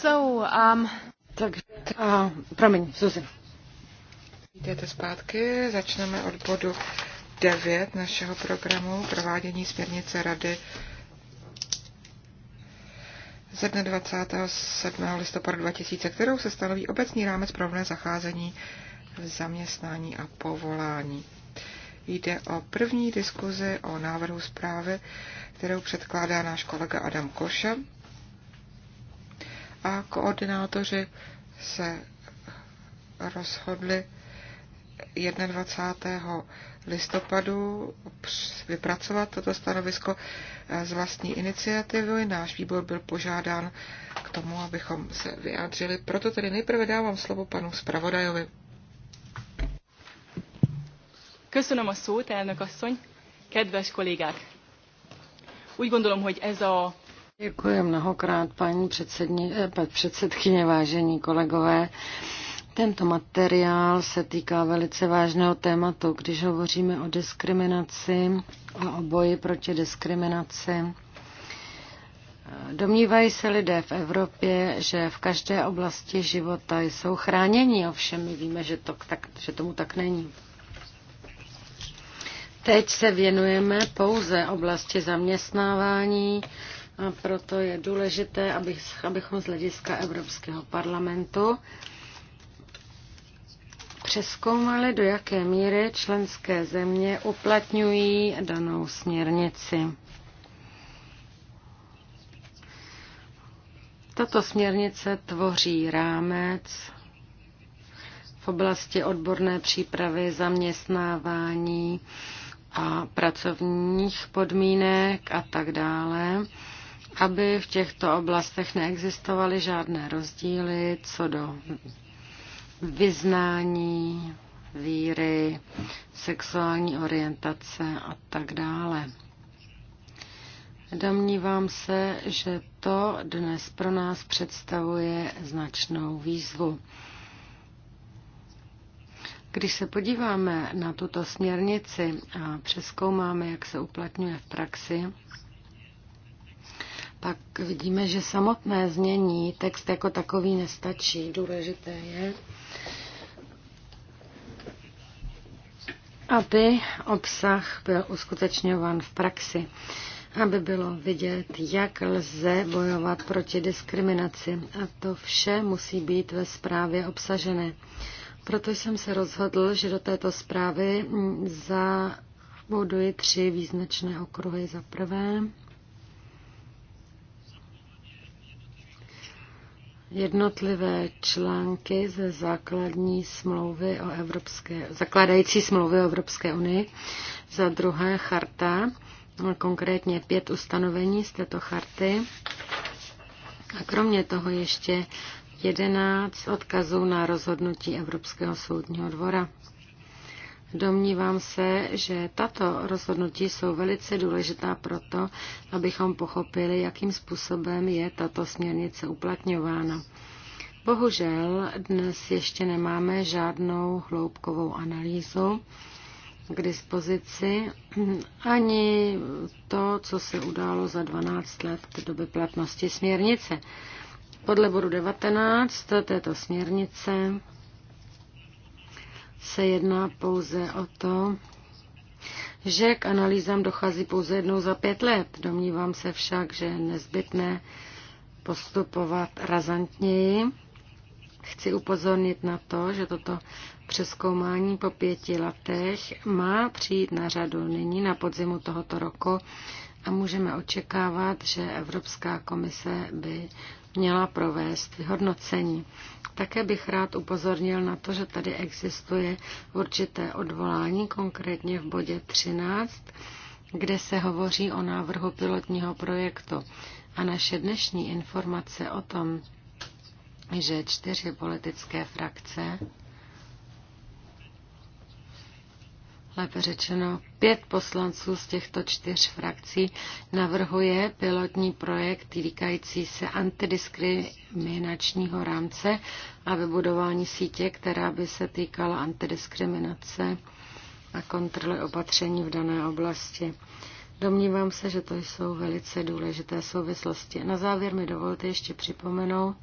So, um, tak, uh, promiň, Suzy. Jdete zpátky, začneme od bodu 9 našeho programu provádění směrnice Rady ze dne 27. listopadu 2000, kterou se stanoví obecný rámec pro zacházení v zaměstnání a povolání. Jde o první diskuzi o návrhu zprávy, kterou předkládá náš kolega Adam Koša a koordinátoři se rozhodli 21. listopadu vypracovat toto stanovisko eh, z vlastní iniciativy. Náš výbor byl požádán k tomu, abychom se vyjádřili. Proto tedy nejprve dávám slovo panu zpravodajovi. Köszönöm a szót, elnök asszony, kedves kollégák! Úgy gondolom, hogy ez a Děkuji mnohokrát, paní eh, předsedkyně, vážení kolegové. Tento materiál se týká velice vážného tématu, když hovoříme o diskriminaci a o boji proti diskriminaci. Domnívají se lidé v Evropě, že v každé oblasti života jsou chráněni, ovšem my víme, že, to tak, že tomu tak není. Teď se věnujeme pouze oblasti zaměstnávání, a proto je důležité, abychom z hlediska Evropského parlamentu přeskoumali, do jaké míry členské země uplatňují danou směrnici. Tato směrnice tvoří rámec v oblasti odborné přípravy, zaměstnávání a pracovních podmínek a tak dále aby v těchto oblastech neexistovaly žádné rozdíly co do vyznání, víry, sexuální orientace a tak dále. Domnívám se, že to dnes pro nás představuje značnou výzvu. Když se podíváme na tuto směrnici a přeskoumáme, jak se uplatňuje v praxi, tak vidíme, že samotné znění text jako takový nestačí. Důležité je, aby obsah byl uskutečňován v praxi, aby bylo vidět, jak lze bojovat proti diskriminaci. A to vše musí být ve zprávě obsažené. Proto jsem se rozhodl, že do této zprávy zabuduji tři význačné okruhy. Za prvé, jednotlivé články ze základní smlouvy o Evropské, zakládající smlouvy o Evropské unii, za druhé charta, konkrétně pět ustanovení z této charty a kromě toho ještě jedenáct odkazů na rozhodnutí Evropského soudního dvora. Domnívám se, že tato rozhodnutí jsou velice důležitá proto, abychom pochopili, jakým způsobem je tato směrnice uplatňována. Bohužel dnes ještě nemáme žádnou hloubkovou analýzu k dispozici, ani to, co se událo za 12 let doby platnosti směrnice. Podle bodu 19 této směrnice se jedná pouze o to, že k analýzám dochází pouze jednou za pět let. Domnívám se však, že je nezbytné postupovat razantněji. Chci upozornit na to, že toto přeskoumání po pěti letech má přijít na řadu nyní na podzimu tohoto roku a můžeme očekávat, že Evropská komise by měla provést vyhodnocení. Také bych rád upozornil na to, že tady existuje určité odvolání, konkrétně v bodě 13, kde se hovoří o návrhu pilotního projektu. A naše dnešní informace o tom, že čtyři politické frakce lépe řečeno pět poslanců z těchto čtyř frakcí navrhuje pilotní projekt týkající se antidiskriminačního rámce a vybudování sítě, která by se týkala antidiskriminace a kontroly opatření v dané oblasti. Domnívám se, že to jsou velice důležité souvislosti. Na závěr mi dovolte ještě připomenout,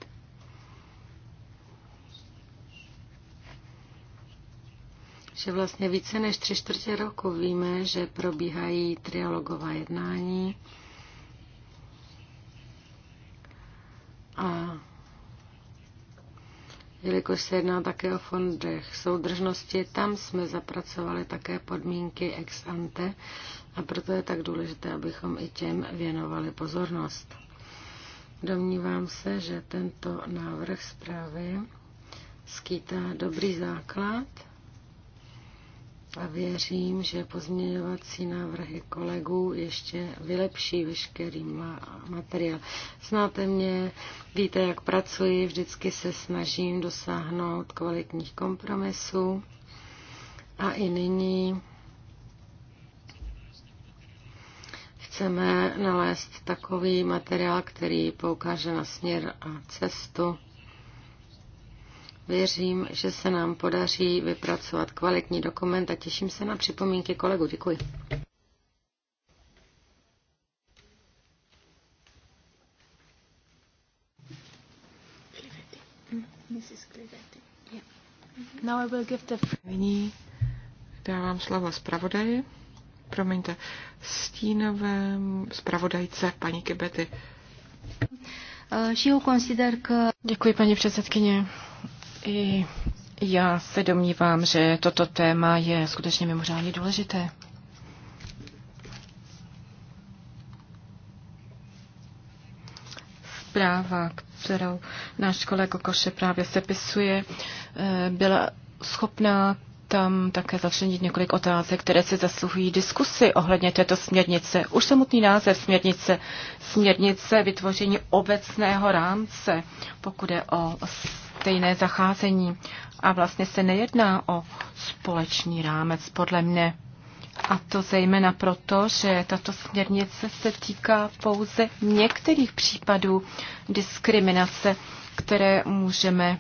že vlastně více než tři čtvrtě roku víme, že probíhají trialogová jednání a jelikož se jedná také o fondech soudržnosti, tam jsme zapracovali také podmínky ex ante a proto je tak důležité, abychom i těm věnovali pozornost. Domnívám se, že tento návrh zprávy skýtá dobrý základ a věřím, že pozměňovací návrhy kolegů ještě vylepší veškerý materiál. Znáte mě, víte, jak pracuji, vždycky se snažím dosáhnout kvalitních kompromisů. A i nyní chceme nalézt takový materiál, který poukáže na směr a cestu Věřím, že se nám podaří vypracovat kvalitní dokument a těším se na připomínky kolegu. Děkuji. Now I will give the... Nyní dávám slovo zpravodaji, promiňte, stínové zpravodajce paní Kebety. Uh, eh, Děkuji, paní předsedkyně. I já se domnívám, že toto téma je skutečně mimořádně důležité. Zpráva, kterou náš kolega Koše právě sepisuje, eh, byla schopná tam také začlenit několik otázek, které si zasluhují diskusy ohledně této směrnice. Už samotný název směrnice, směrnice vytvoření obecného rámce, pokud je o stejné zacházení. A vlastně se nejedná o společný rámec, podle mne. A to zejména proto, že tato směrnice se týká pouze některých případů diskriminace, které můžeme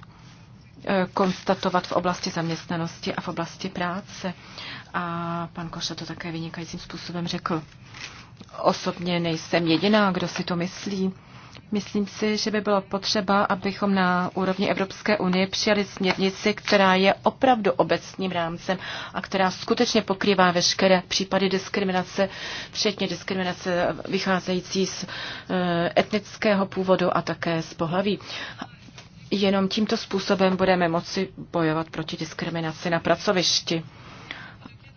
eh, konstatovat v oblasti zaměstnanosti a v oblasti práce. A pan Koša to také vynikajícím způsobem řekl. Osobně nejsem jediná, kdo si to myslí. Myslím si, že by bylo potřeba, abychom na úrovni Evropské unie přijali směrnici, která je opravdu obecním rámcem a která skutečně pokrývá veškeré případy diskriminace, včetně diskriminace vycházející z eh, etnického původu a také z pohlaví. Jenom tímto způsobem budeme moci bojovat proti diskriminaci na pracovišti.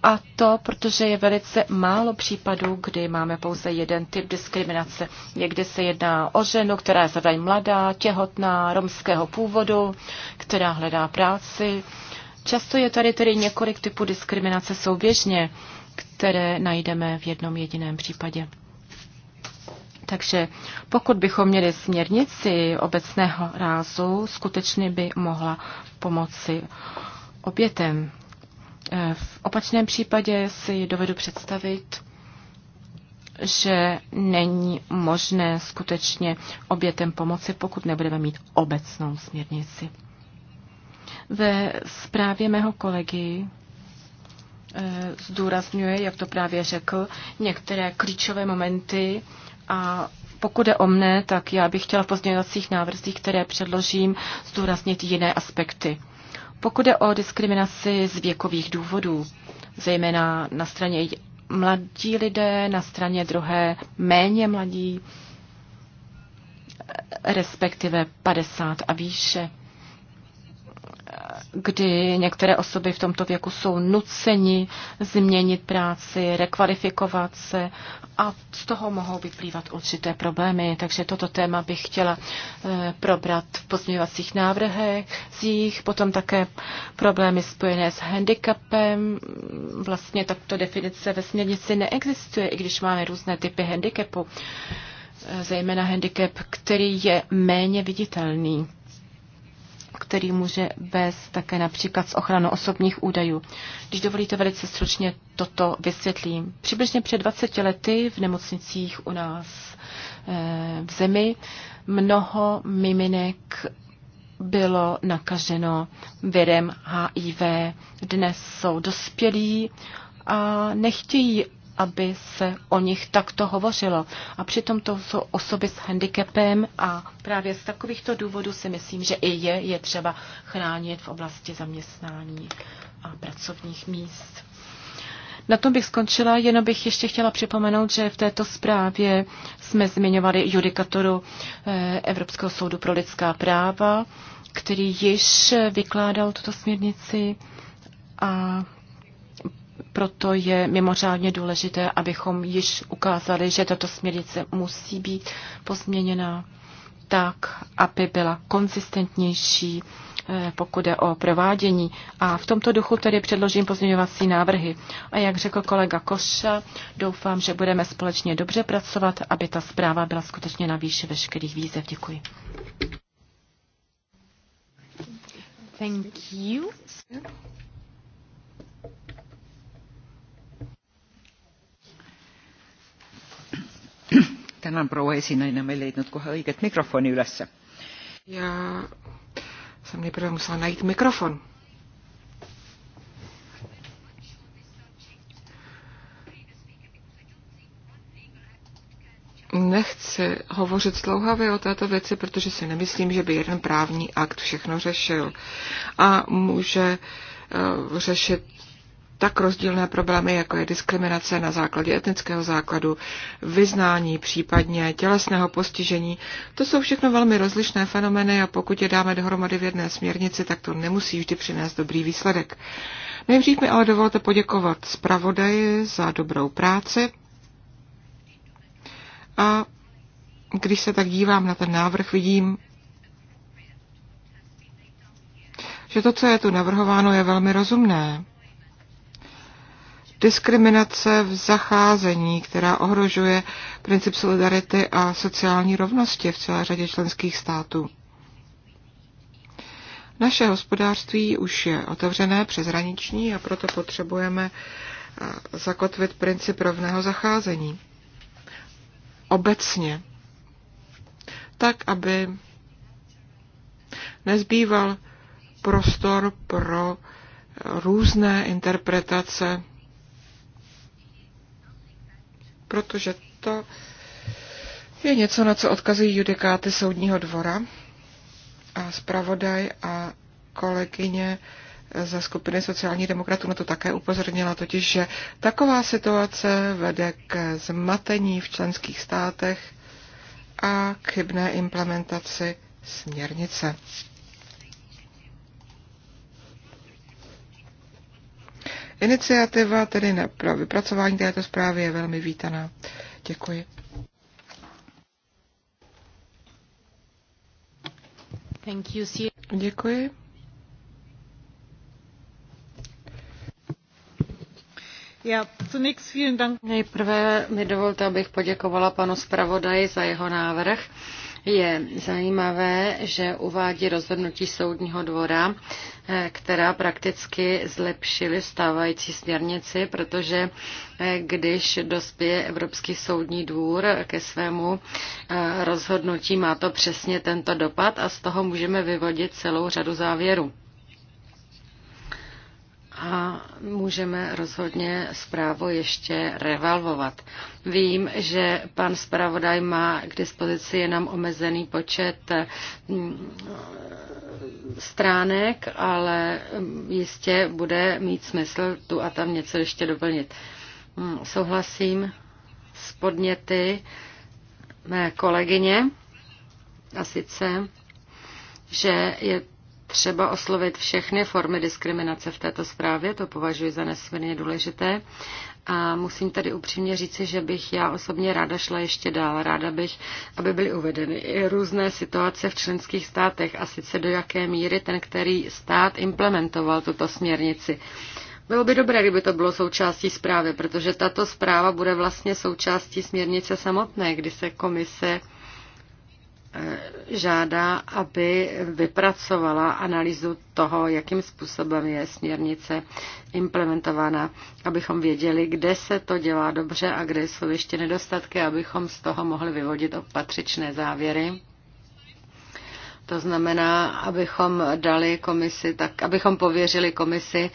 A to, protože je velice málo případů, kdy máme pouze jeden typ diskriminace. Někdy se jedná o ženu, která je zároveň mladá, těhotná, romského původu, která hledá práci. Často je tady tedy několik typů diskriminace souběžně, které najdeme v jednom jediném případě. Takže pokud bychom měli směrnici obecného rázu, skutečně by mohla pomoci obětem Eh, v opačném případě si dovedu představit, že není možné skutečně obětem pomoci, pokud nebudeme mít obecnou směrnici. Ve zprávě mého kolegy eh, zdůrazňuje, jak to právě řekl, některé klíčové momenty a pokud je o mne, tak já bych chtěla v pozměňovacích návrzích, které předložím, zdůraznit jiné aspekty. Pokud je o diskriminaci z věkových důvodů, zejména na straně mladí lidé, na straně druhé méně mladí, respektive 50 a výše kdy některé osoby v tomto věku jsou nuceni změnit práci, rekvalifikovat se a z toho mohou vyplývat určité problémy. Takže toto téma bych chtěla eh, probrat v pozměňovacích návrhech, z jich potom také problémy spojené s handicapem. Vlastně takto definice ve směrnici neexistuje, i když máme různé typy handicapu eh, zejména handicap, který je méně viditelný který může vést také například s ochranou osobních údajů. Když dovolíte, velice stručně toto vysvětlím. Přibližně před 20 lety v nemocnicích u nás eh, v zemi mnoho miminek bylo nakaženo virem HIV. Dnes jsou dospělí a nechtějí aby se o nich takto hovořilo. A přitom to jsou osoby s handicapem a právě z takovýchto důvodů si myslím, že i je je třeba chránit v oblasti zaměstnání a pracovních míst. Na tom bych skončila, jenom bych ještě chtěla připomenout, že v této zprávě jsme zmiňovali judikaturu eh, Evropského soudu pro lidská práva, který již vykládal tuto směrnici a proto je mimořádně důležité, abychom již ukázali, že tato směrnice musí být pozměněna tak, aby byla konzistentnější, eh, pokud je o provádění. A v tomto duchu tedy předložím pozměňovací návrhy. A jak řekl kolega Koša, doufám, že budeme společně dobře pracovat, aby ta zpráva byla skutečně na výši veškerých výzev. Děkuji. Thank you. tänan, proua esinaine, ma ei leidnud kohe õiget mikrofoni ülesse. ja jsem nejprve musela najít mikrofon. Nechce hovořit slouhavě o této věci, protože si nemyslím, že by jeden právní akt všechno řešil a může eh, řešit tak rozdílné problémy, jako je diskriminace na základě etnického základu, vyznání, případně tělesného postižení. To jsou všechno velmi rozlišné fenomény a pokud je dáme dohromady v jedné směrnici, tak to nemusí vždy přinést dobrý výsledek. Nejdřív mi ale dovolte poděkovat zpravodaji za dobrou práci a když se tak dívám na ten návrh, vidím, že to, co je tu navrhováno, je velmi rozumné diskriminace v zacházení, která ohrožuje princip solidarity a sociální rovnosti v celé řadě členských států. Naše hospodářství už je otevřené přeshraniční a proto potřebujeme eh, zakotvit princip rovného zacházení. Obecně. Tak, aby nezbýval prostor pro eh, různé interpretace protože to je něco, na co odkazují judikáty soudního dvora. A zpravodaj a kolegyně ze skupiny sociálních demokratů na to také upozornila, totiž, že taková situace vede k zmatení v členských státech a k chybné implementaci směrnice. Iniciativa tedy na, pro vypracování této zprávy je velmi vítaná. Děkuji. Thank you. Děkuji. Nejprve mi dovolte, abych poděkovala panu zpravodaji za jeho návrh. Je zajímavé, že uvádí rozhodnutí soudního dvora, eh, která prakticky zlepšily stávající směrnici, protože eh, když dospěje Evropský soudní dvůr ke svému eh, rozhodnutí, má to přesně tento dopad a z toho můžeme vyvodit celou řadu závěrů a můžeme rozhodně zprávu ještě revalvovat. Vím, že pan zpravodaj má k dispozici jenom omezený počet mm, stránek, ale mm, jistě bude mít smysl tu a tam něco ještě doplnit. Mm, souhlasím s podněty mé kolegyně a sice, že je třeba oslovit všechny formy diskriminace v této zprávě, to považuji za nesmírně důležité. A musím tady upřímně říci, že bych já osobně ráda šla ještě dál. Ráda bych, aby byly uvedeny i různé situace v členských státech a sice do jaké míry ten, který stát implementoval tuto směrnici. Bylo by dobré, kdyby to bylo součástí zprávy, protože tato zpráva bude vlastně součástí směrnice samotné, kdy se komise žádá, aby vypracovala analýzu toho, jakým způsobem je směrnice implementována, abychom věděli, kde se to dělá dobře a kde jsou ještě nedostatky, abychom z toho mohli vyvodit opatřičné závěry to znamená, abychom dali komisi, tak abychom pověřili komisi,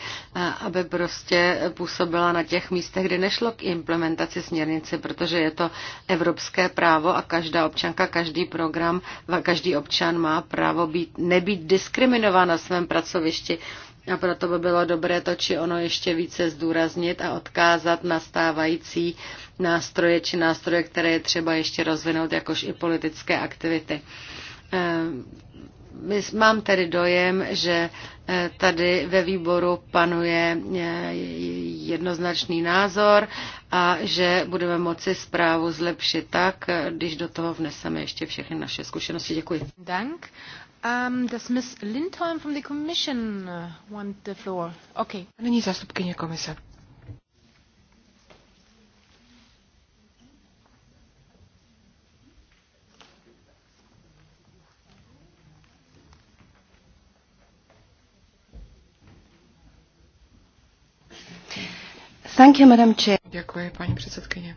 aby prostě působila na těch místech, kde nešlo k implementaci směrnice, protože je to evropské právo a každá občanka, každý program, každý občan má právo být, nebýt diskriminován na svém pracovišti. A proto by bylo dobré to či ono ještě více zdůraznit a odkázat na stávající nástroje či nástroje, které je třeba ještě rozvinout, jakož i politické aktivity. Eh, mám tedy dojem, že eh, tady ve výboru panuje eh, jednoznačný názor a že budeme moci zprávu zlepšit tak, když do toho vneseme ještě všechny naše zkušenosti. Děkuji. Dank. Um, does Miss Lindholm from the Commission uh, want the floor? Okay. Není zástupkyně komise. Thank you, Madam Chair. Děkuji, paní předsedkyně.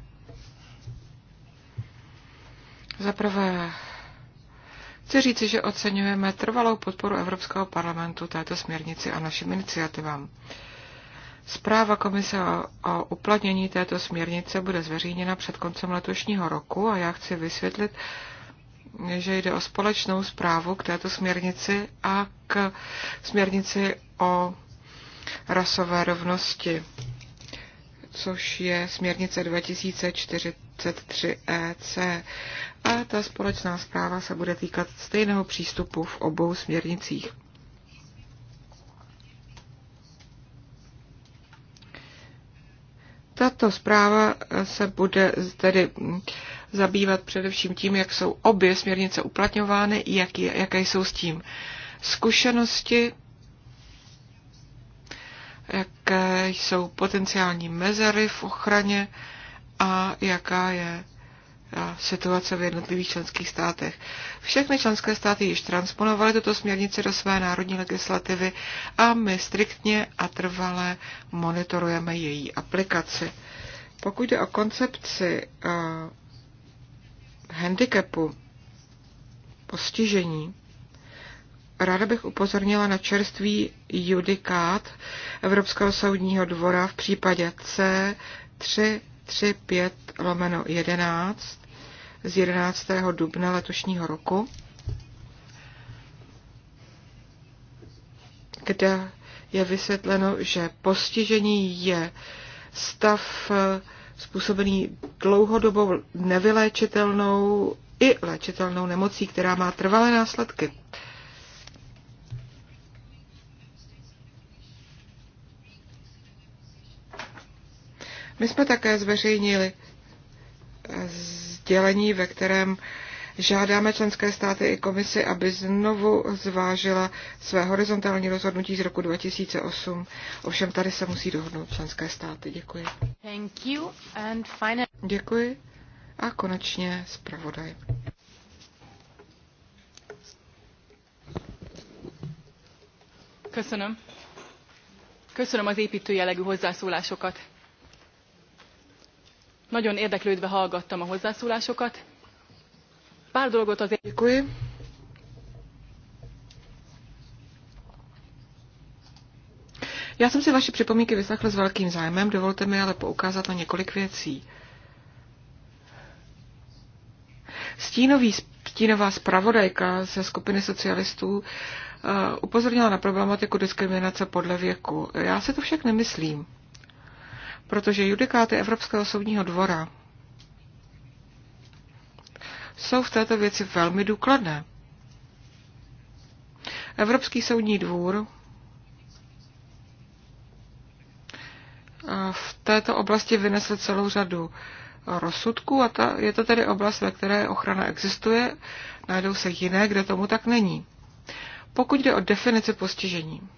Za prvé, chci říci, že oceňujeme trvalou podporu Evropského parlamentu této směrnici a našim iniciativám. Zpráva komise o uplatnění této směrnice bude zveřejněna před koncem letošního roku a já chci vysvětlit, že jde o společnou zprávu k této směrnici a k směrnici o rasové rovnosti což je směrnice 2043 EC. A ta společná zpráva se bude týkat stejného přístupu v obou směrnicích. Tato zpráva se bude tedy zabývat především tím, jak jsou obě směrnice uplatňovány, jak je, jaké jsou s tím zkušenosti jaké jsou potenciální mezery v ochraně a jaká je situace v jednotlivých členských státech. Všechny členské státy již transponovaly tuto směrnici do své národní legislativy a my striktně a trvale monitorujeme její aplikaci. Pokud jde o koncepci uh, handicapu, postižení, Ráda bych upozornila na čerstvý judikát Evropského soudního dvora v případě C335 lomeno 11 z 11. dubna letošního roku, kde je vysvětleno, že postižení je stav způsobený dlouhodobou nevyléčitelnou i léčitelnou nemocí, která má trvalé následky. My jsme také zveřejnili eh, sdělení, ve kterém žádáme členské státy i komisi, aby znovu zvážila své horizontální rozhodnutí z roku 2008. Ovšem tady se musí dohodnout členské státy. Děkuji. Thank you and final... Děkuji. A konečně zpravodaj. Köszönöm. Köszönöm az építő jellegű hozzászólásokat. Nagyon érdeklődve hallgattam a hozzászólásokat. Pár dolgot azért... Děkuji. Já jsem si vaše připomínky vyslechla s velkým zájmem, dovolte mi ale poukázat na několik věcí. Stínový, stínová zpravodajka ze skupiny socialistů eh, upozornila na problematiku diskriminace podle věku. Já se to však nemyslím protože judikáty Evropského soudního dvora jsou v této věci velmi důkladné. Evropský soudní dvůr eh, v této oblasti vynesl celou řadu rozsudků a ta, je to tedy oblast, ve které ochrana existuje, najdou se jiné, kde tomu tak není. Pokud jde o definici postižení,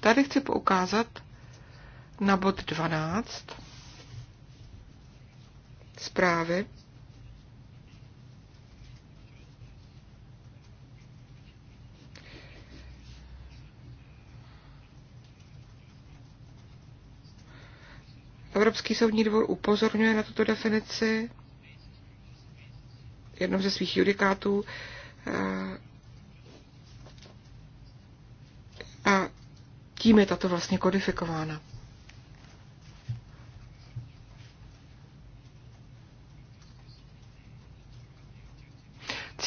tady chci poukázat na bod 12 zprávy. Evropský soudní dvor upozorňuje na tuto definici jednou ze svých judikátů eh, a tím je tato vlastně kodifikována.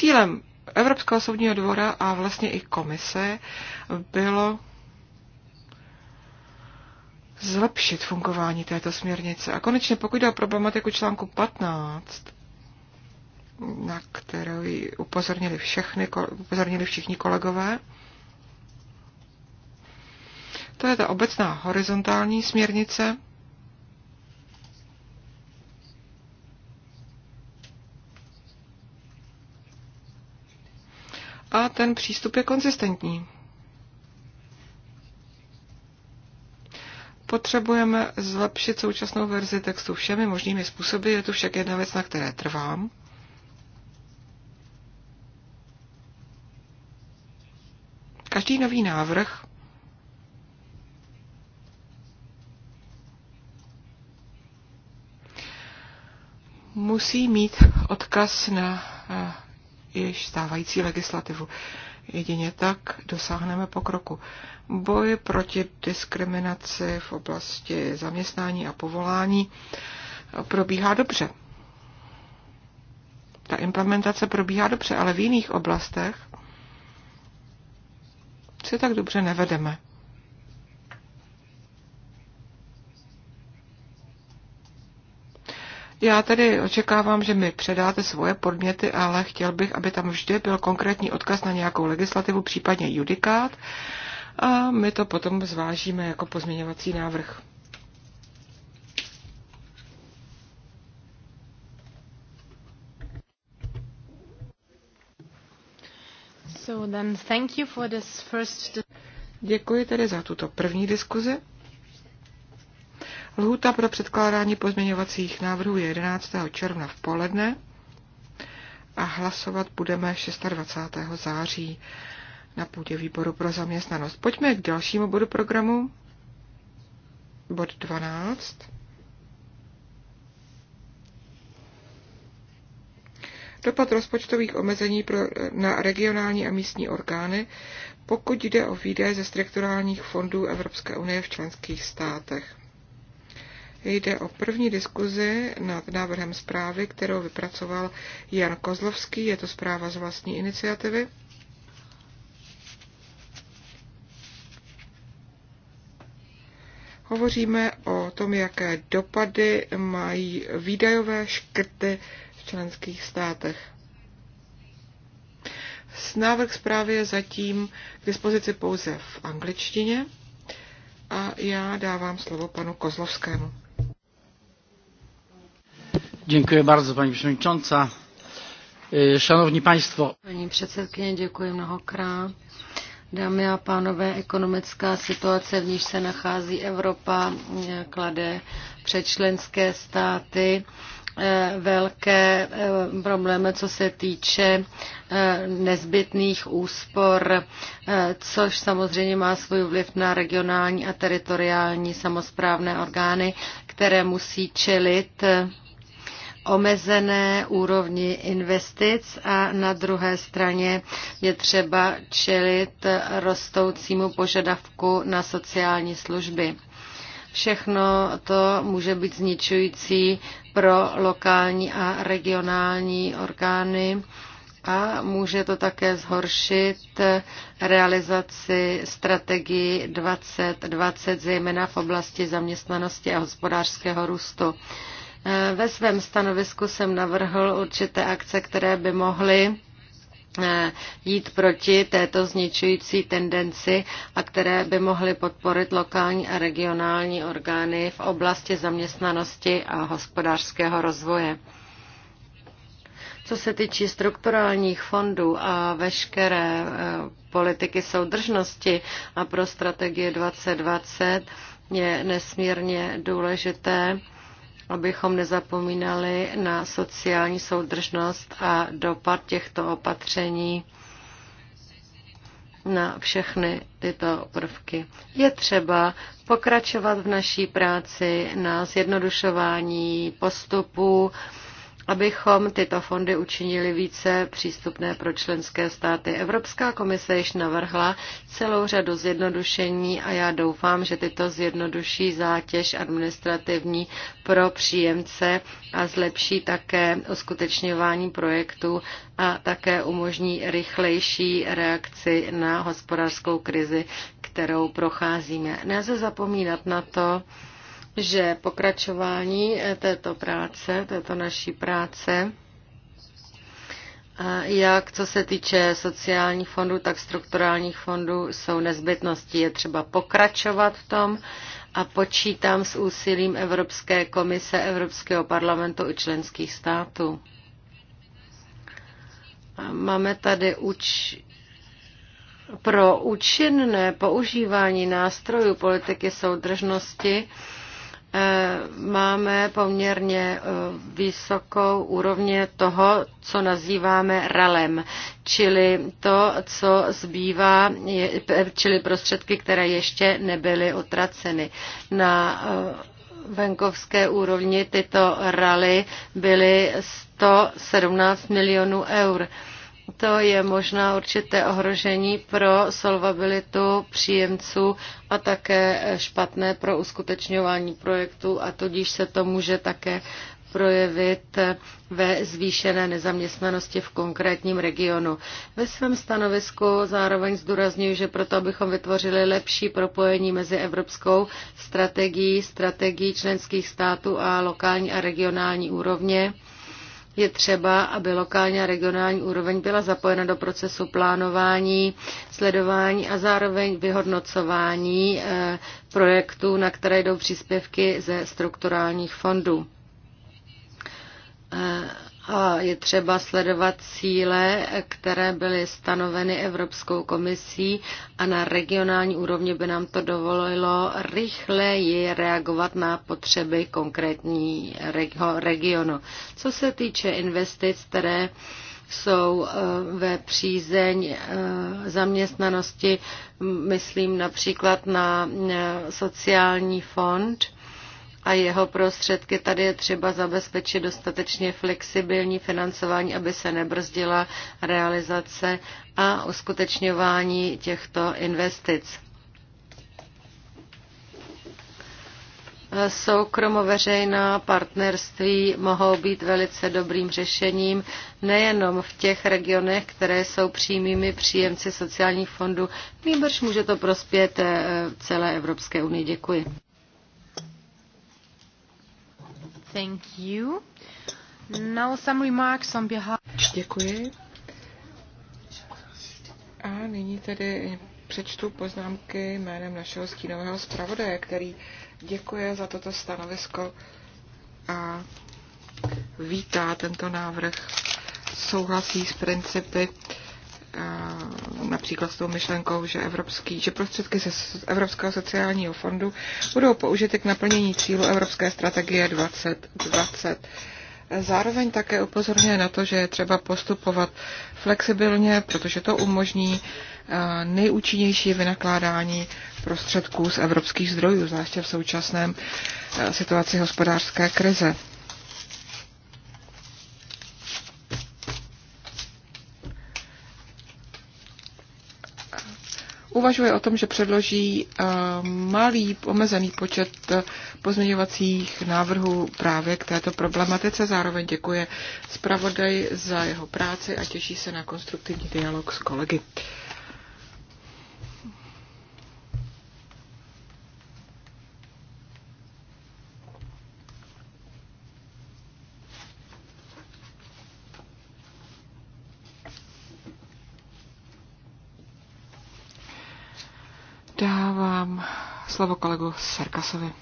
Cílem Evropského soudního dvora a vlastně i komise bylo zlepšit fungování této směrnice. A konečně pokud jde o problematiku článku 15, na kterou upozornili, všechny, upozornili všichni kolegové, to je ta obecná horizontální směrnice, a ten přístup je konzistentní. Potřebujeme zlepšit současnou verzi textu všemi možnými způsoby, je to však jedna věc, na které trvám. Každý nový návrh musí mít odkaz na eh, již stávající legislativu. Jedině tak dosáhneme pokroku. Boj proti diskriminaci v oblasti zaměstnání a povolání probíhá dobře. Ta implementace probíhá dobře, ale v jiných oblastech se tak dobře nevedeme. Já tedy očekávám, že mi předáte svoje podměty, ale chtěl bych, aby tam vždy byl konkrétní odkaz na nějakou legislativu, případně judikát. A my to potom zvážíme jako pozměňovací návrh. So then thank you for this first... Děkuji tedy za tuto první diskuzi. Lhuta pro předkládání pozměňovacích návrhů je 11. června v poledne a hlasovat budeme 26. září na půdě výboru pro zaměstnanost. Pojďme k dalšímu bodu programu. Bod 12. Dopad rozpočtových omezení pro, na regionální a místní orgány, pokud jde o výdaje ze strukturálních fondů Evropské unie v členských státech. Jde o první diskuzi nad návrhem zprávy, kterou vypracoval Jan Kozlovský. Je to zpráva z vlastní iniciativy. Hovoříme o tom, jaké dopady mají výdajové škrty v členských státech. Návrh zprávy je zatím k dispozici pouze v angličtině a já dávám slovo panu Kozlovskému. Děkuji bardzo, paní předsedající. E, Šanovní państwo. Paní předsedkyně, děkuji mnohokrát. Dámy a pánové, ekonomická situace, v níž se nachází Evropa, e, klade před členské státy e, velké problémy, co se týče nezbytných úspor, což samozřejmě má svůj vliv na regionální a teritoriální samozprávné orgány, které musí čelit omezené úrovni investic a na druhé straně je třeba čelit rostoucímu požadavku na sociální služby. Všechno to může být zničující pro lokální a regionální orgány a může to také zhoršit realizaci strategii 2020, zejména v oblasti zaměstnanosti a hospodářského růstu. Eh, ve svém stanovisku jsem navrhl určité akce, které by mohly eh, jít proti této zničující tendenci a které by mohly podporit lokální a regionální orgány v oblasti zaměstnanosti a hospodářského rozvoje. Co se týče strukturálních fondů a veškeré eh, politiky soudržnosti a pro strategii 2020, je nesmírně důležité, abychom nezapomínali na sociální soudržnost a dopad těchto opatření na všechny tyto prvky. Je třeba pokračovat v naší práci na zjednodušování postupů, abychom tyto fondy učinili více přístupné pro členské státy. Evropská komise již navrhla celou řadu zjednodušení a já doufám, že tyto zjednoduší zátěž administrativní pro příjemce a zlepší také uskutečňování projektů a také umožní rychlejší reakci na hospodářskou krizi, kterou procházíme. Nelze zapomínat na to, že pokračování eh, této práce, této naší práce, jak co se týče sociálních fondů, tak strukturálních fondů jsou nezbytností. Je třeba pokračovat v tom a počítám s úsilím Evropské komise, Evropského parlamentu i členských států. Máme tady uč... pro účinné používání nástrojů politiky soudržnosti Eh, máme poměrně eh, vysokou úrovně toho, co nazýváme ralem, čili to, co zbývá, eh, čili prostředky, které ještě nebyly utraceny. Na venkovské úrovni tyto rally byly 117 milionů eur to je možná určité ohrožení pro solvabilitu příjemců a také špatné pro uskutečňování projektu a tudíž se to může také projevit ve zvýšené nezaměstnanosti v konkrétním regionu. Ve svém stanovisku zároveň zdůrazňuji, že proto, abychom vytvořili lepší propojení mezi evropskou strategií, strategií členských států a lokální a regionální úrovně, je třeba, aby lokální a regionální úroveň byla zapojena do procesu plánování, sledování a zároveň vyhodnocování eh, projektů, na které jdou příspěvky ze strukturálních fondů eh, je třeba sledovat cíle, které byly stanoveny Evropskou komisí a na regionální úrovni by nám to dovolilo rychleji reagovat na potřeby konkrétní regionu. Co se týče investic, které jsou eh, ve přízeň eh, zaměstnanosti, myslím například na eh, sociální fond, a jeho prostředky. Tady je třeba zabezpečit dostatečně flexibilní financování, aby se nebrzdila realizace a uskutečňování těchto investic. soukromoveřejná partnerství mohou být velice dobrým řešením nejenom v těch regionech, které jsou přímými příjemci sociálních fondů, nýbrž může to prospět eh, celé Evropské unii. Děkuji. Thank you. Now some remarks on behalf... Děkuji. A nyní tedy přečtu poznámky jménem našeho stínového zpravodaje, který děkuje za toto stanovisko a vítá tento návrh, souhlasí s principy například s tou myšlenkou, že, evropský, že prostředky z Evropského sociálního fondu budou použity k naplnění cílu Evropské strategie 2020. Zároveň také upozorňuje na to, že je třeba postupovat flexibilně, protože to umožní nejúčinnější vynakládání prostředků z evropských zdrojů, zvláště v současném situaci hospodářské krize. uvažuje o tom, že předloží eh, malý omezený počet eh, pozměňovacích návrhů právě k této problematice. Zároveň děkuje zpravodaj za jeho práci a těší se na konstruktivní dialog s kolegy. dám slovo kolegu Serkasovi.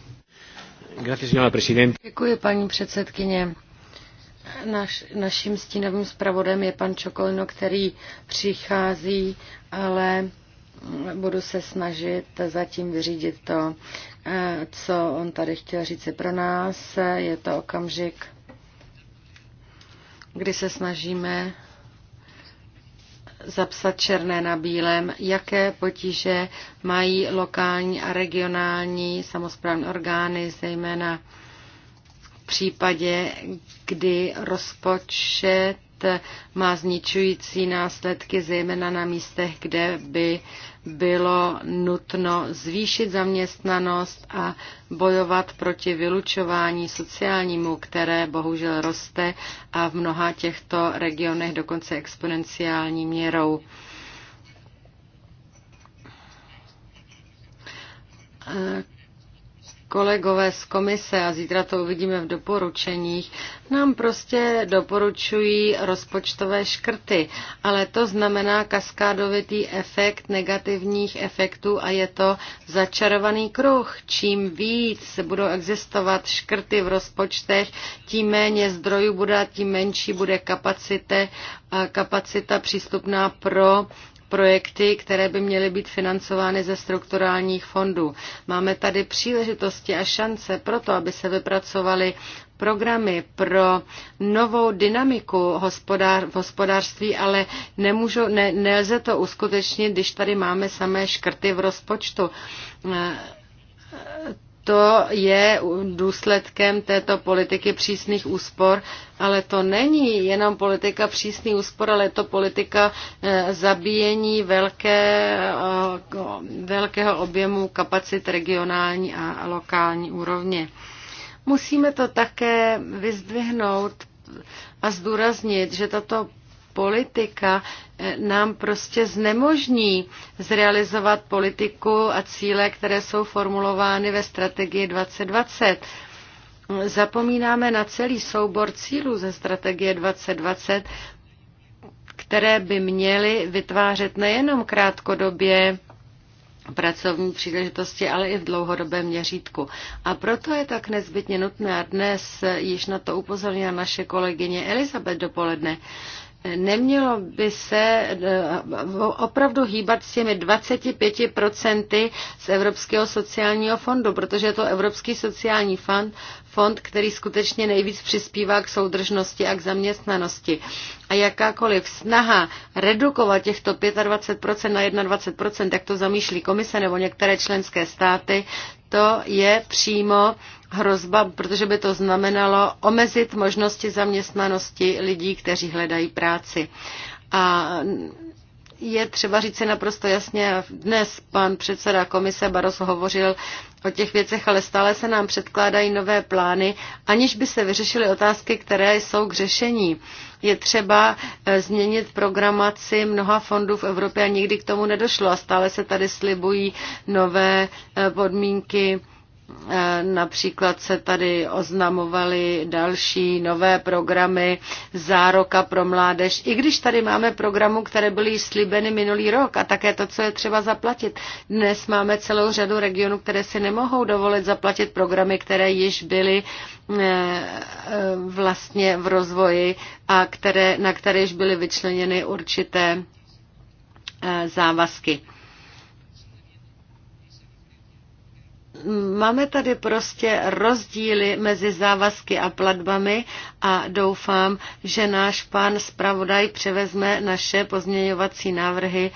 Děkuji, paní předsedkyně. Naš, naším stínovým zpravodem je pan Čokolino, který přichází, ale budu se snažit zatím vyřídit to, co on tady chtěl říct pro nás. Je to okamžik, kdy se snažíme zapsat černé na bílém, jaké potíže mají lokální a regionální samozprávné orgány, zejména v případě, kdy rozpočet má zničující následky, zejména na místech, kde by bylo nutno zvýšit zaměstnanost a bojovat proti vylučování sociálnímu, které bohužel roste a v mnoha těchto regionech dokonce exponenciální měrou. K kolegové z komise, a zítra to uvidíme v doporučeních, nám prostě doporučují rozpočtové škrty, ale to znamená kaskádovitý efekt negativních efektů a je to začarovaný kruh. Čím víc budou existovat škrty v rozpočtech, tím méně zdrojů bude a tím menší bude kapacita, kapacita přístupná pro projekty, které by měly být financovány ze strukturálních fondů. Máme tady příležitosti a šance pro to, aby se vypracovaly programy pro novou dynamiku hospodář, v hospodářství, ale nemůžu, ne, nelze to uskutečnit, když tady máme samé škrty v rozpočtu to je důsledkem této politiky přísných úspor, ale to není jenom politika přísných úspor, ale je to politika eh, zabíjení velké, eh, velkého objemu kapacit regionální a lokální úrovně. Musíme to také vyzdvihnout a zdůraznit, že tato politika eh, nám prostě znemožní zrealizovat politiku a cíle, které jsou formulovány ve strategii 2020. Zapomínáme na celý soubor cílů ze strategie 2020, které by měly vytvářet nejenom krátkodobě pracovní příležitosti, ale i v dlouhodobém měřítku. A proto je tak nezbytně nutné, a dnes již na to upozornila naše kolegyně Elizabeth dopoledne, Nemělo by se eh, opravdu hýbat s těmi 25% z Evropského sociálního fondu, protože je to Evropský sociální fond, fond, který skutečně nejvíc přispívá k soudržnosti a k zaměstnanosti. A jakákoliv snaha redukovat těchto 25% na 21%, jak to zamýšlí komise nebo některé členské státy, to je přímo hrozba, protože by to znamenalo omezit možnosti zaměstnanosti lidí, kteří hledají práci. A je třeba říct si naprosto jasně, dnes pan předseda komise Baros hovořil o těch věcech, ale stále se nám předkládají nové plány, aniž by se vyřešily otázky, které jsou k řešení. Je třeba eh, změnit programaci mnoha fondů v Evropě a nikdy k tomu nedošlo a stále se tady slibují nové eh, podmínky Například se tady oznamovaly další nové programy Zároka pro mládež. I když tady máme programu, které byly slíbeny minulý rok a také to, co je třeba zaplatit. Dnes máme celou řadu regionů, které si nemohou dovolit zaplatit programy, které již byly eh, eh, vlastně v rozvoji a které, na které již byly vyčleněny určité eh, závazky. Máme tady prostě rozdíly mezi závazky a platbami a doufám, že náš pán zpravodaj převezme naše pozměňovací návrhy,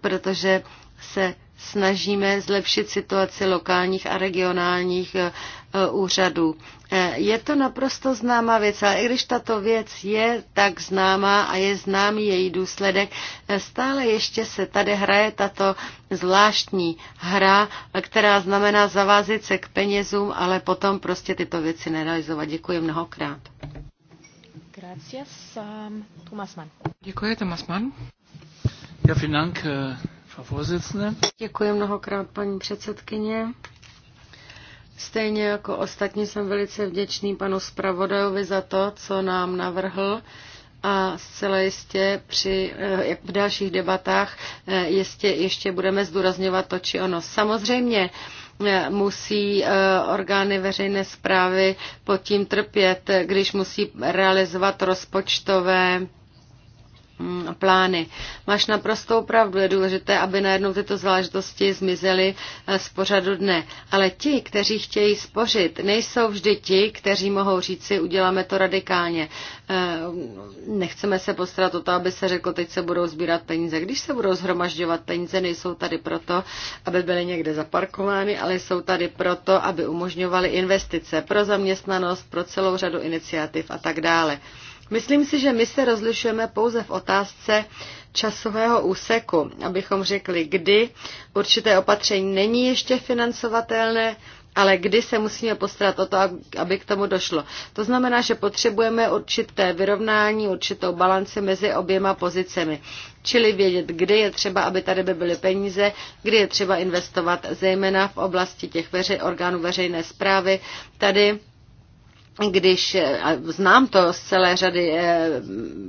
protože se snažíme zlepšit situaci lokálních a regionálních Eh, úřadů. Eh, je to naprosto známá věc, ale i když tato věc je tak známá a je známý její důsledek, eh, stále ještě se tady hraje tato zvláštní hra, která znamená zavázit se k penězům, ale potom prostě tyto věci nerealizovat. Děkuji mnohokrát. Um, Děkuji, Thomas Mann. Děkuji, Tomas Mann. Děkuji mnohokrát, paní předsedkyně. Stejně jako ostatní jsem velice vděčný panu zpravodajovi za to, co nám navrhl a zcela jistě při, eh, jak v dalších debatách eh, jistě, ještě budeme zdůrazňovat to či ono. Samozřejmě eh, musí orgány veřejné zprávy pod tím trpět, když musí realizovat rozpočtové Mm, plány. Máš naprostou pravdu, je důležité, aby najednou tyto záležitosti zmizely eh, z pořadu dne. Ale ti, kteří chtějí spořit, nejsou vždy ti, kteří mohou říci, uděláme to radikálně. Eh, nechceme se postarat o to, aby se řeklo, teď se budou sbírat peníze. Když se budou zhromažďovat peníze, nejsou tady proto, aby byly někde zaparkovány, ale jsou tady proto, aby umožňovaly investice pro zaměstnanost, pro celou řadu iniciativ a tak dále. Myslím si, že my se rozlišujeme pouze v otázce časového úseku, abychom řekli, kdy určité opatření není ještě financovatelné, ale kdy se musíme postarat o to, aby k tomu došlo. To znamená, že potřebujeme určité vyrovnání, určitou balanci mezi oběma pozicemi. Čili vědět, kdy je třeba, aby tady by byly peníze, kdy je třeba investovat, zejména v oblasti těch veře, orgánů veřejné zprávy. Tady když, eh, a znám to z celé řady eh,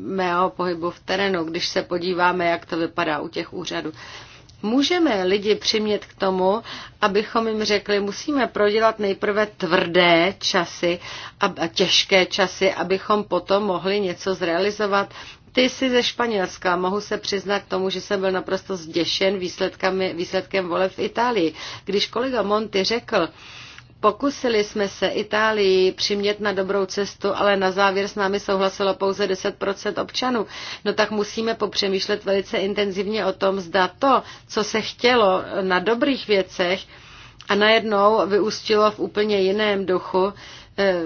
mého pohybu v terénu, když se podíváme, jak to vypadá u těch úřadů, můžeme lidi přimět k tomu, abychom jim řekli, musíme prodělat nejprve tvrdé časy a těžké časy, abychom potom mohli něco zrealizovat. Ty jsi ze Španělska, mohu se přiznat k tomu, že jsem byl naprosto zděšen výsledkem voleb v Itálii. Když kolega Monty řekl, Pokusili jsme se Itálii přimět na dobrou cestu, ale na závěr s námi souhlasilo pouze 10% občanů. No tak musíme popřemýšlet velice intenzivně o tom, zda to, co se chtělo na dobrých věcech a najednou vyústilo v úplně jiném duchu, eh,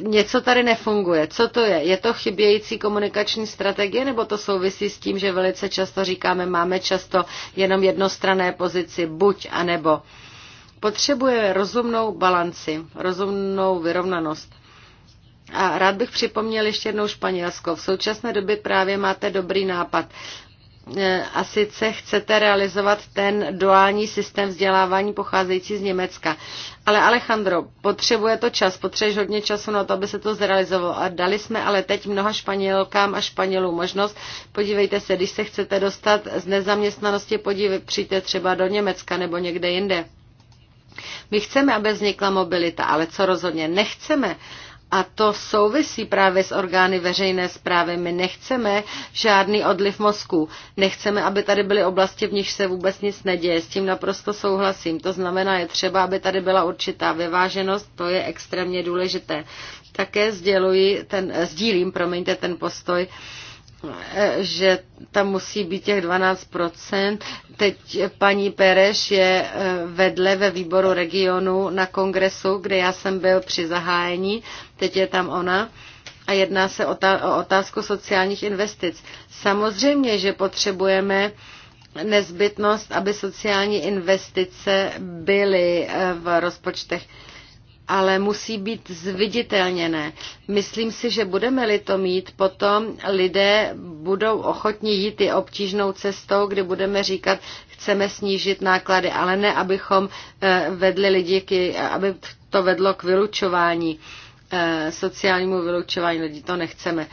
něco tady nefunguje. Co to je? Je to chybějící komunikační strategie, nebo to souvisí s tím, že velice často říkáme, máme často jenom jednostrané pozici, buď a nebo. Potřebuje rozumnou balanci, rozumnou vyrovnanost. A rád bych připomněl ještě jednou Španělsko. V současné době právě máte dobrý nápad. E, a sice chcete realizovat ten duální systém vzdělávání pocházející z Německa. Ale Alejandro, potřebuje to čas, potřebuješ hodně času na to, aby se to zrealizovalo. A dali jsme ale teď mnoha Španělkám a Španělům možnost. Podívejte se, když se chcete dostat z nezaměstnanosti, podívejte, přijďte třeba do Německa nebo někde jinde. My chceme, aby vznikla mobilita, ale co rozhodně nechceme, a to souvisí právě s orgány veřejné zprávy. My nechceme žádný odliv mozku. Nechceme, aby tady byly oblasti, v nich se vůbec nic neděje. S tím naprosto souhlasím. To znamená, je třeba, aby tady byla určitá vyváženost. To je extrémně důležité. Také sděluji ten, sdílím promiňte, ten postoj, že tam musí být těch 12%. Teď paní Pereš je eh, vedle ve výboru regionu na kongresu, kde já jsem byl při zahájení. Teď je tam ona a jedná se o, o otázku sociálních investic. Samozřejmě, že potřebujeme nezbytnost, aby sociální investice byly eh, v rozpočtech ale musí být zviditelněné. Myslím si, že budeme-li to mít, potom lidé budou ochotni jít i obtížnou cestou, kdy budeme říkat, chceme snížit náklady, ale ne, abychom eh, vedli lidi, aby to vedlo k vylučování, eh, sociálnímu vylučování lidí, to nechceme.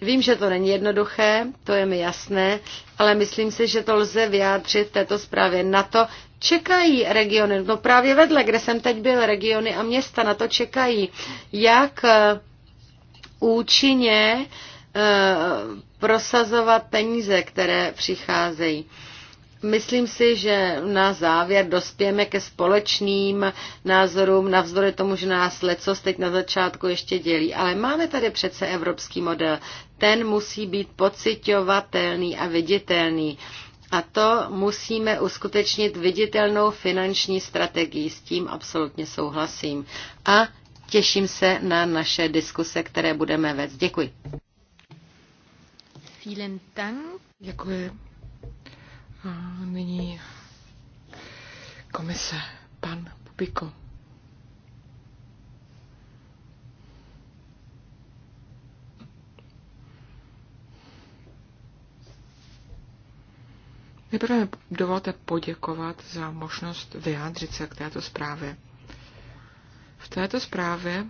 Vím, že to není jednoduché, to je mi jasné, ale myslím si, že to lze vyjádřit této zprávě. Na to čekají regiony, no právě vedle, kde jsem teď byl, regiony a města na to čekají, jak eh, účinně eh, prosazovat peníze, které přicházejí. Myslím si, že na závěr dospějeme ke společným názorům, navzdory tomu, že nás lecos teď na začátku ještě dělí. Ale máme tady přece evropský model. Ten musí být pocitovatelný a viditelný. A to musíme uskutečnit viditelnou finanční strategii. S tím absolutně souhlasím. A těším se na naše diskuse, které budeme vést. Děkuji. Vielen Dank. Děkuji. A nyní komise, pan Pupiko. Nejprve dovolte poděkovat za možnost vyjádřit se k této zprávě. V této zprávě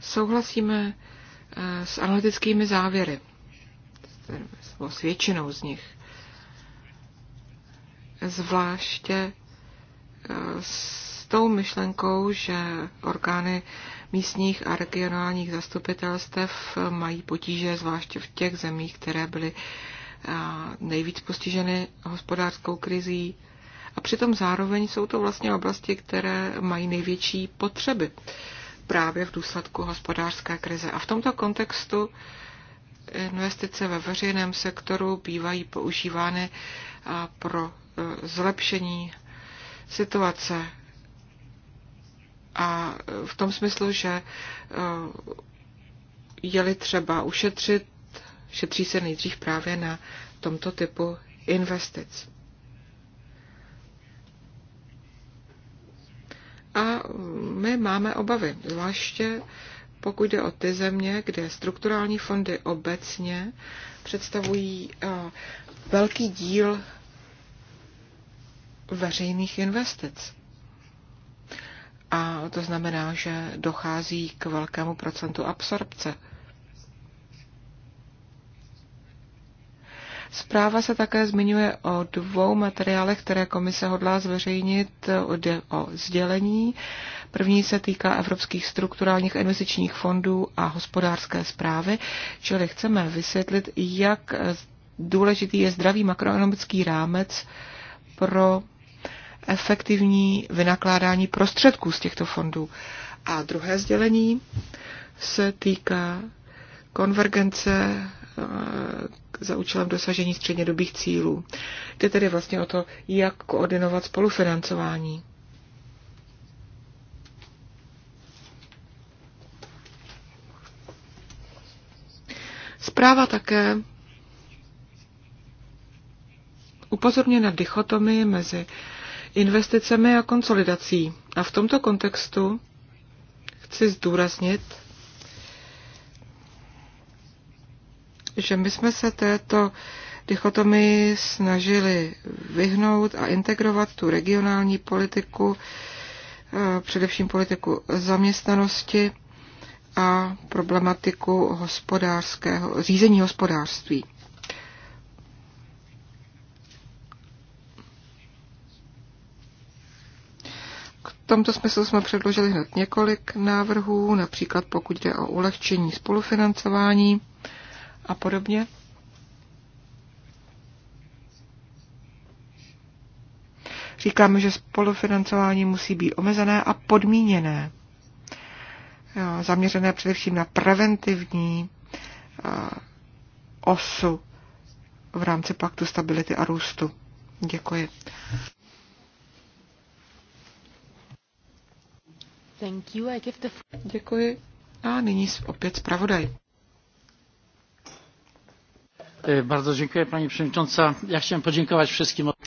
souhlasíme Eh, s analytickými závěry, s většinou z nich. Zvláště eh, s tou myšlenkou, že orgány místních a regionálních zastupitelstev mají potíže, zvláště v těch zemích, které byly eh, nejvíc postiženy hospodářskou krizí. A přitom zároveň jsou to vlastně oblasti, které mají největší potřeby právě v důsledku hospodářské krize. A v tomto kontextu investice ve veřejném sektoru bývají používány eh, pro eh, zlepšení situace a eh, v tom smyslu, že je-li třeba ušetřit, šetří se nejdřív právě na tomto typu investic. A my máme obavy, zvláště pokud jde o ty země, kde strukturální fondy obecně představují eh, velký díl veřejných investic. A to znamená, že dochází k velkému procentu absorpce. Zpráva se také zmiňuje o dvou materiálech, které komise hodlá zveřejnit o sdělení. První se týká evropských strukturálních investičních fondů a hospodářské zprávy, čili chceme vysvětlit, jak důležitý je zdravý makroekonomický rámec pro efektivní vynakládání prostředků z těchto fondů. A druhé sdělení se týká konvergence eh, za účelem dosažení střednědobých cílů. Jde tedy vlastně o to, jak koordinovat spolufinancování. Zpráva také upozorně na dichotomy mezi investicemi a konsolidací. A v tomto kontextu chci zdůraznit, že my jsme se této dichotomii snažili vyhnout a integrovat tu regionální politiku, eh, především politiku zaměstnanosti a problematiku hospodářského, řízení hospodářství. V tomto smyslu jsme předložili hned několik návrhů, například pokud jde o ulehčení spolufinancování a podobně. Říkáme, že spolufinancování musí být omezené a podmíněné. Zaměřené především na preventivní osu v rámci paktu stability a růstu. Děkuji. Děkuji. A nyní opět zpravodaj. E, bardzo dziękuję przewodnicząca. chciałem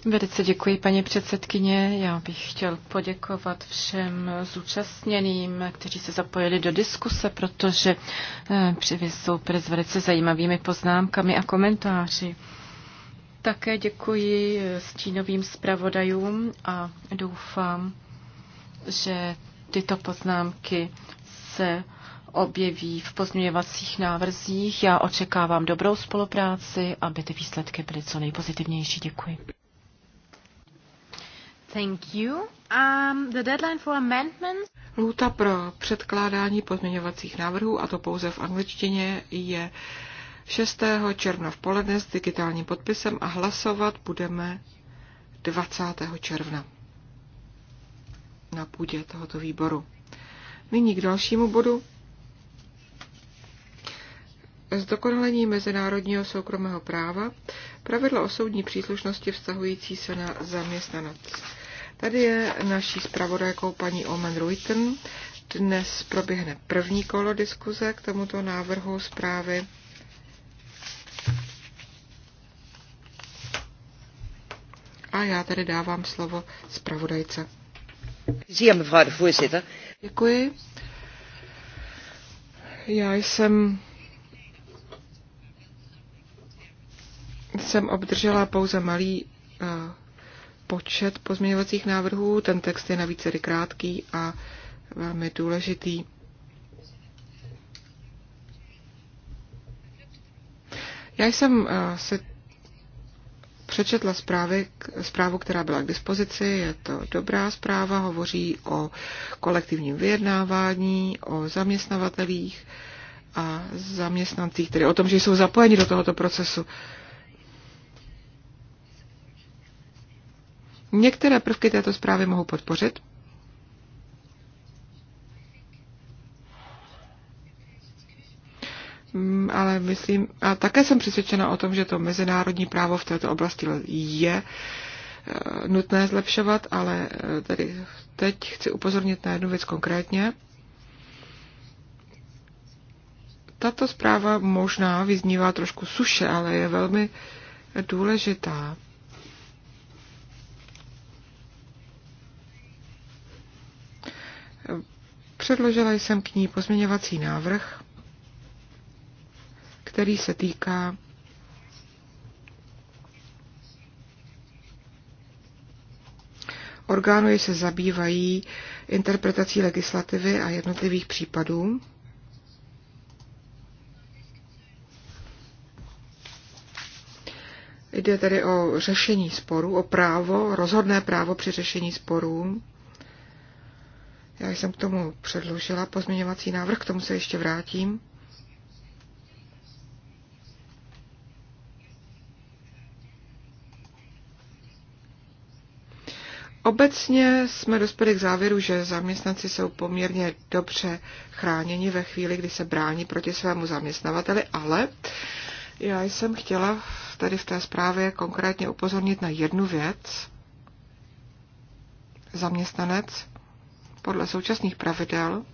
Velice děkuji paní předsedkyně. Já bych chtěl poděkovat všem zúčastněným, kteří se zapojili do diskuse, protože e, přivezou prez velice zajímavými poznámkami a komentáři. Také děkuji e, stínovým zpravodajům a doufám, že tyto poznámky se objeví v pozměňovacích návrzích. Já očekávám dobrou spolupráci, aby ty výsledky byly co nejpozitivnější. Děkuji. Thank you. Um, the deadline for amendments... Lůta pro předkládání pozměňovacích návrhů, a to pouze v angličtině, je 6. června v poledne s digitálním podpisem a hlasovat budeme 20. června na půdě tohoto výboru. Nyní k dalšímu bodu zdokonalení mezinárodního soukromého práva, pravidla o soudní příslušnosti vztahující se na zaměstnanec. Tady je naší zpravodajkou paní Omen Ruiten. Dnes proběhne první kolo diskuze k tomuto návrhu zprávy. A já tady dávám slovo zpravodajce. Děkuji. Já jsem jsem obdržela pouze malý eh, počet pozměňovacích návrhů. Ten text je navíc tedy krátký a velmi důležitý. Já jsem eh, se přečetla zprávy, zprávu, která byla k dispozici. Je to dobrá zpráva, hovoří o kolektivním vyjednávání, o zaměstnavatelích a zaměstnancích, tedy o tom, že jsou zapojeni do tohoto procesu. Některé prvky této zprávy mohu podpořit. Mm, ale myslím, a také jsem přesvědčena o tom, že to mezinárodní právo v této oblasti je e, nutné zlepšovat, ale e, tady teď chci upozornit na jednu věc konkrétně. Tato zpráva možná vyznívá trošku suše, ale je velmi důležitá. Předložila jsem k ní pozměňovací návrh, který se týká orgánů, jež se zabývají interpretací legislativy a jednotlivých případů. Jde tedy o řešení sporů, o právo, rozhodné právo při řešení sporů. Já jsem k tomu předložila pozměňovací návrh, k tomu se ještě vrátím. Obecně jsme dospěli k závěru, že zaměstnanci jsou poměrně dobře chráněni ve chvíli, kdy se brání proti svému zaměstnavateli, ale já jsem chtěla tady v té zprávě konkrétně upozornit na jednu věc. Zaměstnanec podle současných pravidel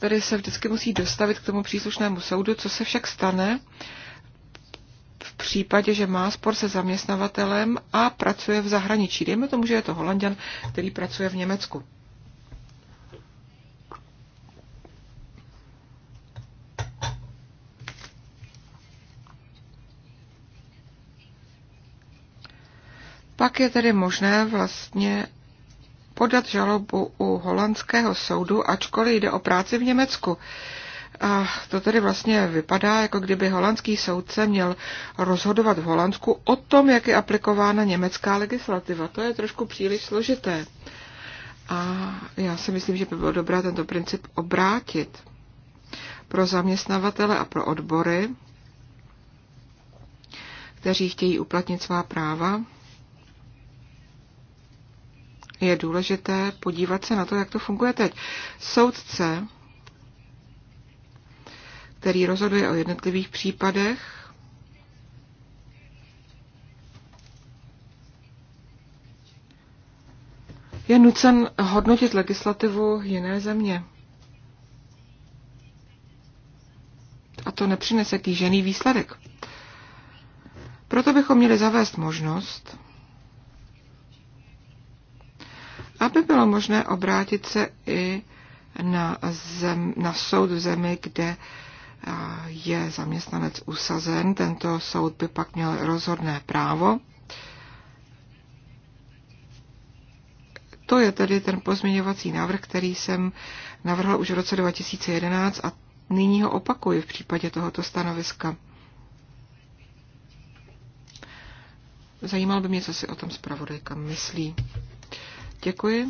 tedy se vždycky musí dostavit k tomu příslušnému soudu, co se však stane v případě, že má spor se zaměstnavatelem a pracuje v zahraničí. Dejme tomu, že je to holanděn, který pracuje v Německu. Pak je tedy možné vlastně podat žalobu u holandského soudu, ačkoliv jde o práci v Německu. A to tedy vlastně vypadá, jako kdyby holandský soudce měl rozhodovat v Holandsku o tom, jak je aplikována německá legislativa. To je trošku příliš složité. A já si myslím, že by bylo dobré tento princip obrátit pro zaměstnavatele a pro odbory, kteří chtějí uplatnit svá práva je důležité podívat se na to, jak to funguje teď. Soudce, který rozhoduje o jednotlivých případech, je nucen hodnotit legislativu jiné země. A to nepřinese kýžený výsledek. Proto bychom měli zavést možnost, aby bylo možné obrátit se i na, zem, na soud v zemi, kde je zaměstnanec usazen. Tento soud by pak měl rozhodné právo. To je tedy ten pozměňovací návrh, který jsem navrhl už v roce 2011 a nyní ho opakuji v případě tohoto stanoviska. Zajímalo by mě, co si o tom zpravodajka myslí. Děkuji.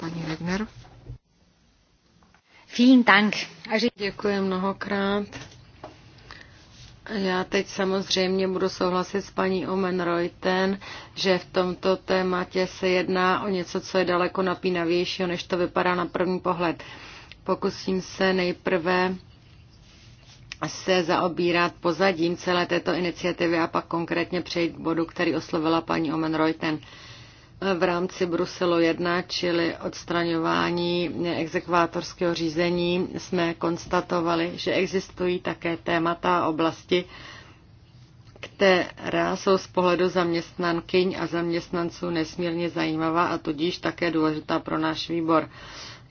Paní Regner. Vielen Dank. Děkuji mnohokrát. Já teď samozřejmě budu souhlasit s paní Omen Reuten, že v tomto tématě se jedná o něco, co je daleko napínavějšího, než to vypadá na první pohled. Pokusím se nejprve se zaobírat pozadím celé této iniciativy a pak konkrétně přejít k bodu, který oslovila paní Omen Reuten v rámci Bruselu 1, čili odstraňování exekvátorského řízení, jsme konstatovali, že existují také témata a oblasti, která jsou z pohledu zaměstnankyň a zaměstnanců nesmírně zajímavá a tudíž také důležitá pro náš výbor.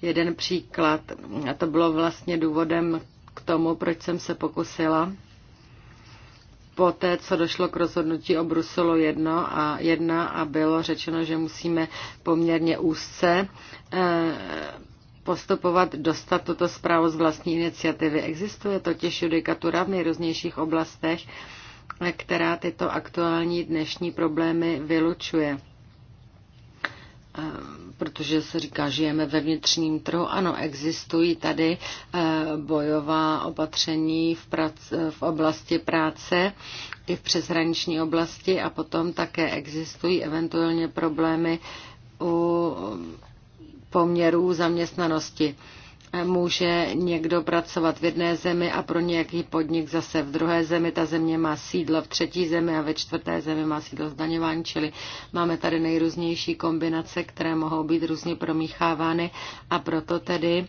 Jeden příklad, a to bylo vlastně důvodem k tomu, proč jsem se pokusila poté, co došlo k rozhodnutí o Bruselu 1 a 1 a bylo řečeno, že musíme poměrně úzce eh, postupovat, dostat tuto zprávu z vlastní iniciativy. Existuje totiž judikatura v nejrůznějších oblastech, eh, která tyto aktuální dnešní problémy vylučuje protože se říká, že žijeme ve vnitřním trhu. Ano, existují tady e, bojová opatření v, prac, e, v oblasti práce i v přeshraniční oblasti a potom také existují eventuálně problémy u poměrů zaměstnanosti může někdo pracovat v jedné zemi a pro nějaký podnik zase v druhé zemi. Ta země má sídlo v třetí zemi a ve čtvrté zemi má sídlo zdaňování, čili máme tady nejrůznější kombinace, které mohou být různě promíchávány a proto tedy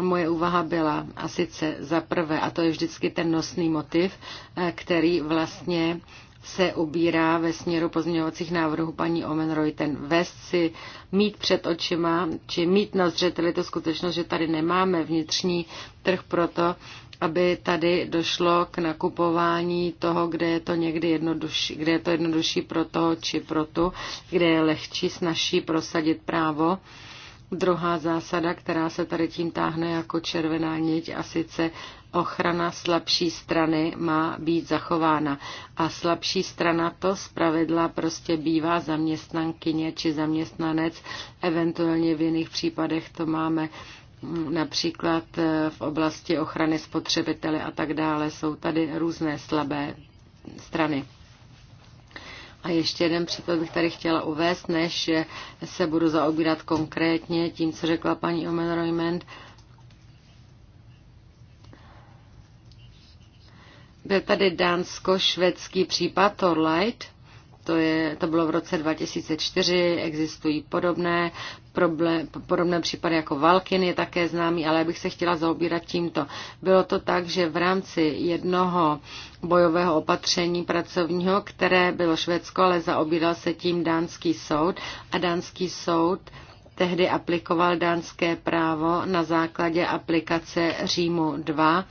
moje úvaha byla a sice za prvé, a to je vždycky ten nosný motiv, eh, který vlastně se ubírá ve směru pozměňovacích návrhů paní Omen Reuten. Vést si mít před očima, či mít na zřeteli to skutečnost, že tady nemáme vnitřní trh proto, aby tady došlo k nakupování toho, kde je to někdy jednodušší, kde je to jednodušší pro toho či pro tu, kde je lehčí, snažší prosadit právo. Druhá zásada, která se tady tím táhne jako červená niť a sice ochrana slabší strany má být zachována. A slabší strana to zpravidla prostě bývá zaměstnankyně či zaměstnanec, Eventuálně v jiných případech to máme mm, například eh, v oblasti ochrany spotřebitele a tak dále. Jsou tady různé slabé strany. A ještě jeden příklad bych tady chtěla uvést, než se budu zaobírat konkrétně tím, co řekla paní Omen Roymond. Byl tady dánsko-švédský případ Torlight, to, je, to bylo v roce 2004, existují podobné, problém, podobné případy jako Valkin je také známý, ale já bych se chtěla zaobírat tímto. Bylo to tak, že v rámci jednoho bojového opatření pracovního, které bylo Švédsko, ale zaobíral se tím dánský soud a dánský soud tehdy aplikoval dánské právo na základě aplikace Římu 2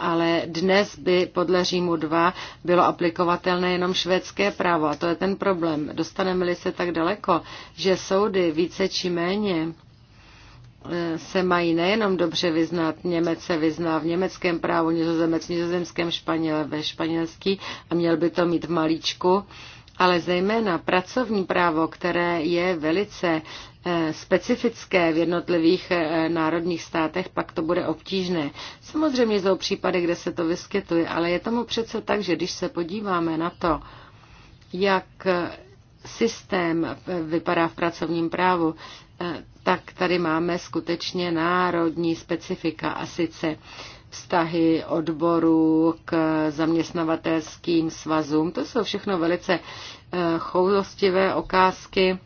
ale dnes by podle Římu 2 bylo aplikovatelné jenom švédské právo a to je ten problém. Dostaneme-li se tak daleko, že soudy více či méně e, se mají nejenom dobře vyznat, Němec se vyzná v německém právu, nizozemec v nizozemském, španěl ve španělský a měl by to mít v malíčku, ale zejména pracovní právo, které je velice eh, specifické v jednotlivých eh, národních státech, pak to bude obtížné. Samozřejmě jsou případy, kde se to vyskytuje, ale je tomu přece tak, že když se podíváme na to, jak eh, systém vypadá v pracovním právu, tak tady máme skutečně národní specifika a sice vztahy odboru, k zaměstnavatelským svazům. To jsou všechno velice eh, choulostivé okázky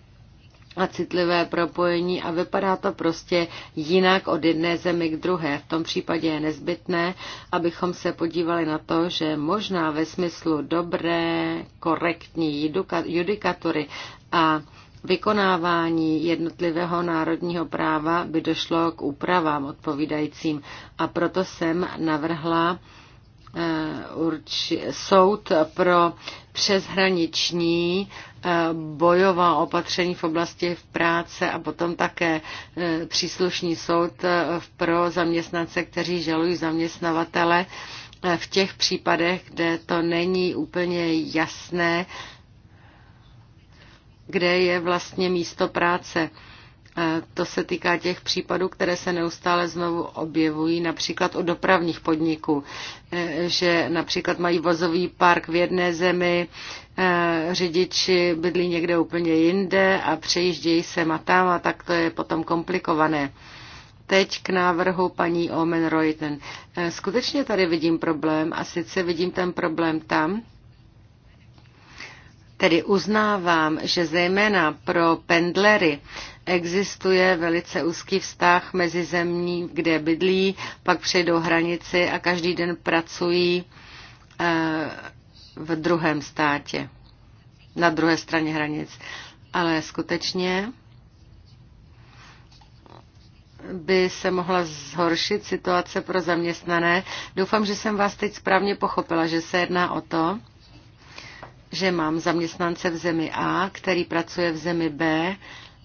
a citlivé propojení a vypadá to prostě jinak od jedné zemi k druhé. V tom případě je nezbytné, abychom se podívali na to, že možná ve smyslu dobré, korektní judikatury a vykonávání jednotlivého národního práva by došlo k úpravám odpovídajícím. A proto jsem navrhla eh, urči, soud pro přeshraniční eh, bojová opatření v oblasti v práce a potom také eh, příslušný soud pro zaměstnance, kteří žalují zaměstnavatele v těch případech, kde to není úplně jasné, kde je vlastně místo práce. E, to se týká těch případů, které se neustále znovu objevují, například u dopravních podniků, e, že například mají vozový park v jedné zemi, e, řidiči bydlí někde úplně jinde a přejíždějí se a tam a tak to je potom komplikované. Teď k návrhu paní Omen Reuten. Skutečně tady vidím problém a sice vidím ten problém tam, Tedy uznávám, že zejména pro pendlery existuje velice úzký vztah mezi zemí, kde bydlí, pak přejdou hranici a každý den pracují eh, v druhém státě, na druhé straně hranic. Ale skutečně by se mohla zhoršit situace pro zaměstnané. Doufám, že jsem vás teď správně pochopila, že se jedná o to, že mám zaměstnance v zemi A, který pracuje v zemi B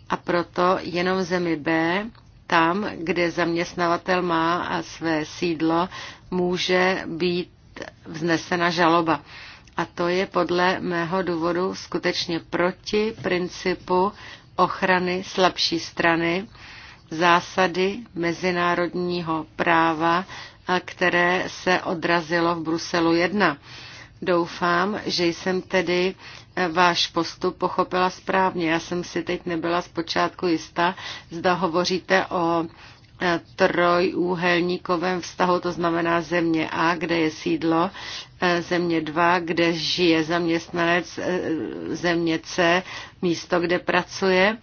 a proto jenom v zemi B, tam, kde zaměstnavatel má a své sídlo, může být vznesena žaloba. A to je podle mého důvodu skutečně proti principu ochrany slabší strany, zásady mezinárodního práva, které se odrazilo v Bruselu 1 Doufám, že jsem tedy eh, váš postup pochopila správně. Já jsem si teď nebyla zpočátku jistá, zda hovoříte o eh, trojúhelníkovém vztahu, to znamená země A, kde je sídlo, eh, země 2, kde žije zaměstnanec, země C, místo, kde pracuje,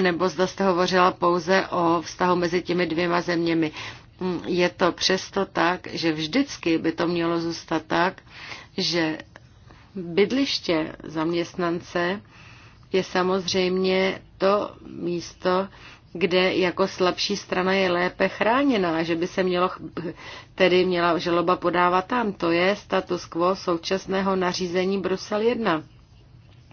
nebo zda jste hovořila pouze o vztahu mezi těmi dvěma zeměmi. Mm, je to přesto tak, že vždycky by to mělo zůstat tak, že bydliště zaměstnance je samozřejmě to místo, kde jako slabší strana je lépe chráněna že by se mělo, tedy měla žaloba podávat tam. To je status quo současného nařízení Brusel 1.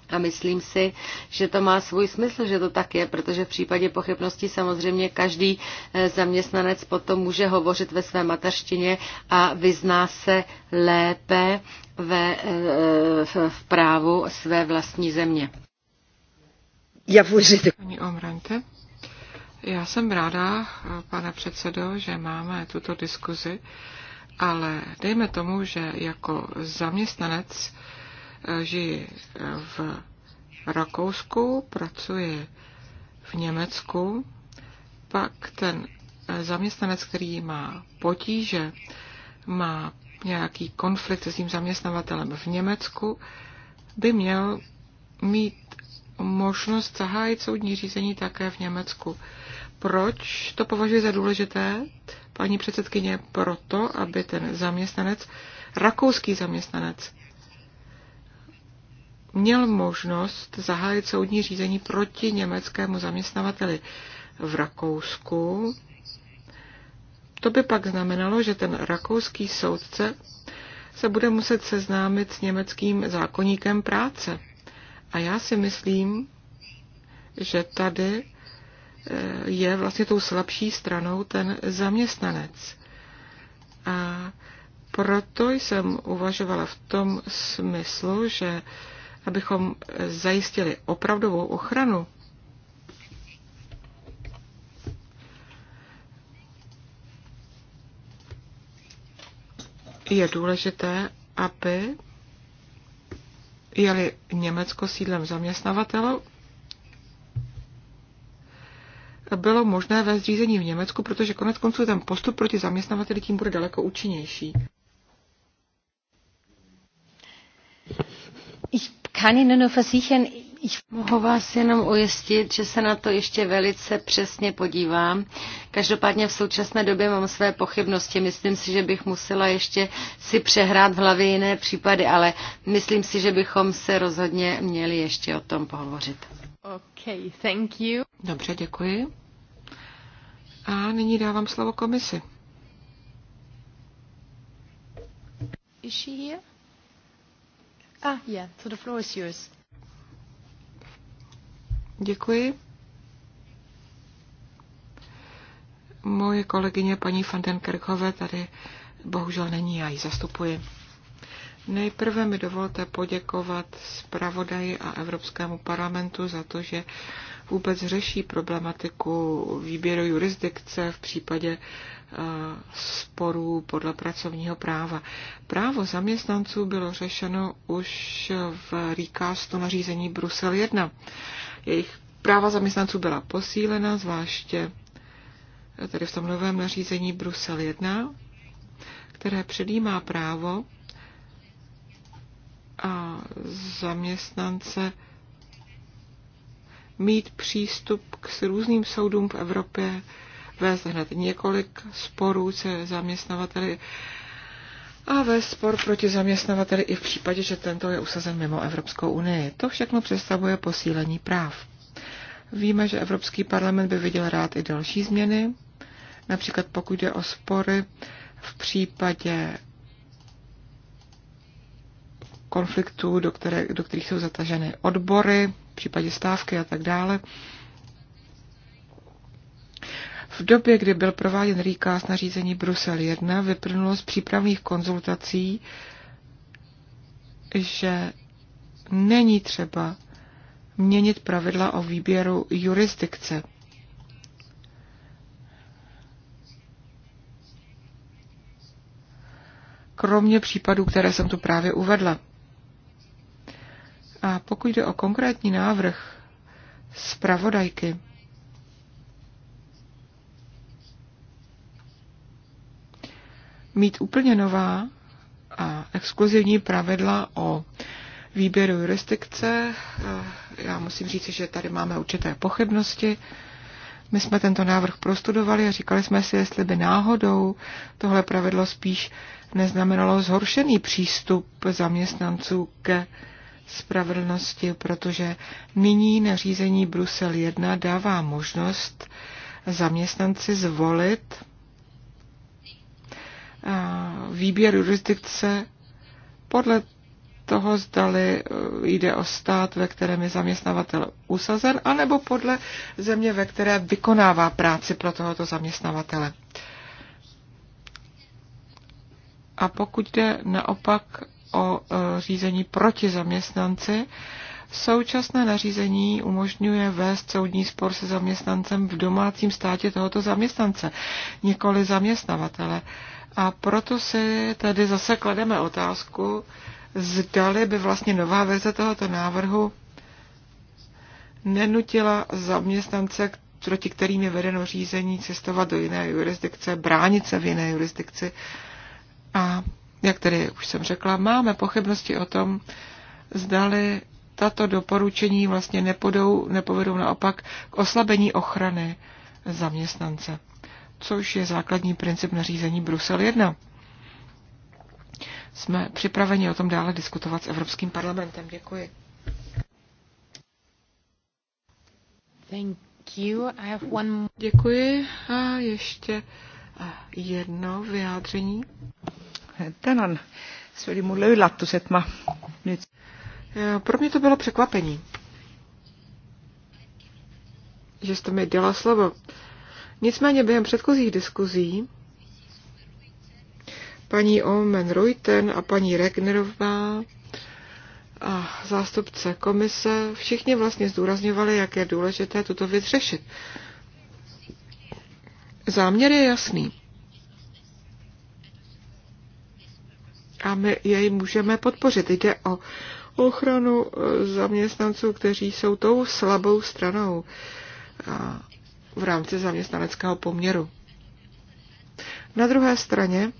A myslím si, že to má svůj smysl, že to tak je, protože v případě pochybnosti samozřejmě každý eh, zaměstnanec potom může hovořit ve své mateřštině a vyzná se lépe ve, eh, v, v právu své vlastní země. Já Pani Omrante, já jsem ráda, eh, pane předsedo, že máme tuto diskuzi, ale dejme tomu, že jako zaměstnanec Eh, žije eh, v Rakousku, pracuje v Německu, pak ten eh, zaměstnanec, který má potíže, má nějaký konflikt se svým zaměstnavatelem v Německu, by měl mít možnost zahájit soudní řízení také v Německu. Proč to považuji za důležité? Paní předsedkyně, proto, aby ten zaměstnanec, rakouský zaměstnanec, měl možnost zahájit soudní řízení proti německému zaměstnavateli v Rakousku. To by pak znamenalo, že ten rakouský soudce se bude muset seznámit s německým zákoníkem práce. A já si myslím, že tady eh, je vlastně tou slabší stranou ten zaměstnanec. A proto jsem uvažovala v tom smyslu, že abychom eh, zajistili opravdovou ochranu je důležité, aby jeli Německo sídlem zaměstnavatelů. bylo možné ve zřízení v Německu, protože konec konců ten postup proti zaměstnavateli tím bude daleko účinnější. Mohu vás jenom ujistit, že se na to ještě velice přesně podívám. Každopádně v současné době mám své pochybnosti. Myslím si, že bych musela ještě si přehrát v hlavě jiné případy, ale myslím si, že bychom se rozhodně měli ještě o tom pohovořit. Okay, thank you. Dobře, děkuji. A nyní dávám slovo komisi. Is she here? Ah, yeah, so the floor is yours. Děkuji. Moje kolegyně paní van den Kerkhove tady bohužel není, já ji zastupuji. Nejprve mi dovolte poděkovat zpravodaji a Evropskému parlamentu za to, že vůbec řeší problematiku výběru jurisdikce v případě eh, sporů podle pracovního práva. Právo zaměstnanců bylo řešeno už v recastu nařízení Brusel 1. Jejich práva zaměstnanců byla posílena, zvláště eh, tedy v tom novém nařízení Brusel 1, které předjímá právo a zaměstnance mít přístup k různým soudům v Evropě, vést hned několik sporů se zaměstnavateli a ve spor proti zaměstnavateli i v případě, že tento je usazen mimo Evropskou unii. To všechno představuje posílení práv. Víme, že Evropský parlament by viděl rád i další změny, například pokud jde o spory v případě konfliktů, do, které, do kterých jsou zataženy odbory, případě stávky a tak dále. V době, kdy byl prováděn na nařízení Brusel 1, vyplnulo z přípravných konzultací, že není třeba měnit pravidla o výběru jurisdikce. Kromě případů, které jsem tu právě uvedla. A pokud jde o konkrétní návrh zpravodajky, mít úplně nová a exkluzivní pravidla o výběru jurisdikce. Eh, já musím říct, že tady máme určité pochybnosti. My jsme tento návrh prostudovali a říkali jsme si, jestli by náhodou tohle pravidlo spíš neznamenalo zhoršený přístup zaměstnanců ke spravedlnosti, protože nyní nařízení Brusel 1 dává možnost zaměstnanci zvolit výběr jurisdikce podle toho, zdali e, jde o stát, ve kterém je zaměstnavatel usazen, anebo podle země, ve které vykonává práci pro tohoto zaměstnavatele. A pokud jde naopak o e, řízení proti zaměstnanci. Současné nařízení umožňuje vést soudní spor se zaměstnancem v domácím státě tohoto zaměstnance, nikoli zaměstnavatele. A proto si tedy zase klademe otázku, zdali by vlastně nová verze tohoto návrhu nenutila zaměstnance, proti kterým je vedeno řízení, cestovat do jiné jurisdikce, bránit se v jiné jurisdikci a jak tedy už jsem řekla, máme pochybnosti o tom, zdali tato doporučení vlastně nepodou, nepovedou naopak k oslabení ochrany zaměstnance, což je základní princip nařízení Brusel 1. Jsme připraveni o tom dále diskutovat s Evropským parlamentem. Děkuji. Thank you. I have one... Děkuji. A ještě jedno vyjádření tänan. Pro mě to bylo překvapení, že jste mi dělala slovo. Nicméně během předchozích diskuzí paní Omen Reuten a paní Regnerová a zástupce komise všichni vlastně zdůrazňovali, jak je důležité tuto věc řešit. Záměr je jasný. a my jej můžeme podpořit. Jde o ochranu eh, zaměstnanců, kteří jsou tou slabou stranou eh, v rámci zaměstnaneckého poměru. Na druhé straně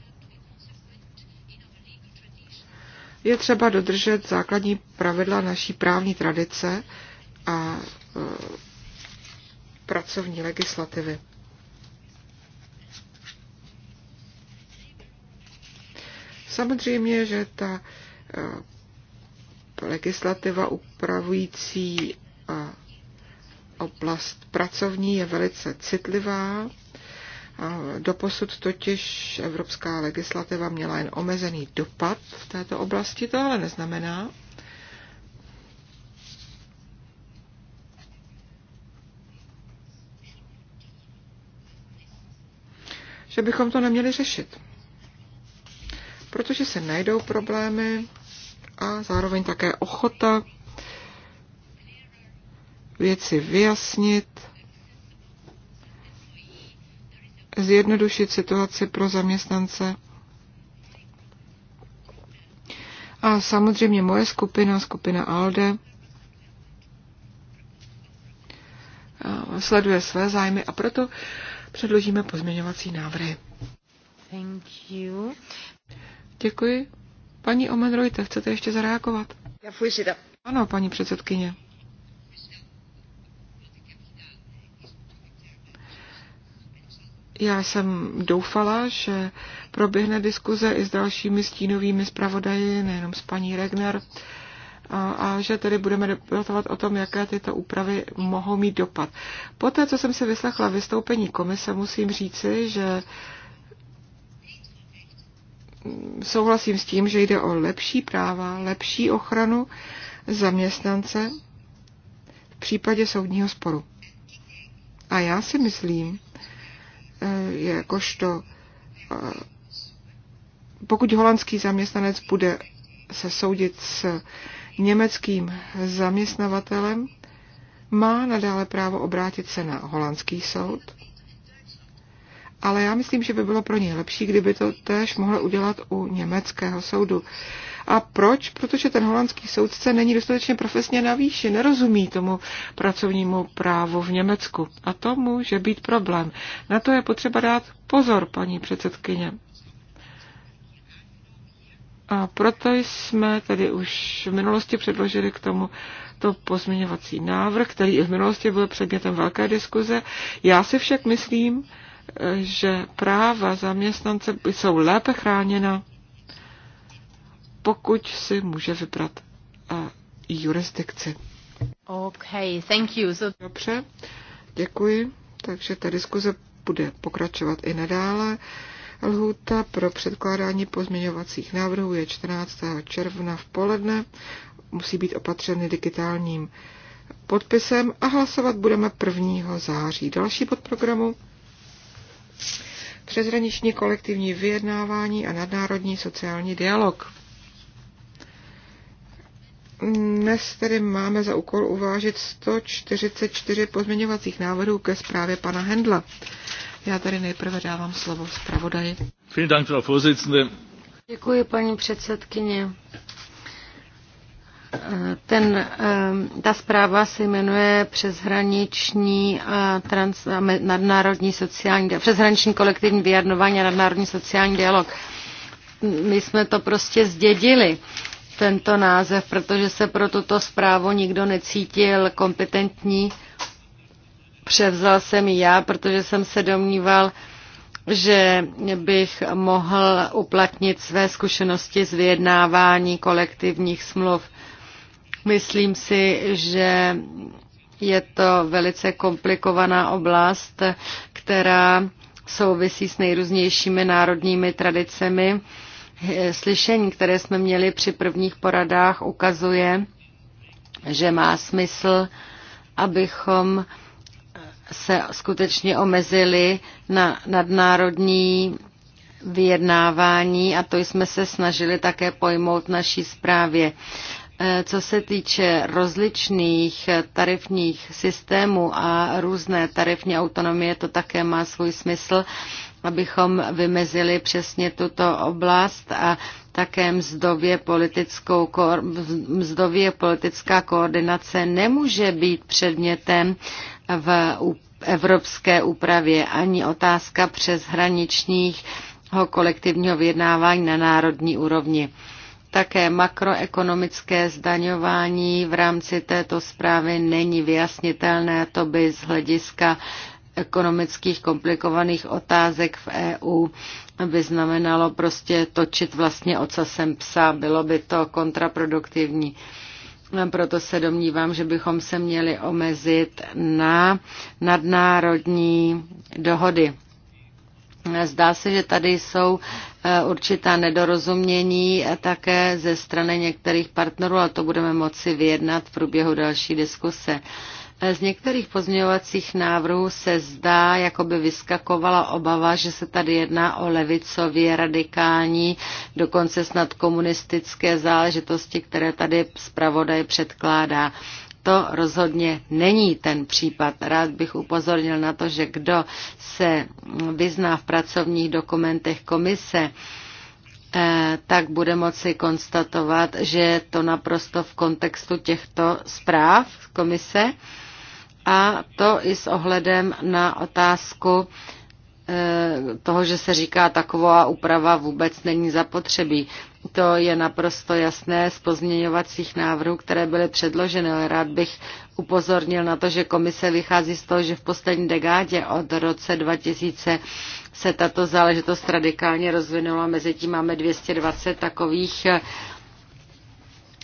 je třeba dodržet základní pravidla naší právní tradice a eh, pracovní legislativy. Samozřejmě, že ta eh, legislativa upravující eh, oblast pracovní je velice citlivá. Doposud totiž evropská legislativa měla jen omezený dopad v této oblasti, to ale neznamená, že bychom to neměli řešit protože se najdou problémy a zároveň také ochota věci vyjasnit, zjednodušit situaci pro zaměstnance. A samozřejmě moje skupina, skupina ALDE, sleduje své zájmy a proto předložíme pozměňovací návrhy. Thank you. Děkuji. Paní Omenrojte, chcete ještě zareagovat? Ano, paní předsedkyně. Já jsem doufala, že proběhne diskuze i s dalšími stínovými zpravodaji, nejenom s paní Regner, a, a že tedy budeme debatovat o tom, jaké tyto úpravy mohou mít dopad. Poté, co jsem si vyslechla vystoupení komise, musím říci, že souhlasím s tím, že jde o lepší práva, lepší ochranu zaměstnance v případě soudního sporu. A já si myslím, eh, jakožto eh, pokud holandský zaměstnanec bude se soudit s německým zaměstnavatelem, má nadále právo obrátit se na holandský soud, ale já myslím, že by bylo pro něj lepší, kdyby to též mohl udělat u německého soudu. A proč? Protože ten holandský soudce není dostatečně profesně na výši, nerozumí tomu pracovnímu právu v Německu. A to může být problém. Na to je potřeba dát pozor, paní předsedkyně. A proto jsme tedy už v minulosti předložili k tomu to pozměňovací návrh, který i v minulosti byl předmětem velké diskuze. Já si však myslím, že práva zaměstnance jsou lépe chráněna, pokud si může vybrat eh, jurisdikci. Okay, thank you. So... Dobře, děkuji. Takže ta diskuze bude pokračovat i nadále. Lhuta pro předkládání pozměňovacích návrhů je 14. června v poledne. Musí být opatřeny digitálním podpisem a hlasovat budeme 1. září. Další podprogramu. programu přezraniční kolektivní vyjednávání a nadnárodní sociální dialog. Dnes tedy máme za úkol uvážit 144 pozměňovacích návrhů ke zprávě pana Hendla. Já tady nejprve dávám slovo zpravodaji. Děkuji, paní předsedkyně. Ten, eh, ta zpráva se jmenuje Přeshraniční eh, trans, eh, nadnárodní sociální, přeshraniční kolektivní vyjadnování a nadnárodní sociální dialog. My jsme to prostě zdědili tento název, protože se pro tuto zprávu nikdo necítil kompetentní. Převzal jsem ji já, protože jsem se domníval, že bych mohl uplatnit své zkušenosti z vyjednávání kolektivních smluv. Myslím si, že je to velice komplikovaná oblast, která souvisí s nejrůznějšími národními tradicemi. Slyšení, které jsme měli při prvních poradách, ukazuje, že má smysl, abychom se skutečně omezili na nadnárodní vyjednávání a to jsme se snažili také pojmout naší zprávě. Eh, co se týče rozličných eh, tarifních systémů a různé tarifní autonomie, to také má svůj smysl, abychom vymezili přesně tuto oblast a také mzdově, politickou, mzdově politická koordinace nemůže být předmětem v evropské úpravě ani otázka přeshraničních kolektivního vyjednávání na národní úrovni. Také makroekonomické zdaňování v rámci této zprávy není vyjasnitelné, to by z hlediska ekonomických komplikovaných otázek v EU by znamenalo prostě točit vlastně ocasem psa, bylo by to kontraproduktivní. Proto se domnívám, že bychom se měli omezit na nadnárodní dohody. Zdá se, že tady jsou E, určitá nedorozumění e, také ze strany některých partnerů, a to budeme moci vyjednat v průběhu další diskuse. E, z některých pozměňovacích návrhů se zdá, jako by vyskakovala obava, že se tady jedná o levicově radikální, dokonce snad komunistické záležitosti, které tady zpravodaj předkládá. To rozhodně není ten případ. Rád bych upozornil na to, že kdo se vyzná v pracovních dokumentech komise, eh, tak bude moci konstatovat, že je to naprosto v kontextu těchto zpráv komise a to i s ohledem na otázku Eh, toho, že se říká taková úprava vůbec není zapotřebí. To je naprosto jasné z pozměňovacích návrhů, které byly předloženy, ale rád bych upozornil na to, že komise vychází z toho, že v poslední dekádě od roce 2000 se tato záležitost radikálně rozvinula. Mezi tím máme 220 takových eh,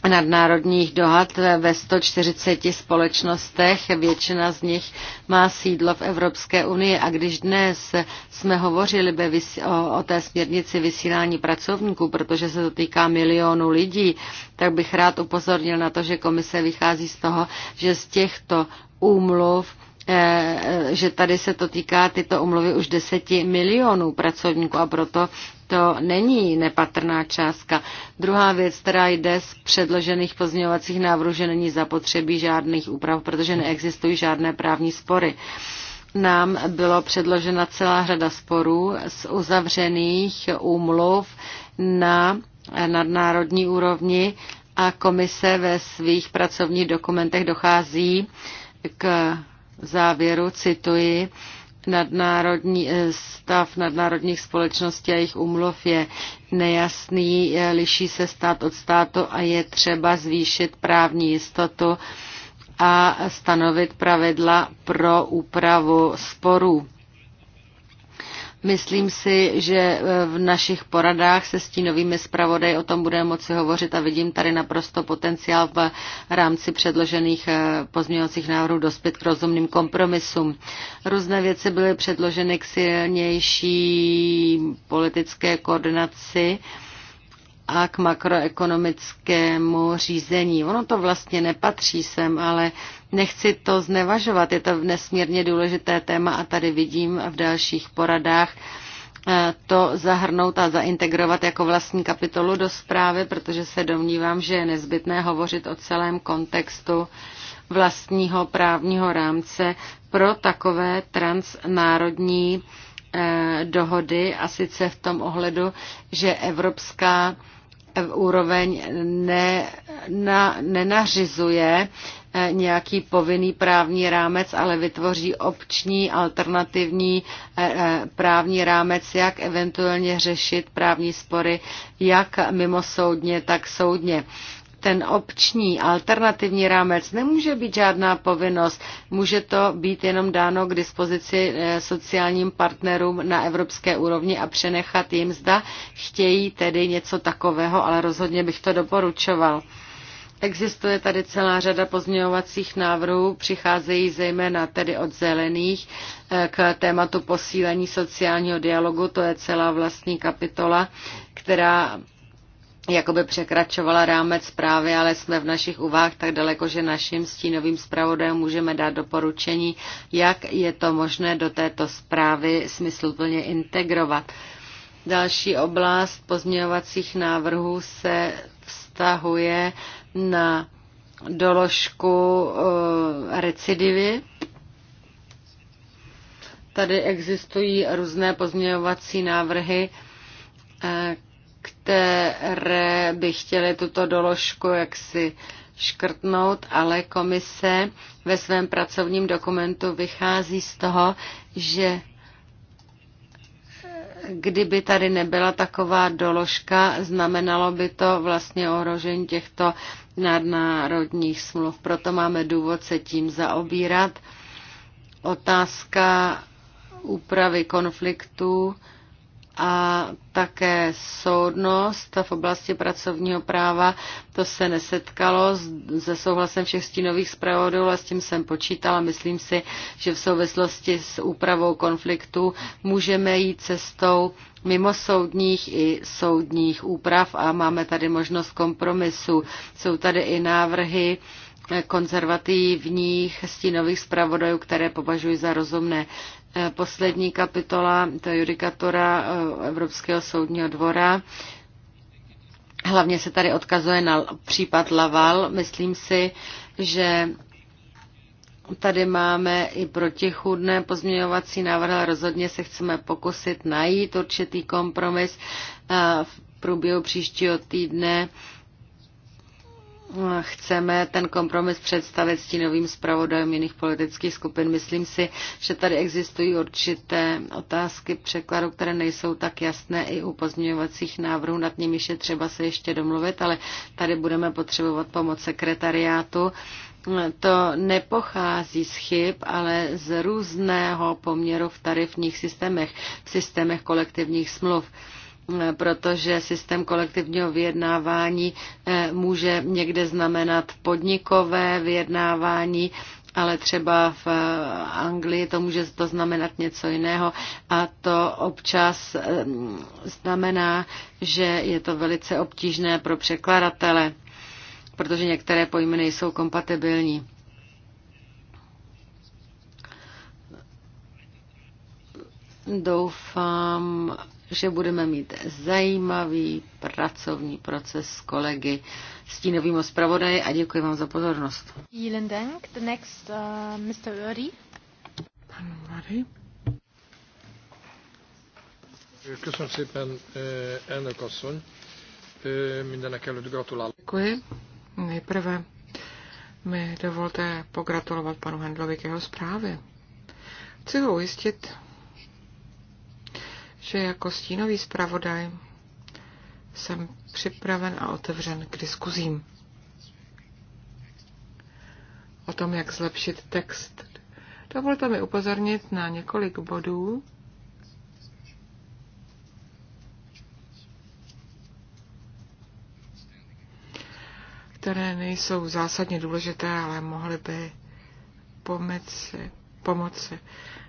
nadnárodních dohad ve 140 společnostech. Většina z nich má sídlo v Evropské unii a když dnes jsme hovořili o, o té směrnici vysílání pracovníků, protože se to týká milionů lidí, tak bych rád upozornil na to, že komise vychází z toho, že z těchto úmluv eh, eh, že tady se to týká tyto umluvy už deseti milionů pracovníků a proto to není nepatrná částka. Druhá věc, která jde z předložených pozměňovacích návrhů, že není zapotřebí žádných úprav, protože neexistují žádné právní spory nám bylo předložena celá řada sporů z uzavřených úmluv na nadnárodní úrovni a komise ve svých pracovních dokumentech dochází k závěru, cituji, nadnárodní eh, stav nadnárodních společností a jejich umluv je nejasný, eh, liší se stát od státu a je třeba zvýšit právní jistotu a stanovit pravidla pro úpravu sporů. Myslím si, že eh, v našich poradách se stínovými zpravodaj o tom budeme moci hovořit a vidím tady naprosto potenciál v rámci předložených eh, pozměňovacích návrhů dospět k rozumným kompromisům. Různé věci byly předloženy k silnější politické koordinaci a k makroekonomickému řízení. Ono to vlastně nepatří sem, ale Nechci to znevažovat, je to nesmírně důležité téma a tady vidím v dalších poradách eh, to zahrnout a zaintegrovat jako vlastní kapitolu do zprávy, protože se domnívám, že je nezbytné hovořit o celém kontextu vlastního právního rámce pro takové transnárodní eh, dohody a sice v tom ohledu, že evropská eh, úroveň ne, na, nenařizuje E, nějaký povinný právní rámec, ale vytvoří obční alternativní e, e, právní rámec, jak eventuálně řešit právní spory, jak mimosoudně, tak soudně ten obční alternativní rámec nemůže být žádná povinnost, může to být jenom dáno k dispozici sociálním partnerům na evropské úrovni a přenechat jim, zda chtějí tedy něco takového, ale rozhodně bych to doporučoval. Existuje tady celá řada pozměňovacích návrhů, přicházejí zejména tedy od zelených eh, k tématu posílení sociálního dialogu, to je celá vlastní kapitola, která jakoby překračovala rámec zprávy, ale jsme v našich uvách tak daleko, že našim stínovým zpravodajům můžeme dát doporučení, jak je to možné do této zprávy smysluplně integrovat. Další oblast pozměňovacích návrhů se vztahuje na doložku eh, recidivy. Tady existují různé pozměňovací návrhy, eh, které by chtěly tuto doložku jaksi škrtnout, ale komise ve svém pracovním dokumentu vychází z toho, že kdyby tady nebyla taková doložka, znamenalo by to vlastně ohrožení těchto nadnárodních smluv. Proto máme důvod se tím zaobírat. Otázka úpravy konfliktů a také soudnost v oblasti pracovního práva. To se nesetkalo se souhlasem všech stínových zpravodů a s tím jsem počítala. Myslím si, že v souvislosti s úpravou konfliktu můžeme jít cestou mimo soudních i soudních úprav a máme tady možnost kompromisu. Jsou tady i návrhy konzervativních stínových zpravodajů, které považuji za rozumné. Eh, poslední kapitola, to je judikatura eh, Evropského soudního dvora. Hlavně se tady odkazuje na případ Laval. Myslím si, že tady máme i protichůdné pozměňovací návrhy, ale rozhodně se chceme pokusit najít určitý kompromis eh, v průběhu příštího týdne chceme ten kompromis představit s novým zpravodajem jiných politických skupin. Myslím si, že tady existují určité otázky překladu, které nejsou tak jasné i u pozměňovacích návrhů. Nad nimi je třeba se ještě domluvit, ale tady budeme potřebovat pomoc sekretariátu. To nepochází z chyb, ale z různého poměru v tarifních systémech, v systémech kolektivních smluv protože systém kolektivního vyjednávání eh, může někde znamenat podnikové vyjednávání, ale třeba v eh, Anglii to může to znamenat něco jiného a to občas eh, znamená, že je to velice obtížné pro překladatele, protože některé pojmy nejsou kompatibilní. Doufám, že budeme mít zajímavý pracovní proces s kolegy stínovým zpravodaje a děkuji vám za pozornost. Vielen Dank. The next, uh, Mr. Uri. Pan Uri. Köszönöm szépen, eh, elnök asszony. Eh, mindenek előtt gratulálok. Děkuji. Nejprve mi dovolte pogratulovat panu Hendlovi k jeho zprávě. Chci ho ujistit, že jako stínový zpravodaj jsem připraven a otevřen k diskuzím o tom, jak zlepšit text. Dovolte mi upozornit na několik bodů, které nejsou zásadně důležité, ale mohly by pomoci. pomoci.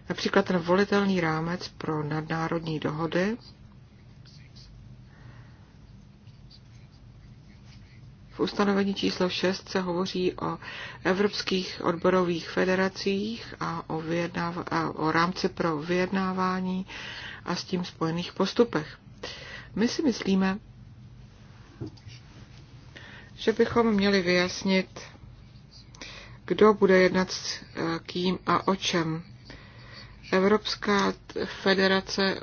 Například ten volitelný rámec pro nadnárodní dohody V ustanovení číslo 6 se hovoří o evropských odborových federacích a o, a o rámci pro vyjednávání a s tím spojených postupech. My si myslíme, že bychom měli vyjasnit, kdo bude jednat s eh, kým a o čem. Evropská federace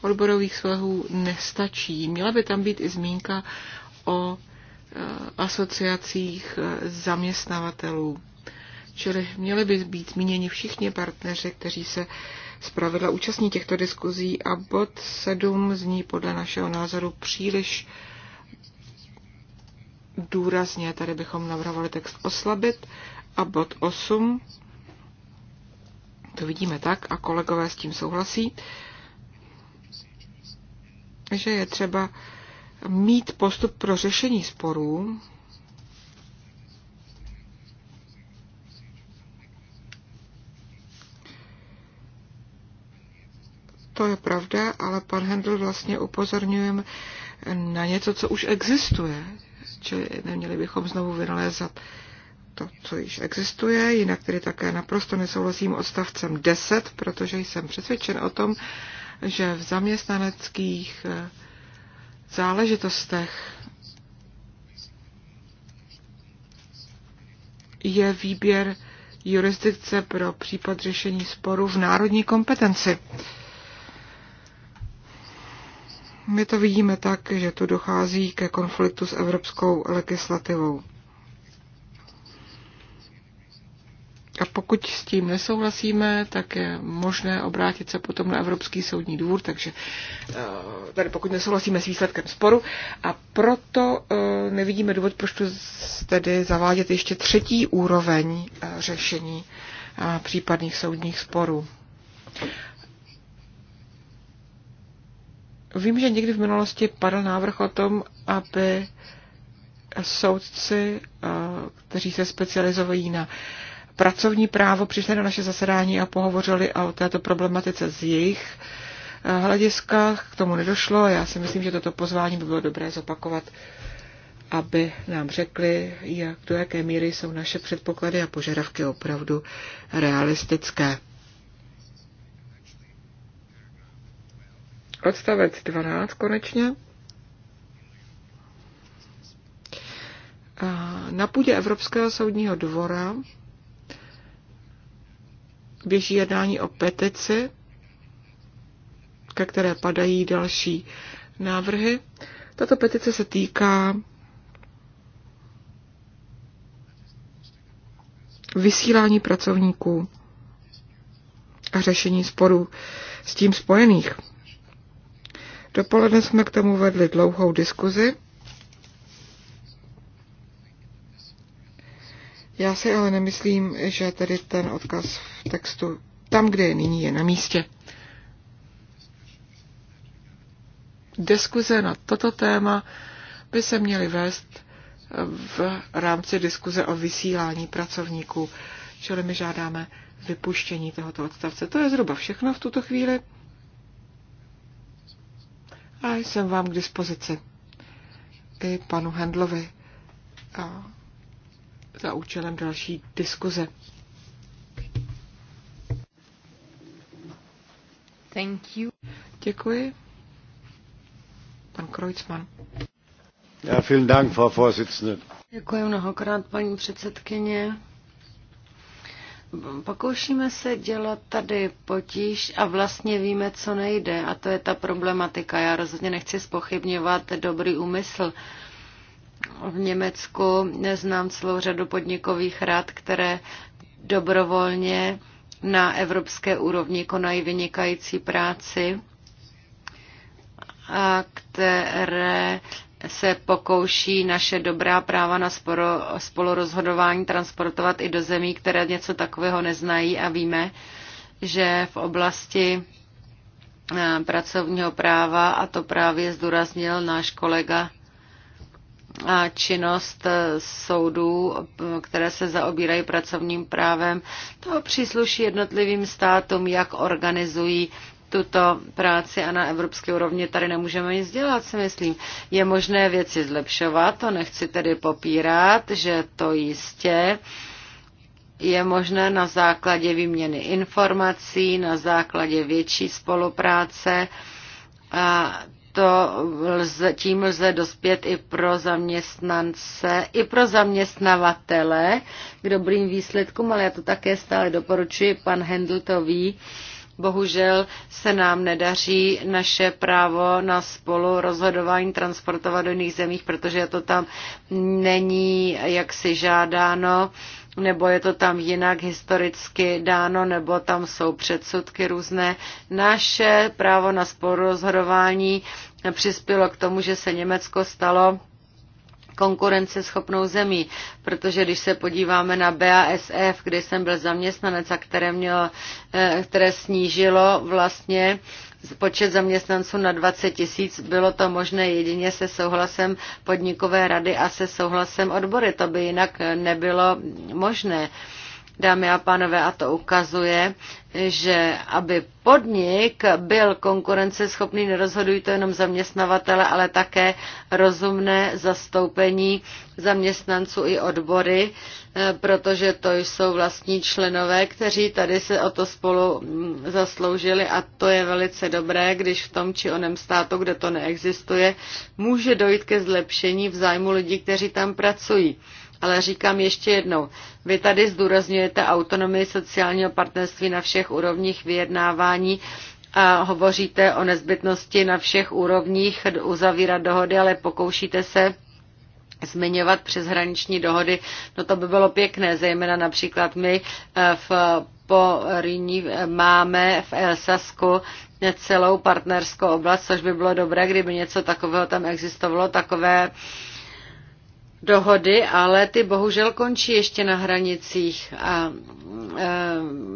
odborových svahů nestačí. Měla by tam být i zmínka o eh, asociacích eh, zaměstnavatelů. Čili měli by být zmíněni všichni partneři, kteří se zpravidla účastní těchto diskuzí a bod 7 zní podle našeho názoru příliš důrazně. Tady bychom navrhovali text oslabit a bod 8 to vidíme tak, a kolegové s tím souhlasí, že je třeba mít postup pro řešení sporů, To je pravda, ale pan Hendl vlastně upozorňuje na něco, co už existuje. Čili neměli bychom znovu vynalézat uh, to, co již existuje, jinak tedy také naprosto nesouhlasím odstavcem 10, protože jsem přesvědčen o tom, že v zaměstnaneckých eh, záležitostech je výběr jurisdikce pro případ řešení sporu v národní kompetenci. My to vidíme tak, že tu dochází ke konfliktu s evropskou legislativou. A pokud s tím nesouhlasíme, tak je možné obrátit se potom na Evropský soudní dvůr, takže eh, tady pokud nesouhlasíme s výsledkem sporu. A proto eh, nevidíme důvod, proč tu tedy zavádět ještě třetí úroveň eh, řešení případných soudních sporů. Vím, že někdy v minulosti padl návrh o tom, aby soudci, kteří se specializovají na pracovní právo přišli na naše zasedání a pohovořili o této problematice z jejich eh, hlediska. K tomu nedošlo. Já si myslím, že toto pozvání by bylo dobré zopakovat, aby nám řekli, jak, do jaké míry jsou naše předpoklady a požadavky opravdu realistické. Odstavec 12 konečně. Eh, na půdě Evropského soudního dvora běží jednání o petici, ke které padají další návrhy. Tato petice se týká vysílání pracovníků a řešení sporů s tím spojených. Dopoledne jsme k tomu vedli dlouhou diskuzi. Já si ale nemyslím, že tedy ten odkaz v textu tam, kde je nyní, je na místě. Diskuze na toto téma by se měly vést v rámci diskuze o vysílání pracovníků, čili my žádáme vypuštění tohoto odstavce. To je zhruba všechno v tuto chvíli. A jsem vám k dispozici i panu Hendlovi. A za účelem další diskuze. Thank you. Děkuji. Pan Kreuzmann. Ja, vielen Dank, Frau Vorsitzende. Děkuji mnohokrát, paní předsedkyně. Pokoušíme se dělat tady potíž a vlastně víme, co nejde. A to je ta problematika. Já rozhodně nechci spochybňovat dobrý úmysl v Německu znám celou řadu podnikových rad, které dobrovolně na evropské úrovni konají vynikající práci a které se pokouší naše dobrá práva na sporo, spolurozhodování transportovat i do zemí, které něco takového neznají a víme, že v oblasti eh, pracovního práva, a to právě zdůraznil náš kolega činnost eh, soudů, eh, které se zaobírají pracovním právem. To přísluší jednotlivým státům, jak organizují tuto práci a na evropské úrovni tady nemůžeme nic dělat, si myslím. Je možné věci zlepšovat, to nechci tedy popírat, že to jistě je možné na základě výměny informací, na základě větší spolupráce a to lze, tím lze dospět i pro zaměstnance, i pro zaměstnavatele k dobrým výsledkům, ale já to také stále doporučuji, pan Hendl to ví, Bohužel se nám nedaří naše právo na spolu rozhodování transportovat do jiných zemích, protože to tam není jaksi žádáno nebo je to tam jinak historicky dáno, nebo tam jsou předsudky různé. Naše právo na spolurozhodování přispělo k tomu, že se Německo stalo konkurenceschopnou zemí, protože když se podíváme na BASF, kde jsem byl zaměstnanec a které, mělo, eh, které snížilo vlastně počet zaměstnanců na 20 tisíc, bylo to možné jedině se souhlasem podnikové rady a se souhlasem odbory. To by jinak nebylo možné. Uh, dámy a pánové, a to ukazuje, že aby podnik byl konkurenceschopný, nerozhodují to jenom zaměstnavatele, ale také rozumné zastoupení zaměstnanců i odbory, eh, protože to jsou vlastní členové, kteří tady se o to spolu mm, zasloužili a to je velice dobré, když v tom či onem státu, kde to neexistuje, může dojít ke zlepšení v zájmu lidí, kteří tam pracují. Ale říkám ještě jednou, vy tady zdůrazňujete autonomii sociálního partnerství na všech úrovních vyjednávání a hovoříte o nezbytnosti na všech úrovních uzavírat dohody, ale pokoušíte se zmiňovat přeshraniční dohody, no to by bylo pěkné, zejména například my eh, v Poríní eh, máme v Elsasku celou partnerskou oblast, což by bylo dobré, kdyby něco takového tam existovalo, takové uh, dohody, ale ty bohužel končí ještě na hranicích a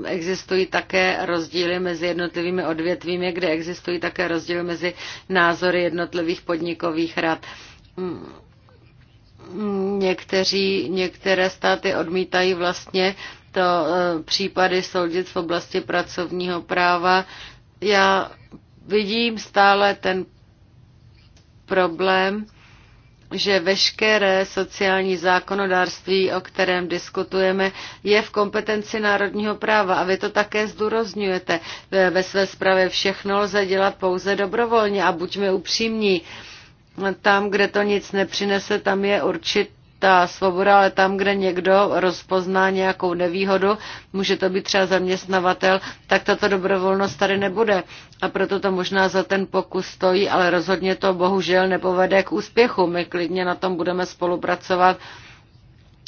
existují také rozdíly mezi jednotlivými odvětvími, kde existují také rozdíly mezi názory jednotlivých podnikových rad. Někteří, některé státy odmítají vlastně to e, případy soudit v oblasti pracovního práva. Já vidím stále ten problém, že veškeré sociální zákonodárství, o kterém diskutujeme, je v kompetenci národního práva. A vy to také zdůrozňujete. Ve své zprávě všechno lze dělat pouze dobrovolně a buďme upřímní. Tam, kde to nic nepřinese, tam je určit ta svoboda, ale tam, kde někdo rozpozná nějakou nevýhodu, může to být třeba zaměstnavatel, tak tato dobrovolnost tady nebude. A proto to možná za ten pokus stojí, ale rozhodně to bohužel nepovede k úspěchu. My klidně na tom budeme spolupracovat,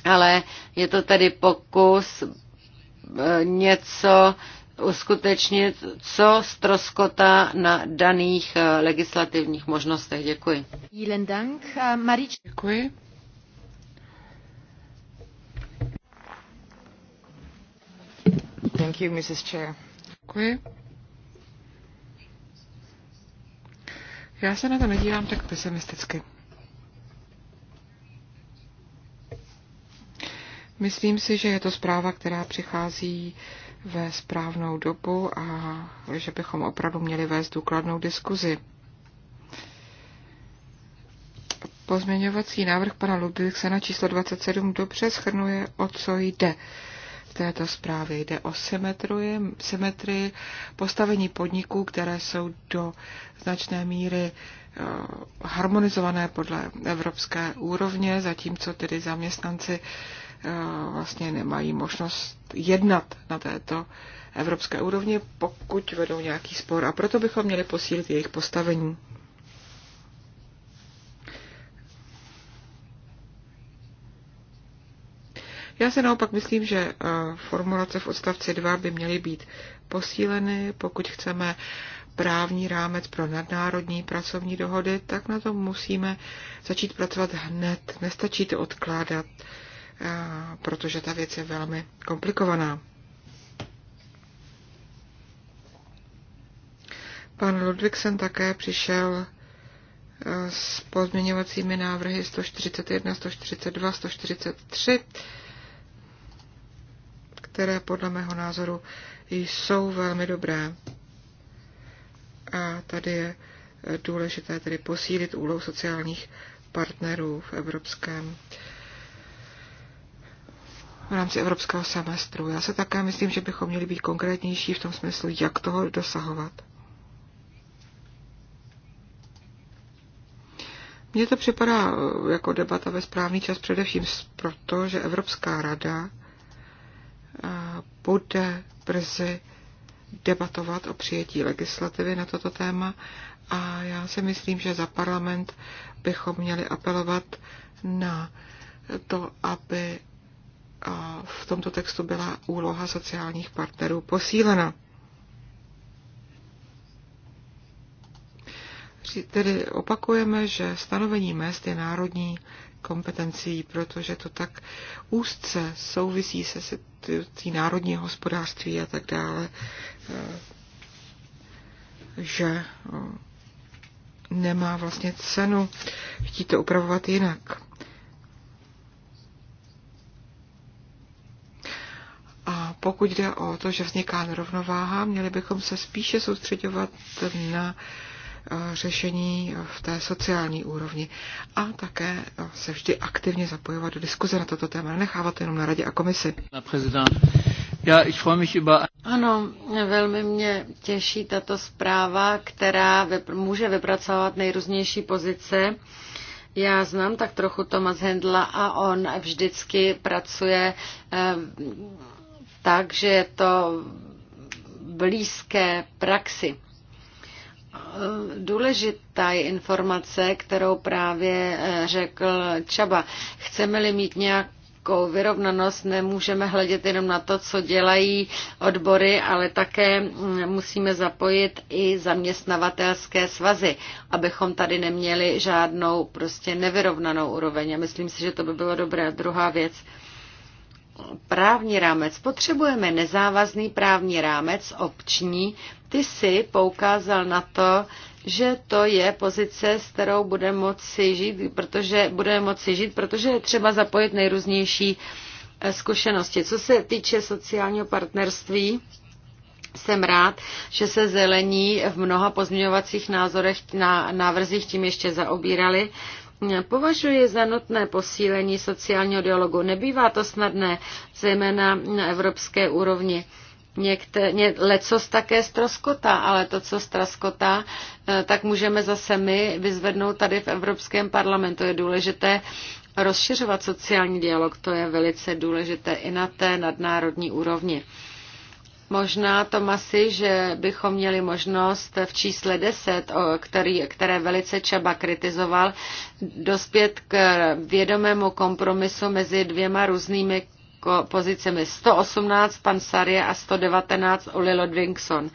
ale je to tedy pokus eh, něco uskutečnit, co stroskota na daných eh, legislativních možnostech. Děkuji. Eh, Děkuji. Thank you, Mrs. Chair. Děkuji. Já se na to nedívám tak pesimisticky. Myslím si, že je to zpráva, která přichází ve správnou dobu a že bychom opravdu měli vést důkladnou diskuzi. Pozměňovací návrh pana na číslo 27 dobře schrnuje, o co jde této zprávy. Jde o symetrii, symetrii postavení podniků, které jsou do značné míry eh, harmonizované podle evropské úrovně, zatímco tedy zaměstnanci eh, vlastně nemají možnost jednat na této evropské úrovni, pokud vedou nějaký spor. A proto bychom měli posílit jejich postavení. Já se naopak myslím, že eh, formulace v odstavci 2 by měly být posíleny, pokud chceme právní rámec pro nadnárodní pracovní dohody, tak na tom musíme začít pracovat hned. Nestačí to odkládat, eh, protože ta věc je velmi komplikovaná. Pan Ludvigsen také přišel eh, s pozměňovacími návrhy 141, 142, 143 které podle mého názoru jsou velmi dobré. A tady je důležité tedy posílit úlohu sociálních partnerů v evropském v rámci evropského semestru. Já se také myslím, že bychom měli být konkrétnější v tom smyslu, jak toho dosahovat. Mně to připadá uh, jako debata ve správný čas především proto, že Evropská rada bude brzy debatovat o přijetí legislativy na toto téma a já si myslím, že za parlament bychom měli apelovat na to, aby v tomto textu byla úloha sociálních partnerů posílena. Tedy opakujeme, že stanovení mest je národní kompetencí, protože to tak úzce souvisí se ty národního hospodářství a tak dále, eh, že eh, nemá vlastně cenu chtít to upravovat jinak. A pokud jde o to, že vzniká nerovnováha, měli bychom se spíše soustředovat na uh, Eh, řešení v té sociální úrovni a také eh, se vždy aktivně zapojovat do diskuze na toto téma, nenechávat jenom na radě a komisi. Já, ich freue mich über... Ano, velmi mě těší tato zpráva, která vypr- může vypracovat nejrůznější pozice. Já znám tak trochu Tomas Hendla a on vždycky pracuje eh, tak, že je to blízké praxi důležitá je informace, kterou právě eh, řekl Čaba. Chceme-li mít nějak nějakou vyrovnanost, nemůžeme hledět jenom na to, co dělají odbory, ale také mm, musíme zapojit i zaměstnavatelské svazy, abychom tady neměli žádnou prostě nevyrovnanou úroveň. A myslím si, že to by bylo dobré. Druhá věc. Právní rámec. Potřebujeme nezávazný právní rámec, obční, ty si poukázal na to, že to je pozice, s kterou budeme moci žít, protože budeme moci žít, protože je třeba zapojit nejrůznější eh, zkušenosti. Co se týče sociálního partnerství, jsem rád, že se zelení v mnoha pozměňovacích názorech na návrzích tím ještě zaobírali. Považuji za nutné posílení sociálního dialogu. Nebývá to snadné, zejména na evropské úrovni. Někte, ně, lecos také stroskotá, ale to, co stroskotá, eh, tak můžeme zase my vyzvednout tady v Evropském parlamentu. Je důležité rozšiřovat sociální dialog, to je velice důležité i na té nadnárodní úrovni. Možná, Tomasi, že bychom měli možnost v čísle 10, který, které velice Čaba kritizoval, dospět k vědomému kompromisu mezi dvěma různými pozicemi 118 pan Sarje a 119 Oli Lodvingson.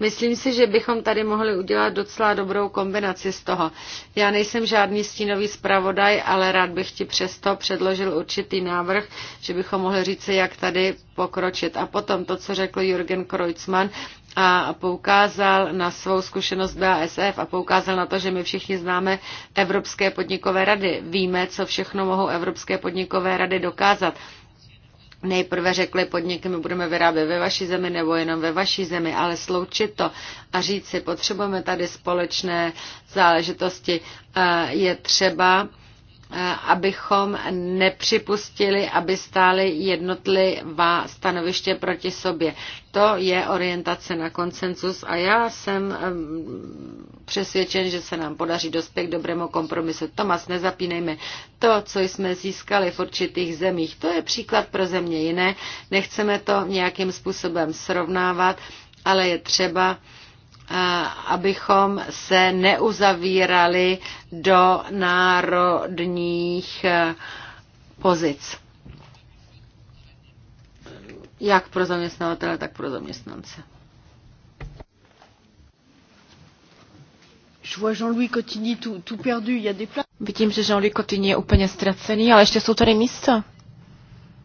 Myslím si, že bychom tady mohli udělat docela dobrou kombinaci z toho. Já nejsem žádný stínový zpravodaj, ale rád bych ti přesto předložil určitý návrh, že bychom mohli říci, jak tady pokročit. A potom to, co řekl Jürgen Kreutzmann, a poukázal na svou zkušenost BASF a poukázal na to, že my všichni známe Evropské podnikové rady. Víme, co všechno mohou Evropské podnikové rady dokázat nejprve řekli podniky, my budeme vyrábět ve vaší zemi nebo jenom ve vaší zemi, ale sloučit to a říct si, potřebujeme tady společné záležitosti, eh, je třeba Eh, abychom nepřipustili, aby stály jednotlivá stanoviště proti sobě. To je orientace na konsenzus a já jsem přesvědčen, že se nám podaří dospět k dobrému kompromisu. Tomas, nezapínejme. To, co jsme získali v určitých zemích, to je příklad pro země jiné. Nechceme to nějakým způsobem srovnávat, ale je třeba abychom se neuzavírali do národních e, pozic. Jak pro zaměstnavatele, tak pro zaměstnance. Vidím, že Jean-Louis Cotigny je úplně ztracený, ale ještě jsou tady místa.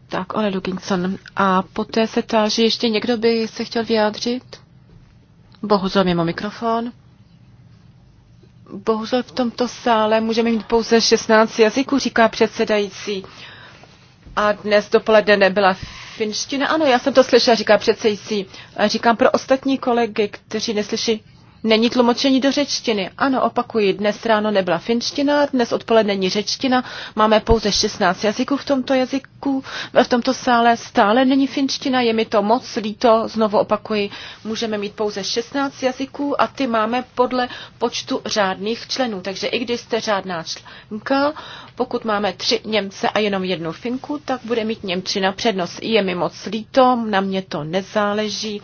Tak, ale Lukinson. A poté se táží, ještě někdo by se chtěl vyjádřit? Bohužel mimo mikrofon. Bohužel v tomto sále můžeme mít pouze 16 jazyků, říká předsedající. A dnes dopoledne nebyla finština. Ano, já jsem to slyšela, říká předsedající. A říkám pro ostatní kolegy, kteří neslyší Není tlumočení do řečtiny. Ano, opakuji, dnes ráno nebyla finština, dnes odpoledne není řečtina, máme pouze 16 jazyků v tomto jazyku, v tomto sále stále není finština, je mi to moc líto, znovu opakuji, můžeme mít pouze 16 jazyků a ty máme podle počtu řádných členů. Takže i když jste řádná členka, pokud máme tři Němce a jenom jednu Finku, tak bude mít Němčina přednost. Je mi moc líto, na mě to nezáleží.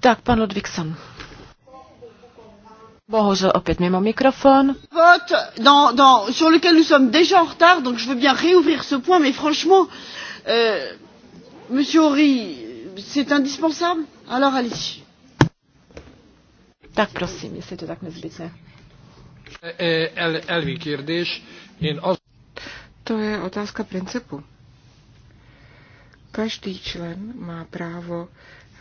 Tak, pan Ludvíkson. Bohužel opět mimo mikrofon. Vote dans, dans, sur lequel nous sommes déjà en retard, donc je veux bien réouvrir ce point, mais franchement, euh, monsieur Horry, c'est indispensable Alors allez-y. Tak prosím, jestli je to tak nezbytné. Eh, eh, to je otázka principu. Každý člen má právo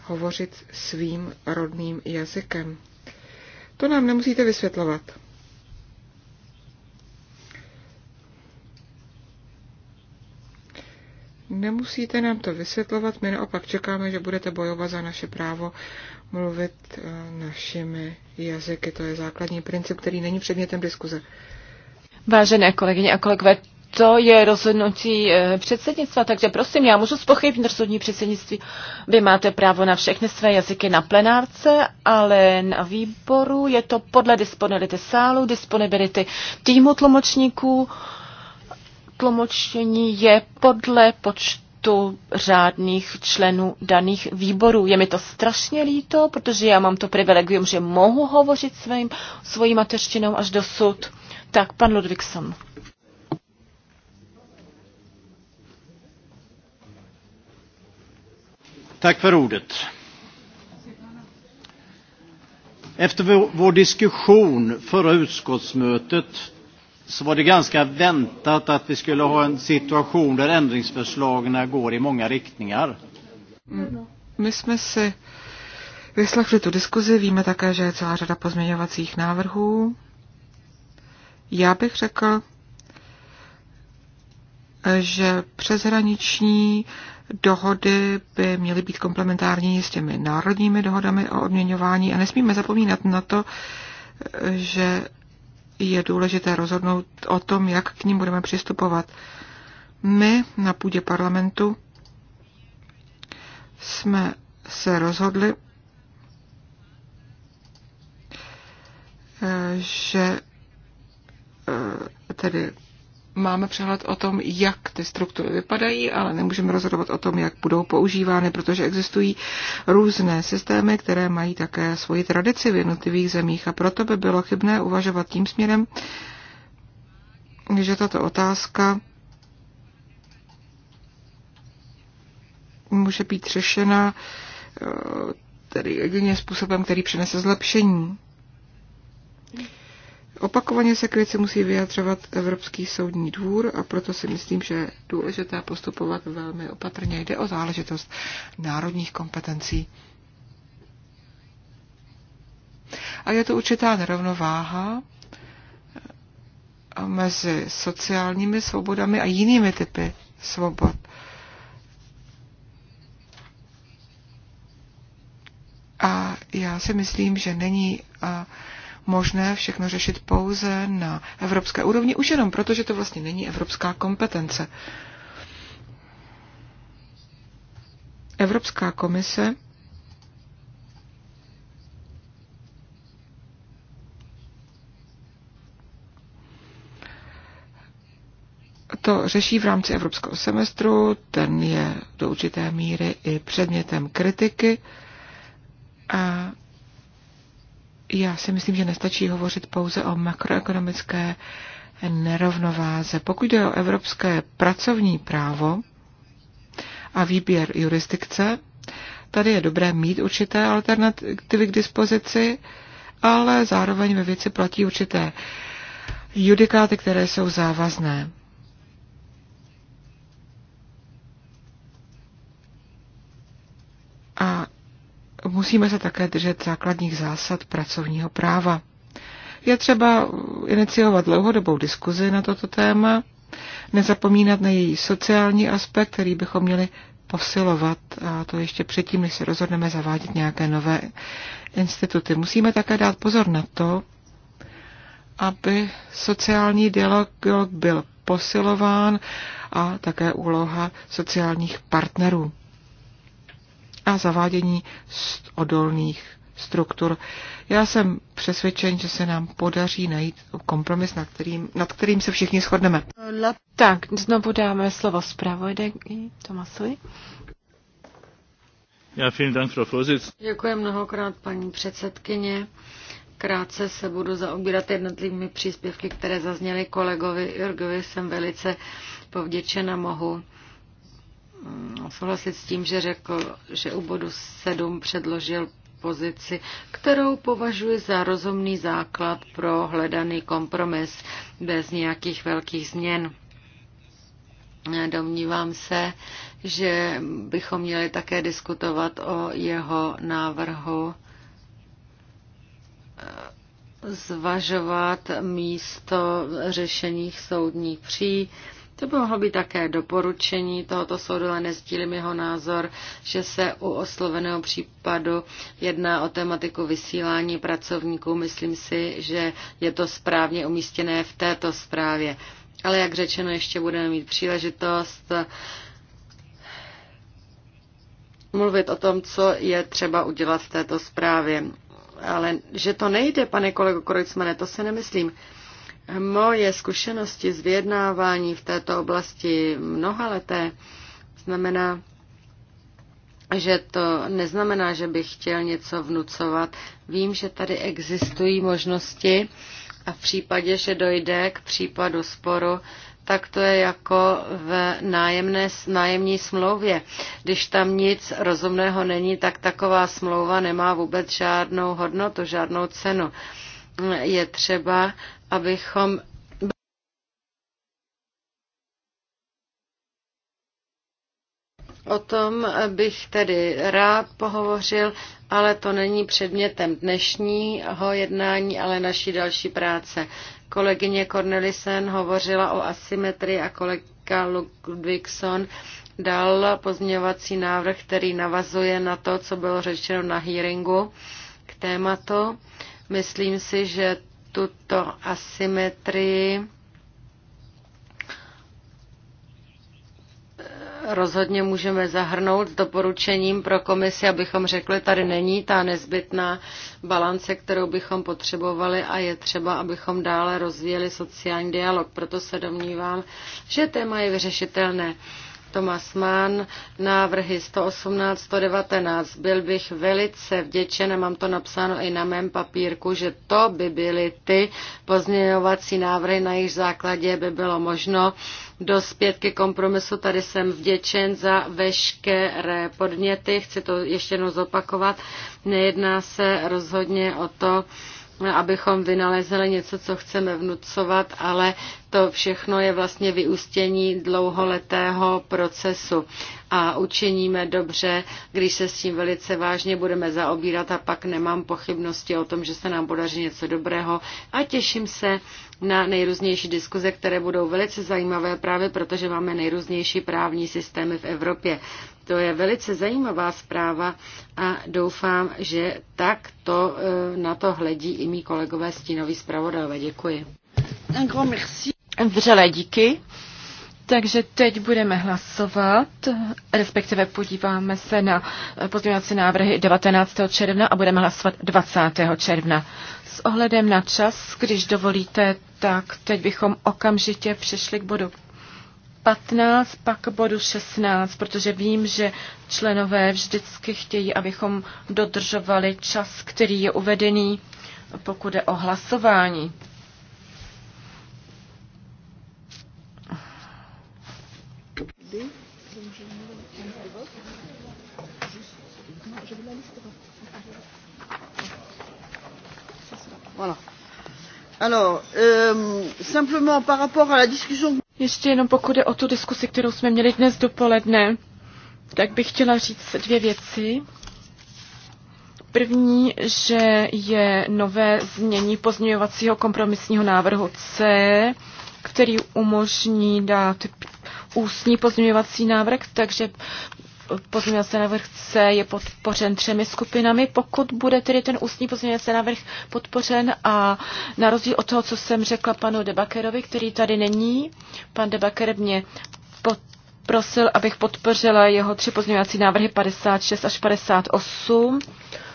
hovořit svým rodným jazykem. To nám nemusíte vysvětlovat. Nemusíte nám to vysvětlovat, my naopak čekáme, že budete bojovat za naše právo mluvit eh, našimi jazyky. To je základní princip, který není předmětem diskuze. Vážené kolegyně a kolegové, to je rozhodnutí eh, předsednictva, takže prosím, já můžu spochybnit rozhodnutí předsednictví. Vy máte právo na všechny své jazyky na plenárce, ale na výboru je to podle disponibility sálu, disponibility týmu tlumočníků. Tlumočení je podle počtu řádných členů daných výborů. Je mi to strašně líto, protože já mám to privilegium, že mohu hovořit svým, svojí mateřštinou až dosud. Tak, pan Ludvíkson. Tack för ordet. Efter vår, diskussion förra utskottsmötet så var det ganska väntat att vi skulle ha en situation där ändringsförslagen går i många riktningar. Mm. My jsme si vyslechli tu diskuzi, víme také, že je celá řada pozměňovacích návrhů. Já bych řekl, že přeshraniční dohody by měly být komplementární s těmi národními dohodami o odměňování a nesmíme zapomínat na to, že je důležité rozhodnout o tom, jak k ním budeme přistupovat. My na půdě parlamentu jsme se rozhodli, eh, že eh, tedy máme přehled o tom, jak ty struktury vypadají, ale nemůžeme rozhodovat o tom, jak budou používány, protože existují různé systémy, které mají také svoji tradici v jednotlivých zemích a proto by bylo chybné uvažovat tím směrem, že tato otázka může být řešena eh, tedy jedině způsobem, který přinese zlepšení. Opakovaně se k věci musí vyjadřovat Evropský soudní dvůr a proto si myslím, že je důležité postupovat velmi opatrně. Jde o záležitost národních kompetencí. A je to určitá nerovnováha mezi sociálními svobodami a jinými typy svobod. A já si myslím, že není A, možné všechno řešit pouze na evropské úrovni, už jenom proto, že to vlastně není evropská kompetence. Evropská komise to řeší v rámci evropského semestru, ten je do určité míry i předmětem kritiky a já si myslím, že nestačí hovořit pouze o makroekonomické nerovnováze. Pokud jde o evropské pracovní právo a výběr jurisdikce, tady je dobré mít určité alternativy k dispozici, ale zároveň ve věci platí určité judikáty, které jsou závazné. A musíme se také držet základních zásad pracovního práva. Je třeba iniciovat dlouhodobou diskuzi na toto téma, nezapomínat na její sociální aspekt, který bychom měli posilovat, a to ještě předtím, než se rozhodneme zavádět nějaké nové instituty. Musíme také dát pozor na to, aby sociální dialog byl posilován a také úloha sociálních partnerů a zavádění odolných struktur. Já jsem přesvědčen, že se nám podaří najít kompromis, nad kterým, nad kterým se všichni shodneme. Tak, znovu dáme slovo zpravodaj Tomasovi. Já vielen Dank, Frau Vorsitz. Děkuji mnohokrát, paní předsedkyně. Krátce se budu zaobírat jednotlivými příspěvky, které zazněly kolegovi Jurgovi. Jsem velice povděčena mohu Mm, souhlasit s tím, že řekl, že u bodu 7 předložil pozici, kterou považuji za rozumný základ pro hledaný kompromis bez nějakých velkých změn. Domnívám se, že bychom měli také diskutovat o jeho návrhu eh, zvažovat místo řešení soudních pří to by mohlo být také doporučení tohoto soudu, ale nezdílím jeho názor, že se u osloveného případu jedná o tematiku vysílání pracovníků. Myslím si, že je to správně umístěné v této zprávě. Ale jak řečeno, ještě budeme mít příležitost mluvit o tom, co je třeba udělat v této zprávě. Ale že to nejde, pane kolego Krojcmane, to se nemyslím. Moje zkušenosti z vyjednávání v této oblasti mnoha leté znamená, že to neznamená, že bych chtěl něco vnucovat. Vím, že tady existují možnosti a v případě, že dojde k případu sporu, tak to je jako v nájemné, nájemní smlouvě. Když tam nic rozumného není, tak taková smlouva nemá vůbec žádnou hodnotu, žádnou cenu. Je třeba abychom O tom bych tedy rád pohovořil, ale to není předmětem dnešního jednání, ale naší další práce. Kolegyně Cornelisen hovořila o asymetrii a kolega Ludvigson dal pozměňovací návrh, který navazuje na to, co bylo řečeno na hearingu k tématu. Myslím si, že tuto asymetrii rozhodně můžeme zahrnout s doporučením pro komisi, abychom řekli, tady není ta nezbytná balance, kterou bychom potřebovali a je třeba, abychom dále rozvíjeli sociální dialog. Proto se domnívám, že téma je vyřešitelné. Thomas Mann, návrhy 118, 119. Byl bych velice vděčen, a mám to napsáno i na mém papírku, že to by byly ty pozměňovací návrhy, na jejich základě by bylo možno dospět ke kompromisu. Tady jsem vděčen za veškeré podněty. Chci to ještě jednou zopakovat. Nejedná se rozhodně o to, abychom vynalezli něco, co chceme vnucovat, ale to všechno je vlastně vyústění dlouholetého procesu. A učiníme dobře, když se s tím velice vážně budeme zaobírat a pak nemám pochybnosti o tom, že se nám podaří něco dobrého. A těším se na nejrůznější diskuze, které budou velice zajímavé právě protože máme nejrůznější právní systémy v Evropě. To je velice zajímavá zpráva a doufám, že tak to e, na to hledí i mý kolegové stínoví zpravodajové. Děkuji. Vřelé díky. Takže teď budeme hlasovat, respektive podíváme se na pozměňovací návrhy 19. června a budeme hlasovat 20. června. S ohledem na čas, když dovolíte, tak teď bychom okamžitě přešli k bodu 15, pak bodu 16, protože vím, že členové vždycky chtějí, abychom dodržovali čas, který je uvedený, pokud je o hlasování. Voilà. Alors, euh, simplement par rapport à la discussion. Ještě jenom pokud je o tu diskusi, kterou jsme měli dnes dopoledne, tak bych chtěla říct dvě věci. První, že je nové znění pozměňovacího kompromisního návrhu C, který umožní dát ústní pozměňovací návrh, takže pozměňovací návrh C je podpořen třemi skupinami. Pokud bude tedy ten ústní pozměňovací návrh podpořen a na rozdíl od toho, co jsem řekla panu Debakerovi, který tady není, pan Debaker mě prosil, abych podpořila jeho tři pozměňovací návrhy 56 až 58,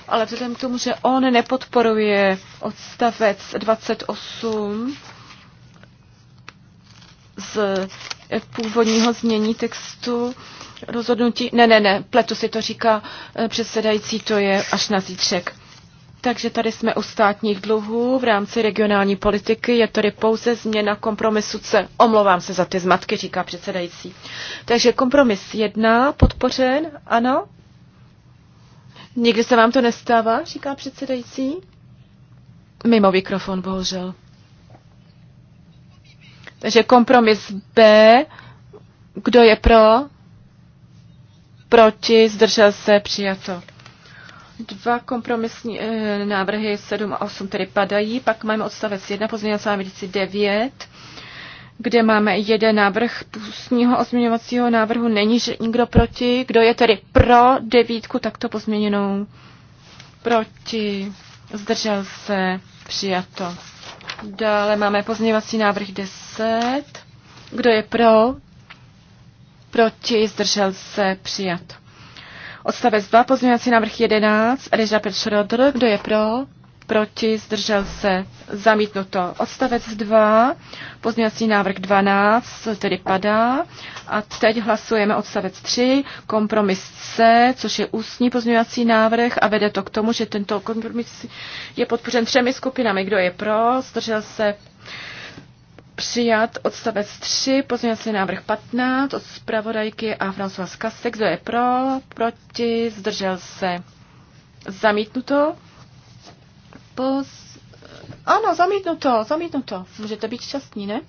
ale vzhledem k tomu, že on nepodporuje odstavec 28 z původního znění textu rozhodnutí. Ne, ne, ne, pletu si to říká eh, předsedající, to je až na zítřek. Takže tady jsme u státních dluhů v rámci regionální politiky. Je tady pouze změna kompromisu C. Omlouvám se za ty zmatky, říká předsedající. Takže kompromis jedna podpořen, ano? Nikdy se vám to nestává, říká předsedající. Mimo mikrofon, bohužel. Takže kompromis B, kdo je pro, proti, zdržel se, přijato. Dva kompromisní e, návrhy 7 a 8 tedy padají, pak máme odstavec 1, pozměňovací návrh 9, kde máme jeden návrh půstního ozměňovacího návrhu. Není že nikdo proti. Kdo je tedy pro devítku takto pozměněnou? Proti. Zdržel se. Přijato. Dále máme pozměňovací návrh 10 10. Kdo je pro? Proti? Zdržel se? Přijat. Odstavec 2. Pozměňovací návrh 11. Reža Petšrodr. Kdo je pro? Proti? Zdržel se? Zamítnuto. Odstavec 2. Pozměňovací návrh 12. Tedy padá. A teď hlasujeme odstavec 3. Kompromis C, což je ústní pozměňovací návrh a vede to k tomu, že tento kompromis je podpořen třemi skupinami. Kdo je pro? Zdržel se? Přijat odstavec 3, pozměňovací návrh 15 od zpravodajky a François Kasek. Kdo je pro, proti, zdržel se. Zamítnuto. Poz... Ano, zamítnuto, zamítnuto. Můžete být šťastní, ne?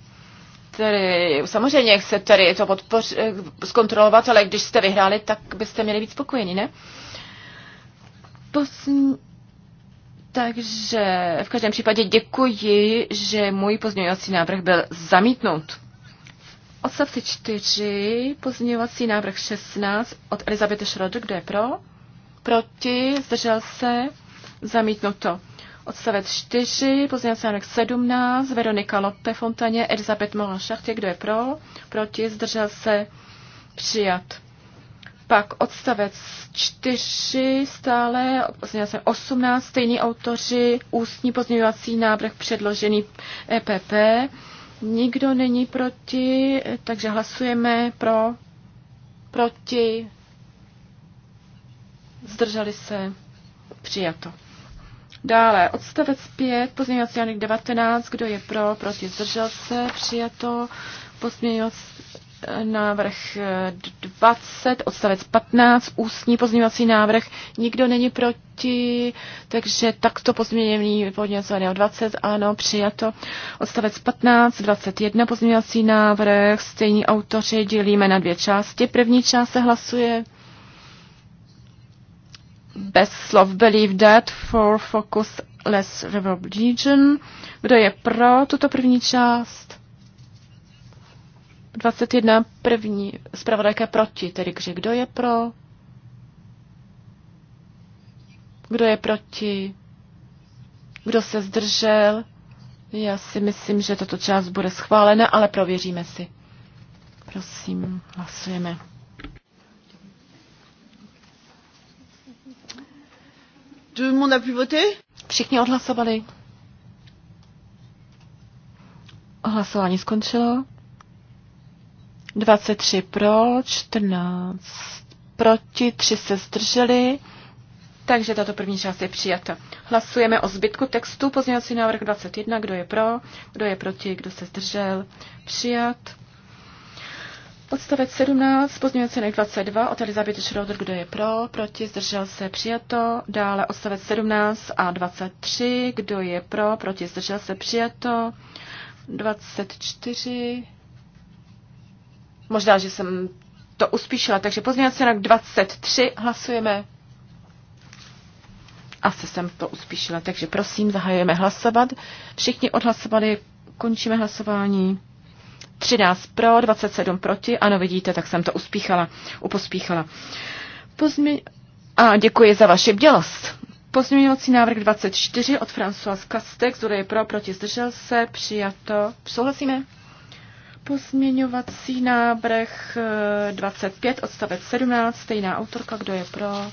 Tedy, samozřejmě se tady to podpoř, zkontrolovat, ale když jste vyhráli, tak byste měli být spokojeni, ne? Pozn... Takže v každém případě děkuji, že můj pozměňovací návrh byl zamítnut. Odstavci 4, pozměňovací návrh 16 od Elizabety Schroeder, kdo je pro? Proti, zdržel se, zamítnuto. Odstavec 4, pozměňovací návrh 17, Veronika Lope Fontaně, Elizabet Moran Šachtě, kdo je pro? Proti, zdržel se, přijat. Pak odstavec 4, stále pozměňovací 18, stejní autoři, ústní pozměňovací návrh předložený EPP. Nikdo není proti, takže hlasujeme pro, proti, zdrželi se, přijato. Dále odstavec 5, pozměňovací návrh 19, kdo je pro, proti, zdržel se, přijato, pozměňovací návrh 20, odstavec 15, ústní pozměňovací návrh, nikdo není proti, takže takto pozměněný pozměňovací o 20, ano, přijato. Odstavec 15, 21, pozměňovací návrh, stejní autoři dělíme na dvě části. První část se hlasuje bez slov Believe That for Focus Less Reverb Region. Kdo je pro tuto první část? 21 první zpravodajka proti, tedy kři, kdo je pro, kdo je proti, kdo se zdržel. Já si myslím, že tato část bude schválena, ale prověříme si. Prosím, hlasujeme. Tout le monde a pu voter? Všichni odhlasovali. Hlasování skončilo. 23 pro, 14 proti, 3 se zdrželi. Takže tato první část je přijata. Hlasujeme o zbytku textu. Pozměňovací návrh 21. Kdo je pro? Kdo je proti? Kdo se zdržel? Přijat. Odstavec 17, pozměňovací návrh 22 od Elizabeth Schroeder, kdo je pro, proti, zdržel se, přijato. Dále odstavec 17 a 23, kdo je pro, proti, zdržel se, přijato. 24, Možná, že jsem to uspíšila. Takže pozměňovací rok 23 hlasujeme. Asi jsem to uspíšila, takže prosím, zahajujeme hlasovat. Všichni odhlasovali, končíme hlasování. 13 pro, 27 proti. Ano, vidíte, tak jsem to uspíchala, upospíchala. Pozmě... A děkuji za vaši bdělost. Pozměňovací návrh 24 od François Kastex, kdo je pro, proti, zdržel se, přijato. Souhlasíme? Pozměňovací návrh 25, eh, odstavec 17, stejná autorka, kdo je pro,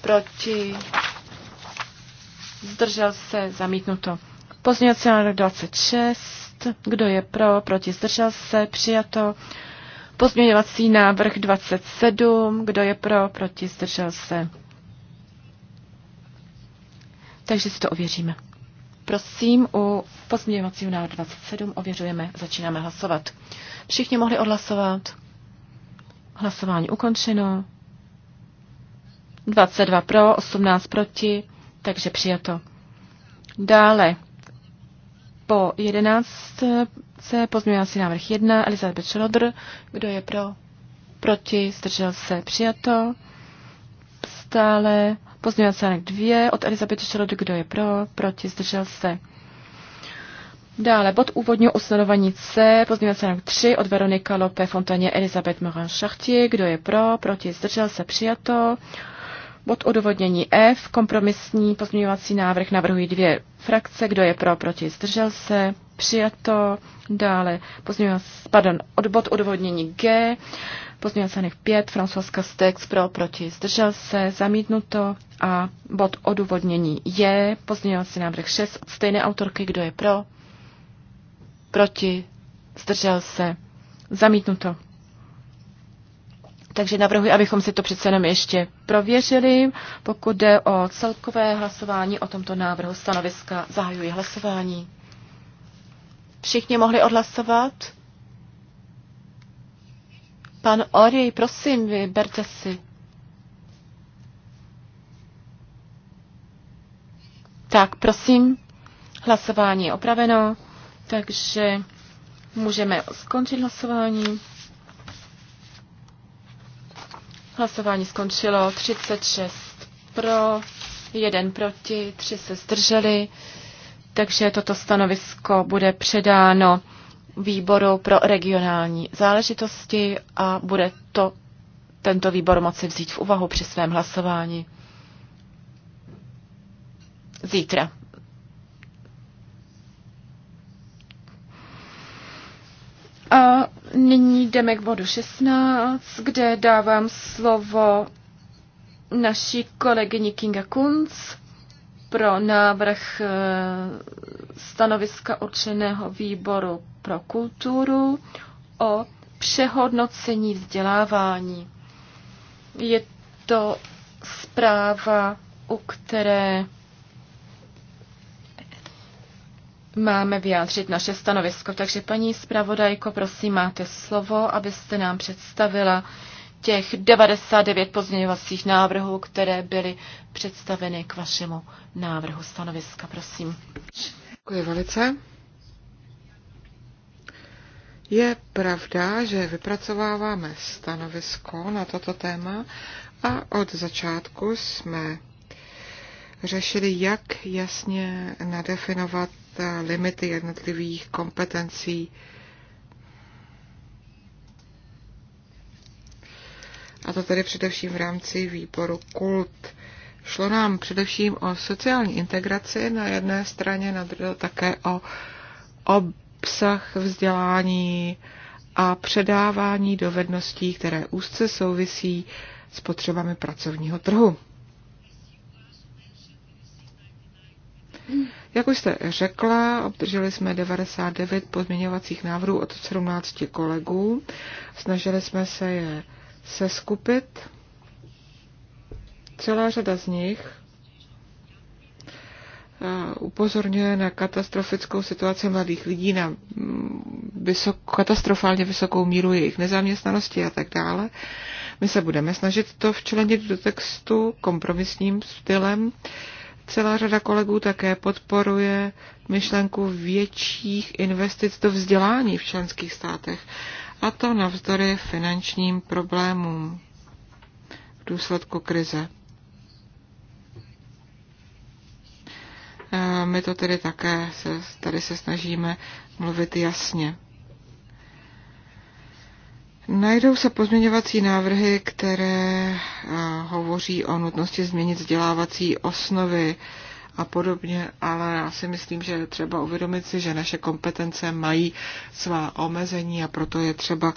proti, zdržel se, zamítnuto. Pozměňovací návrh 26, kdo je pro, proti, zdržel se, přijato. Pozměňovací návrh 27, kdo je pro, proti, zdržel se. Takže si to ověříme. Prosím, u pozměňovacího návrhu 27 ověřujeme, začínáme hlasovat. Všichni mohli odhlasovat. Hlasování ukončeno. 22 pro, 18 proti, takže přijato. Dále po 11 se pozměňovací návrh 1, Elizabeth Schroeder, kdo je pro, proti, zdržel se, přijato. Stále Pozměňovací článek 2 od Elizabety Šelody, kdo je pro, proti, zdržel se. Dále bod úvodního ustanovení C, pozměňovací článek 3 od Veronika Lope Fontaně Elizabeth Morin Šachti, kdo je pro, proti, zdržel se, přijato. Bod odůvodnění F, kompromisní pozměňovací návrh navrhují dvě frakce, kdo je pro, proti, zdržel se, přijato. Dále pozměňovací, pardon, od bod odůvodnění G, Pozměňovací návrh 5, François Castex pro, proti, zdržel se, zamítnuto a bod odůvodnění je pozměňovací návrh 6 od stejné autorky, kdo je pro, proti, zdržel se, zamítnuto. Takže navrhuji, abychom si to přece jenom ještě prověřili. Pokud jde o celkové hlasování o tomto návrhu stanoviska, zahajuji hlasování. Všichni mohli odhlasovat? Pan Orej, prosím, vyberte si. Tak, prosím, hlasování je opraveno, takže můžeme skončit hlasování. Hlasování skončilo 36 pro, 1 proti, 3 se zdrželi, takže toto stanovisko bude předáno výboru pro regionální záležitosti a bude to tento výbor moci vzít v úvahu při svém hlasování zítra. A nyní jdeme k bodu 16, kde dávám slovo naší kolegyni Kinga Kunz pro návrh eh, stanoviska určeného výboru pro kulturu o přehodnocení vzdělávání. Je to zpráva, u které máme vyjádřit naše stanovisko. Takže paní zpravodajko, prosím, máte slovo, abyste nám představila těch 99 pozměňovacích návrhů, které byly představeny k vašemu návrhu stanoviska. Prosím. Děkuji velice. Je pravda, že vypracováváme stanovisko na toto téma a od začátku jsme řešili, jak jasně nadefinovat eh, limity jednotlivých kompetencí a to tedy především v rámci výboru KULT. Šlo nám především o sociální integraci na jedné straně, na druhé také o ob obsah vzdělání a předávání dovedností, které úzce souvisí s potřebami pracovního trhu. Jak už jste řekla, obdrželi jsme 99 pozměňovacích návrhů od 17 kolegů. Snažili jsme se je seskupit. Celá řada z nich upozorňuje na katastrofickou situaci mladých lidí, na vysok, katastrofálně vysokou míru jejich nezaměstnanosti a tak dále. My se budeme snažit to včlenit do textu kompromisním stylem. Celá řada kolegů také podporuje myšlenku větších investic do vzdělání v členských státech, a to navzdory finančním problémům v důsledku krize. My to tedy také se, tady se snažíme mluvit jasně. Najdou se pozměňovací návrhy, které hovoří o nutnosti změnit vzdělávací osnovy a podobně, ale já si myslím, že je třeba uvědomit si, že naše kompetence mají svá omezení a proto je třeba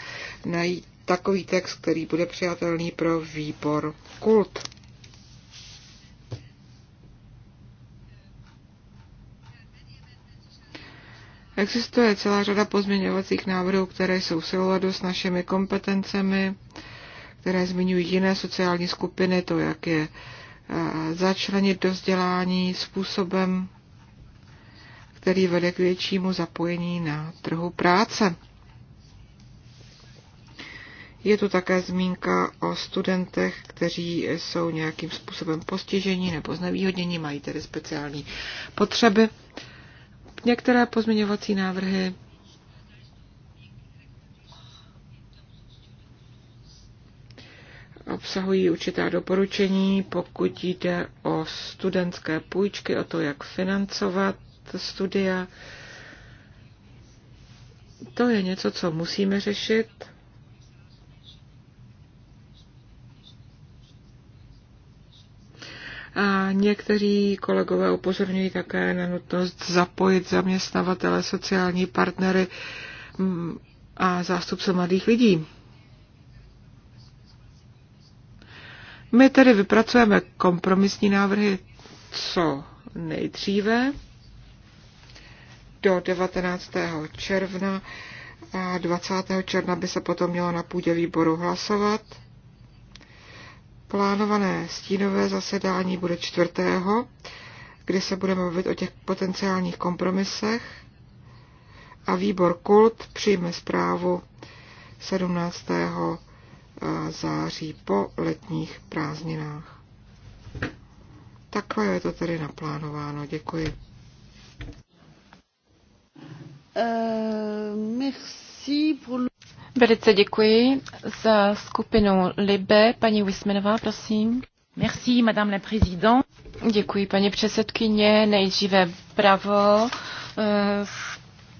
najít takový text, který bude přijatelný pro výbor kult. Existuje celá řada pozměňovacích návrhů, které jsou v souladu s našimi kompetencemi, které zmiňují jiné sociální skupiny, to, jak je eh, začlenit do vzdělání způsobem, který vede k většímu zapojení na trhu práce. Je tu také zmínka o studentech, kteří jsou nějakým způsobem postižení nebo znevýhodnění, mají tedy speciální potřeby. Některé pozměňovací návrhy obsahují určitá doporučení, pokud jde o studentské půjčky, o to, jak financovat studia. To je něco, co musíme řešit. A někteří kolegové upozorňují také na nutnost zapojit zaměstnavatele, sociální partnery mm, a zástupce mladých lidí. My tedy vypracujeme kompromisní návrhy co nejdříve do 19. června a 20. června by se potom mělo na půdě výboru hlasovat. Plánované stínové zasedání bude čtvrtého, kdy se budeme mluvit o těch potenciálních kompromisech a výbor KULT přijme zprávu 17. Eh, září po letních prázdninách. Takhle je to tedy naplánováno. Děkuji. Uh, merci pour... Velice děkuji za skupinu Libe. Paní Wismenová, prosím. Merci, madame la présidente. Děkuji, paní předsedkyně. Nejdříve bravo eh,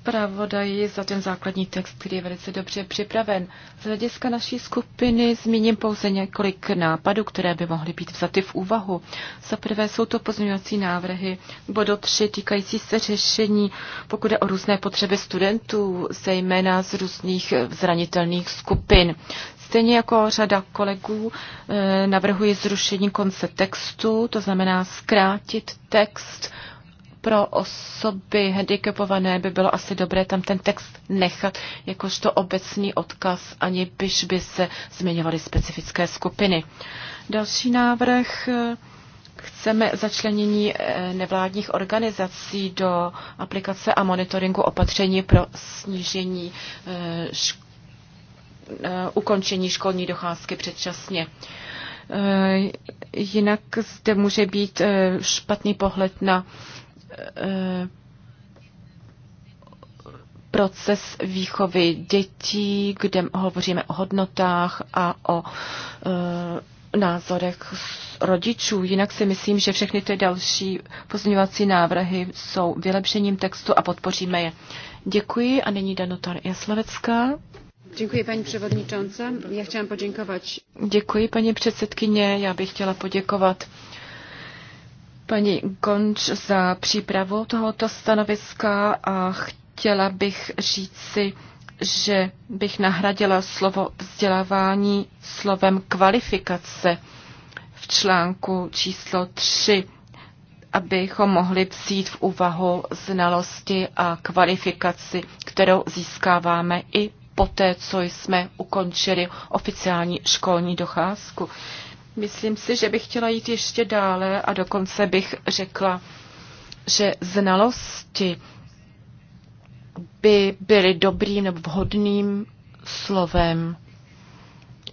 zpravodaji za ten základní text, který je velice dobře připraven. Z hlediska naší skupiny zmíním pouze několik nápadů, které by mohly být vzaty v úvahu. Za prvé jsou to pozměňovací návrhy bodu 3 týkající se řešení, pokud je o různé potřeby studentů, zejména z různých zranitelných skupin. Stejně jako řada kolegů eh, navrhuji zrušení konce textu, to znamená zkrátit text pro osoby handicapované by bylo asi dobré tam ten text nechat jakožto obecný odkaz, ani byž by se zmiňovaly specifické skupiny. Další návrh chceme začlenění eh, nevládních organizací do aplikace a monitoringu opatření pro snížení eh, eh, ukončení školní docházky předčasně. Jinak zde může být špatný pohled na Eh, proces výchovy dětí, kde hovoříme o hodnotách a o eh, názorech rodičů. Jinak si myslím, že všechny ty další pozměňovací návrhy jsou vylepšením textu a podpoříme je. Děkuji a nyní Danuta Jaslavecká. Děkuji, paní předsedající. Já chtěla poděkovat. Děkuji, paní předsedkyně. Já bych chtěla poděkovat paní Gonč za přípravu tohoto stanoviska a chtěla bych říci, že bych nahradila slovo vzdělávání slovem kvalifikace v článku číslo 3, abychom mohli vzít v úvahu znalosti a kvalifikaci, kterou získáváme i poté, co jsme ukončili oficiální školní docházku. Myslím si, že bych chtěla jít ještě dále a dokonce bych řekla, že znalosti by byly dobrým nebo vhodným slovem,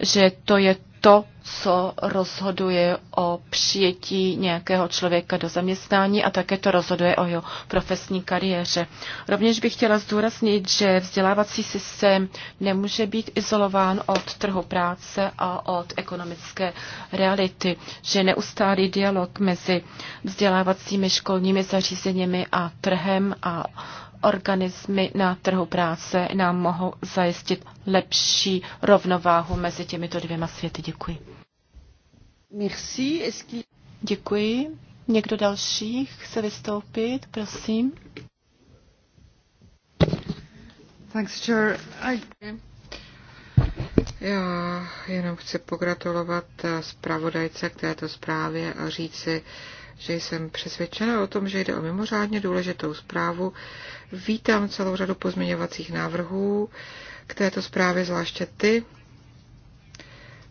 že to je to, co rozhoduje o přijetí nějakého člověka do zaměstnání a také to rozhoduje o jeho profesní kariéře. Rovněž bych chtěla zdůraznit, že vzdělávací systém nemůže být izolován od trhu práce a od ekonomické reality, že neustálý dialog mezi vzdělávacími školními zařízeními a trhem a organismy na trhu práce nám mohou zajistit lepší rovnováhu mezi těmito dvěma světy. Děkuji. Merci. Děkuji. Někdo další chce vystoupit? Prosím. Thanks, Chair. I... Já jenom chci pogratulovat eh, zpravodajce k této zprávě a říci, že jsem přesvědčena o tom, že jde o mimořádně důležitou zprávu. Vítám celou řadu pozměňovacích návrhů k této zprávě, zvláště ty,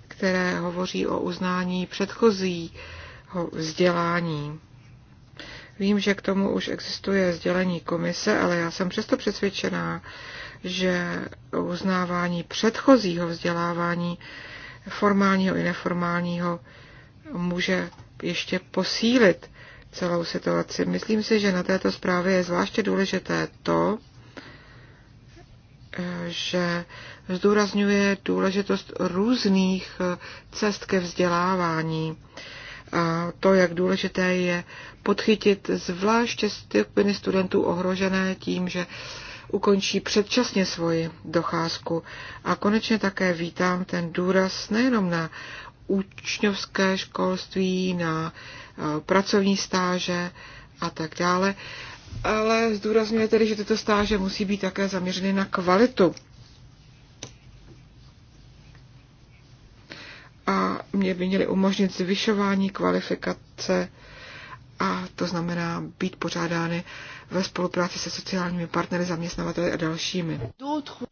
které hovoří o uznání předchozího vzdělání. Vím, že k tomu už existuje sdělení komise, ale já jsem přesto přesvědčená, že uznávání předchozího vzdělávání, formálního i neformálního, může ještě posílit celou situaci. Myslím si, že na této zprávě je zvláště důležité to, eh, že zdůrazňuje důležitost různých eh, cest ke vzdělávání. A to, jak důležité je podchytit zvláště skupiny studentů ohrožené tím, že ukončí předčasně svoji docházku. A konečně také vítám ten důraz nejenom na učňovské školství, na eh, pracovní stáže a tak dále. Ale zdůrazňuje tedy, že tyto stáže musí být také zaměřeny na kvalitu. A mě by měly umožnit zvyšování kvalifikace a to znamená být pořádány ve spolupráci se sociálními partnery, zaměstnavateli a dalšími.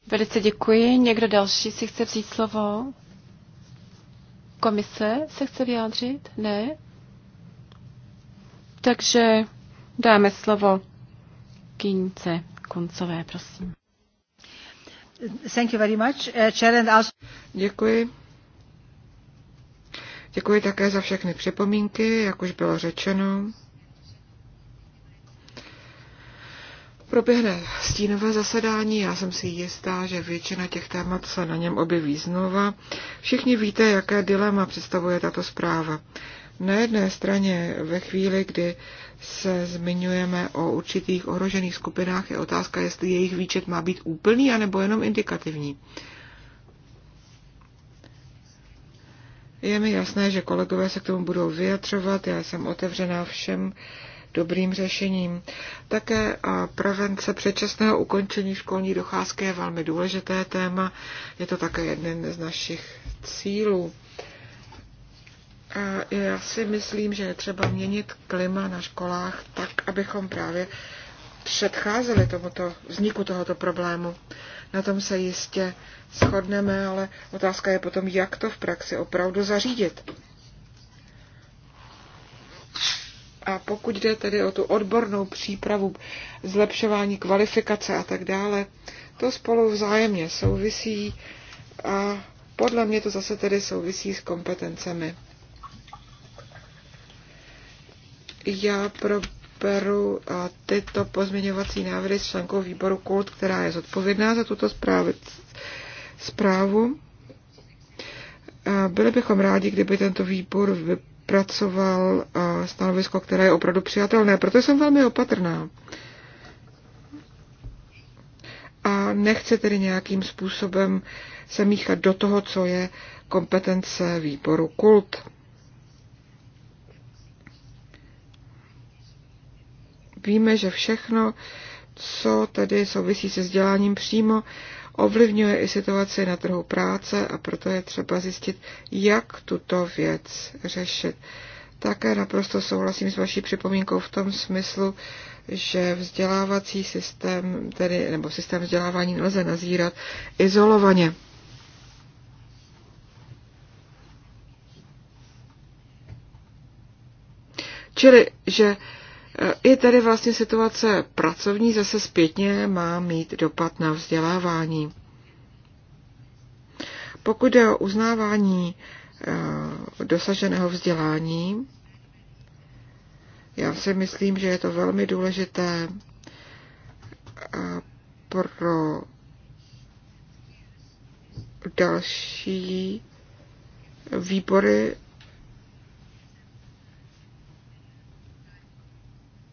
Velice děkuji. Někdo další si chce vzít slovo? Komise se chce vyjádřit? Ne? Takže dáme slovo kynce, Koncové, prosím. Thank you very much. Uh, Děkuji. Děkuji také za všechny připomínky, jak už bylo řečeno. Proběhne stínové zasedání, já jsem si jistá, že většina těch témat se na něm objeví znova. Všichni víte, jaké dilema představuje tato zpráva. Na jedné straně ve chvíli, kdy se zmiňujeme o určitých ohrožených skupinách, je otázka, jestli jejich výčet má být úplný anebo jenom indikativní. Je mi jasné, že kolegové se k tomu budou vyjadřovat, já jsem otevřená všem uh, dobrým řešením. Také prevence předčasného ukončení školní docházky je velmi důležité téma. Je to také jeden z našich cílů. A já si myslím, že je třeba měnit klima na školách tak, abychom právě předcházeli tomuto, vzniku tohoto problému. Na tom se jistě shodneme, ale otázka je potom, jak to v praxi opravdu zařídit. A pokud jde tedy o tu odbornou přípravu, zlepšování kvalifikace a tak dále, to spolu vzájemně souvisí a podle mě to zase tedy souvisí s kompetencemi. Já proberu tyto pozměňovací návrhy s členkou výboru KULT, která je zodpovědná za tuto zprávu. Byli bychom rádi, kdyby tento výbor vypracoval eh, stanovisko, které je opravdu přijatelné. Proto jsem velmi opatrná. A nechci tedy nějakým způsobem se míchat do toho, co je kompetence výboru kult. Víme, že všechno, co tedy souvisí se vzděláním přímo, ovlivňuje i situaci na trhu práce a proto je třeba zjistit, jak tuto věc řešit. Také naprosto souhlasím s vaší připomínkou v tom smyslu, že vzdělávací systém, tedy, nebo systém vzdělávání nelze nazírat izolovaně. Čili, že i tedy vlastně situace pracovní zase zpětně má mít dopad na vzdělávání. Pokud je o uznávání eh, dosaženého vzdělání, já si myslím, že je to velmi důležité eh, pro další výbory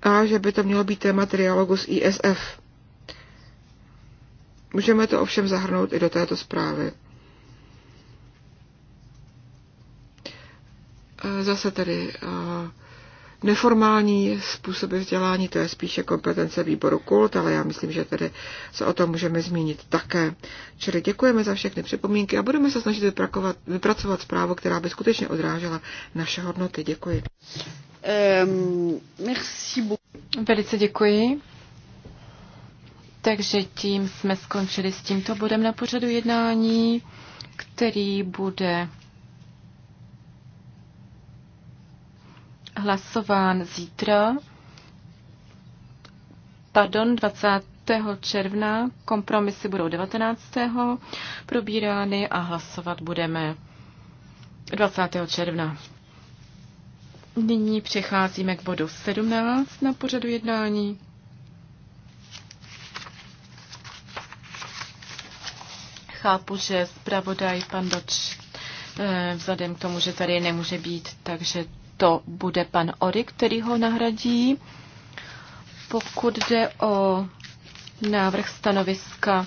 a že by to mělo být téma trialogu s ISF. Můžeme to ovšem zahrnout i do této zprávy. E, zase tedy e, neformální způsoby vzdělání, to je spíše kompetence výboru kult, ale já myslím, že tedy se o tom můžeme zmínit také. Čili děkujeme za všechny připomínky a budeme se snažit vypracovat zprávu, která by skutečně odrážela naše hodnoty. Děkuji. Ehm, Velice děkuji. Takže tím jsme skončili s tímto bodem na pořadu jednání, který bude hlasován zítra, pardon, 20. června, kompromisy budou 19. probírány a hlasovat budeme 20. června. Nyní přecházíme k bodu 17 na pořadu jednání. Chápu, že zpravodaj pan Doč eh, vzhledem k tomu, že tady nemůže být, takže to bude pan Ory, který ho nahradí. Pokud jde o návrh stanoviska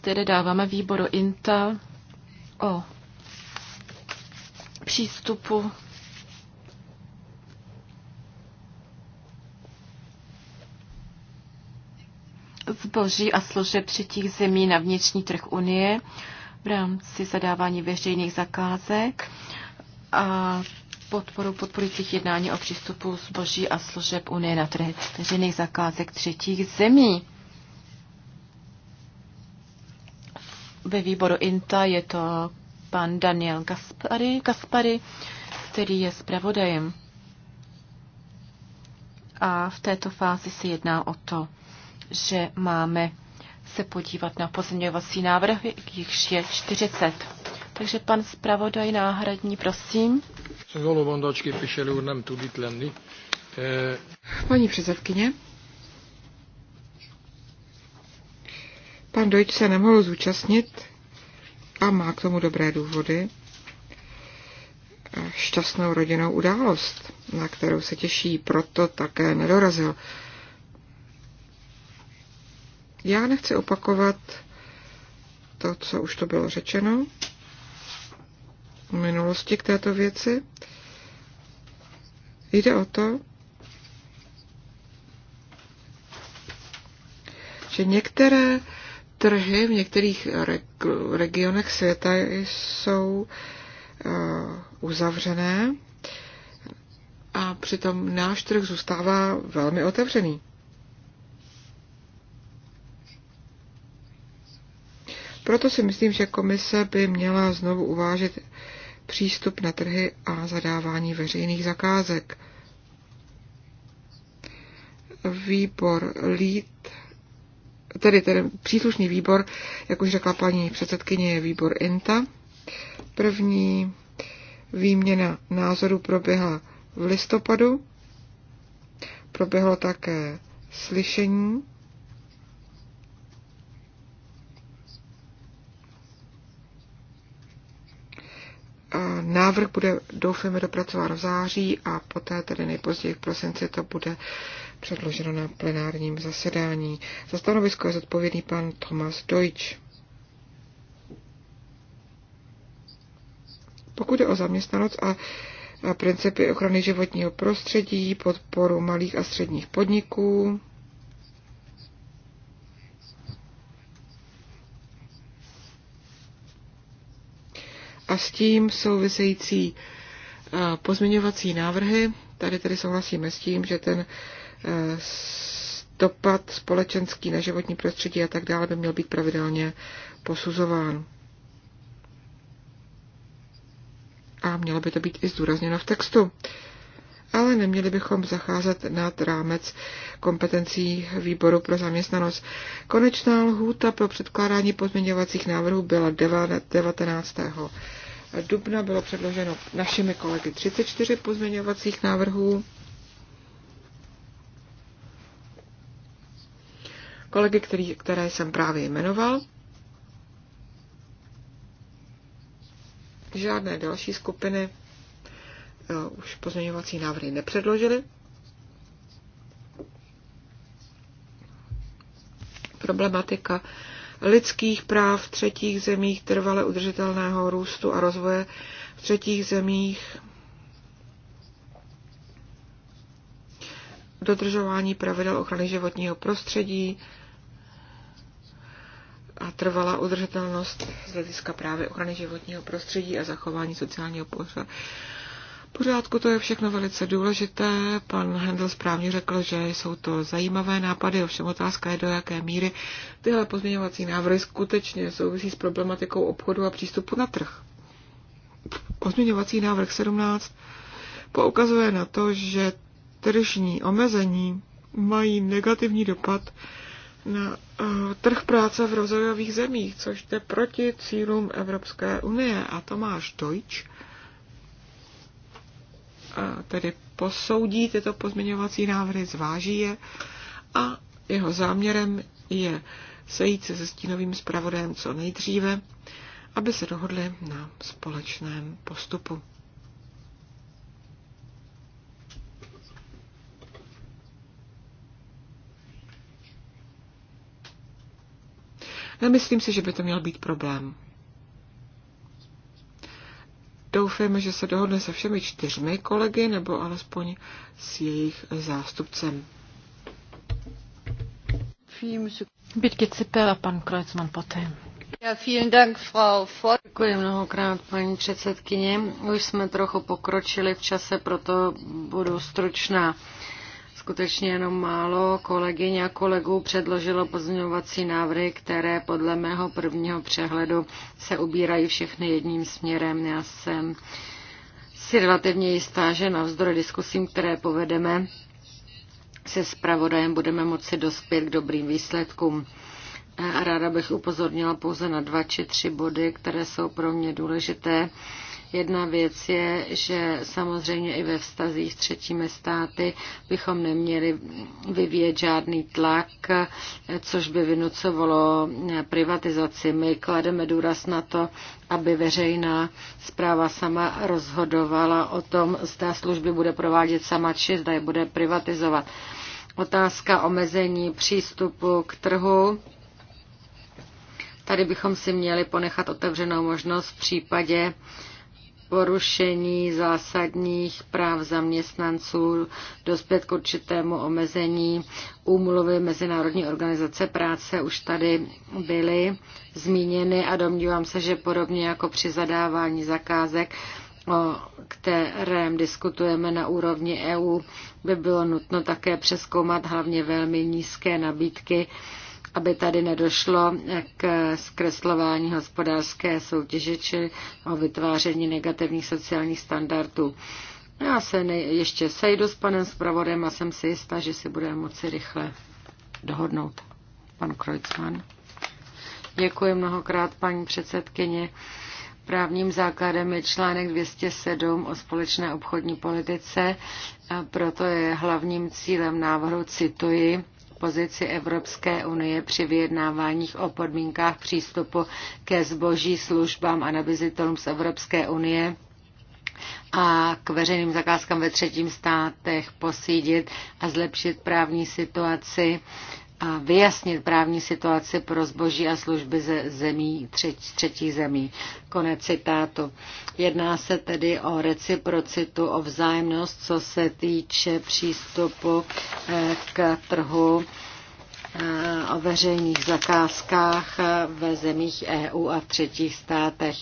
které dáváme výboru INTA o přístupu zboží a služeb třetích zemí na vnitřní trh Unie v rámci zadávání veřejných zakázek a podporu podporujících jednání o přístupu zboží a služeb Unie na trh veřejných zakázek třetích zemí. Ve výboru INTA je to pan Daniel Gaspari, Gaspari který je zpravodajem. A v této fázi se jedná o to, že máme se podívat na pozměňovací návrhy, jichž je 40. Takže pan zpravodaj náhradní, prosím. Eh, Paní předsedkyně, Pan Dojč se nemohl zúčastnit a má k tomu dobré důvody. Šťastnou rodinnou událost, na kterou se těší, proto také nedorazil. Já nechci opakovat to, co už to bylo řečeno v minulosti k této věci. Jde o to, že některé trhy v některých regionech světa jsou eh, uzavřené a přitom náš trh zůstává velmi otevřený. Proto si myslím, že komise by měla znovu uvážit přístup na trhy a zadávání veřejných zakázek. Výbor LEAD tedy ten příslušný výbor, jak už řekla paní předsedkyně, je výbor INTA. První výměna názorů proběhla v listopadu. Proběhlo také slyšení. Návrh bude, doufáme, dopracován v září a poté tedy nejpozději v prosinci to bude předloženo na plenárním zasedání. Za stanovisko je zodpovědný pan Thomas Deutsch. Pokud je o zaměstnanost a principy ochrany životního prostředí, podporu malých a středních podniků, a s tím související pozměňovací návrhy. Tady tedy souhlasíme s tím, že ten Eh, dopad společenský na životní prostředí a tak dále by měl být pravidelně posuzován. A mělo by to být i zdůrazněno v textu. Ale neměli bychom zacházet nad rámec kompetencí výboru pro zaměstnanost. Konečná lhůta pro předkládání pozměňovacích návrhů byla 19. dubna. Bylo předloženo našimi kolegy 34 pozměňovacích návrhů. kolegy, který, které jsem právě jmenoval. Žádné další skupiny eh, už pozměňovací návrhy nepředložily. Problematika lidských práv v třetích zemích, trvale udržitelného růstu a rozvoje v třetích zemích, dodržování pravidel ochrany životního prostředí, a trvalá udržitelnost z hlediska právě ochrany životního prostředí a zachování sociálního pořádku. To je všechno velice důležité. Pan Hendl správně řekl, že jsou to zajímavé nápady, ovšem otázka je, do jaké míry tyhle pozměňovací návrhy skutečně souvisí s problematikou obchodu a přístupu na trh. Pozměňovací návrh 17 poukazuje na to, že tržní omezení mají negativní dopad na eh, trh práce v rozvojových zemích, což jde proti cílům Evropské unie. A Tomáš Deutsch eh, tedy posoudí tyto pozměňovací návrhy, zváží je a jeho záměrem je sejít se se stínovým zpravodajem co nejdříve, aby se dohodli na společném postupu. Nemyslím si, že by to měl být problém. Doufejme, že se dohodne se všemi čtyřmi kolegy, nebo alespoň s jejich zástupcem. Bitky Cipel a pan Kreuzmann poté. Ja, Dank, Frau Děkuji mnohokrát, paní předsedkyně. Už jsme trochu pokročili v čase, proto budu stručná. Skutečně jenom málo kolegyň a kolegů předložilo pozměňovací návrhy, které podle mého prvního přehledu se ubírají všechny jedním směrem. Já jsem si relativně jistá, že navzdory diskusím, které povedeme se zpravodajem, budeme moci dospět k dobrým výsledkům. Ráda bych upozornila pouze na dva či tři body, které jsou pro mě důležité Jedna věc je, že samozřejmě i ve vztazích s třetími státy bychom neměli vyvíjet žádný tlak, což by vynucovalo privatizaci. My klademe důraz na to, aby veřejná zpráva sama rozhodovala o tom, zda služby bude provádět sama či zda je bude privatizovat. Otázka omezení přístupu k trhu. Tady bychom si měli ponechat otevřenou možnost v případě, porušení zásadních práv zaměstnanců dospět k určitému omezení úmluvy Mezinárodní organizace práce už tady byly zmíněny a domnívám se, že podobně jako při zadávání zakázek, o kterém diskutujeme na úrovni EU, by bylo nutno také přeskoumat hlavně velmi nízké nabídky aby tady nedošlo k zkreslování hospodářské soutěže či o vytváření negativních sociálních standardů. Já se nej- ještě sejdu s panem zpravodem a jsem si jistá, že si budeme moci rychle dohodnout. Pan Krojcman. Děkuji mnohokrát, paní předsedkyně. Právním základem je článek 207 o společné obchodní politice, a proto je hlavním cílem návrhu, cituji, pozici Evropské unie při vyjednáváních o podmínkách přístupu ke zboží, službám a nabizitelům z Evropské unie a k veřejným zakázkám ve třetím státech posídit a zlepšit právní situaci a vyjasnit právní situaci pro zboží a služby ze zemí třetí, třetí zemí. Konec citátu. Jedná se tedy o reciprocitu, o vzájemnost, co se týče přístupu eh, k trhu eh, o veřejných zakázkách eh, ve zemích EU a třetích státech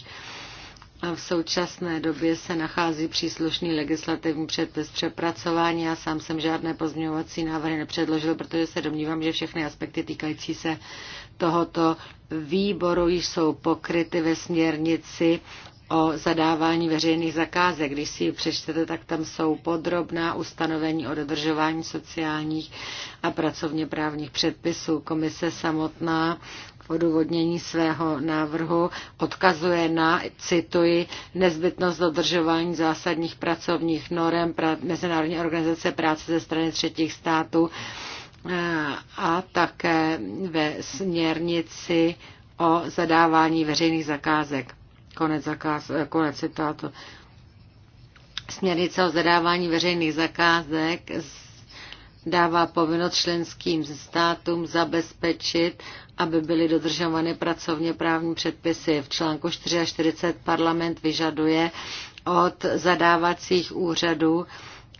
v současné době se nachází příslušný legislativní předpis přepracování. Já sám jsem žádné pozměňovací návrhy nepředložil, protože se domnívám, že všechny aspekty týkající se tohoto výboru již jsou pokryty ve směrnici o zadávání veřejných zakázek. Když si ji přečtete, tak tam jsou podrobná ustanovení o dodržování sociálních a pracovně právních předpisů. Komise samotná odůvodnění svého návrhu odkazuje na, cituji, nezbytnost dodržování zásadních pracovních norem Mezinárodní organizace práce ze strany třetích států eh, a také ve směrnici o zadávání veřejných zakázek. Konec, zakáz, eh, konec citátu. Směrnice o zadávání veřejných zakázek dává povinnost členským státům zabezpečit, aby byly dodržovány pracovně právní předpisy. V článku 44 parlament vyžaduje od zadávacích úřadů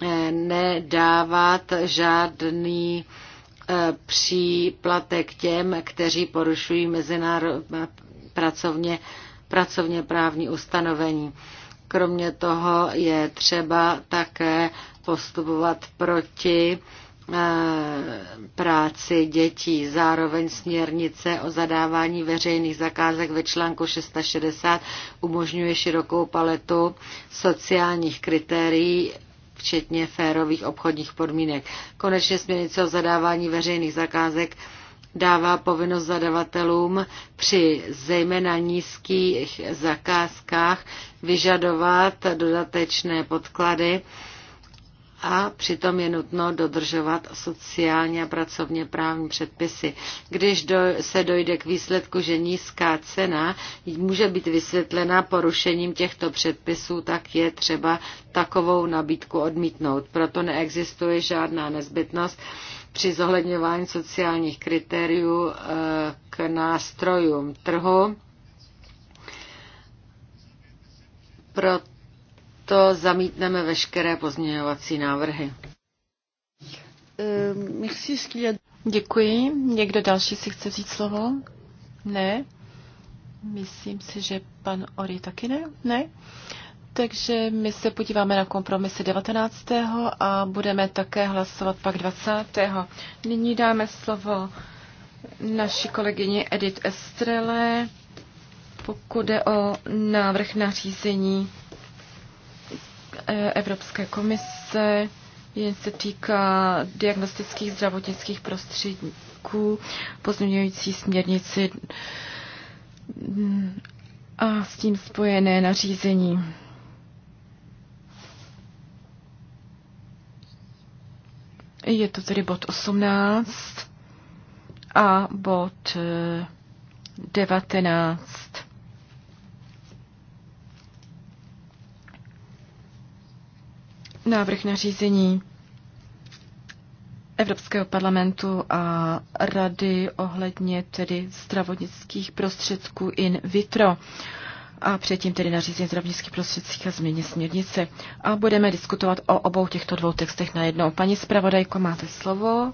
eh, nedávat žádný eh, příplatek těm, kteří porušují mezinárodní pracovně, pracovně právní ustanovení. Kromě toho je třeba také postupovat proti Eh, práci dětí. Zároveň směrnice o zadávání veřejných zakázek ve článku 660 umožňuje širokou paletu sociálních kritérií včetně férových obchodních podmínek. Konečně směrnice o zadávání veřejných zakázek dává povinnost zadavatelům při zejména nízkých zakázkách vyžadovat dodatečné podklady a přitom je nutno dodržovat sociálně a pracovně právní předpisy. Když do, se dojde k výsledku, že nízká cena může být vysvětlena porušením těchto předpisů, tak je třeba takovou nabídku odmítnout. Proto neexistuje žádná nezbytnost při zohledňování sociálních kritériů eh, k nástrojům trhu. Proto proto zamítneme veškeré pozměňovací návrhy. Eh, Děkuji. Někdo další si chce říct slovo? Ne. Myslím si, že pan Ori taky ne. Ne. Takže my se podíváme na kompromisy 19. a budeme také hlasovat pak 20. Nyní dáme slovo naší kolegyni Edith Estrele, pokud jde o návrh nařízení E, Evropské komise, jen se týká diagnostických zdravotnických prostředků, pozměňující směrnici a s tím spojené nařízení. Je to tedy bod 18 a bod 19. návrh nařízení Evropského parlamentu a rady ohledně tedy zdravotnických prostředků in vitro a předtím tedy nařízení zdravotnických prostředcích a změně směrnice. A budeme diskutovat o obou těchto dvou textech najednou. Paní zpravodajko, máte slovo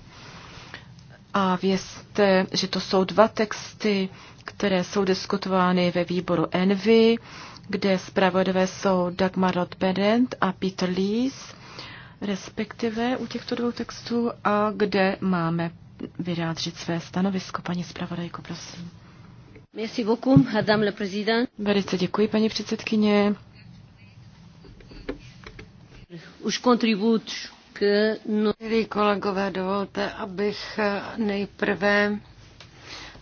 a vězte, že to jsou dva texty, které jsou diskutovány ve výboru Envy, kde zpravodové jsou Dagmar Rothberend a Peter Lees, respektive u těchto dvou textů a kde máme vyjádřit své stanovisko. Paní zpravodajko, prosím. Merci beaucoup, madame la présidente. Velice děkuji, paní předsedkyně. Už kontribuji que... No. Milí kolegové, dovolte, abych nejprve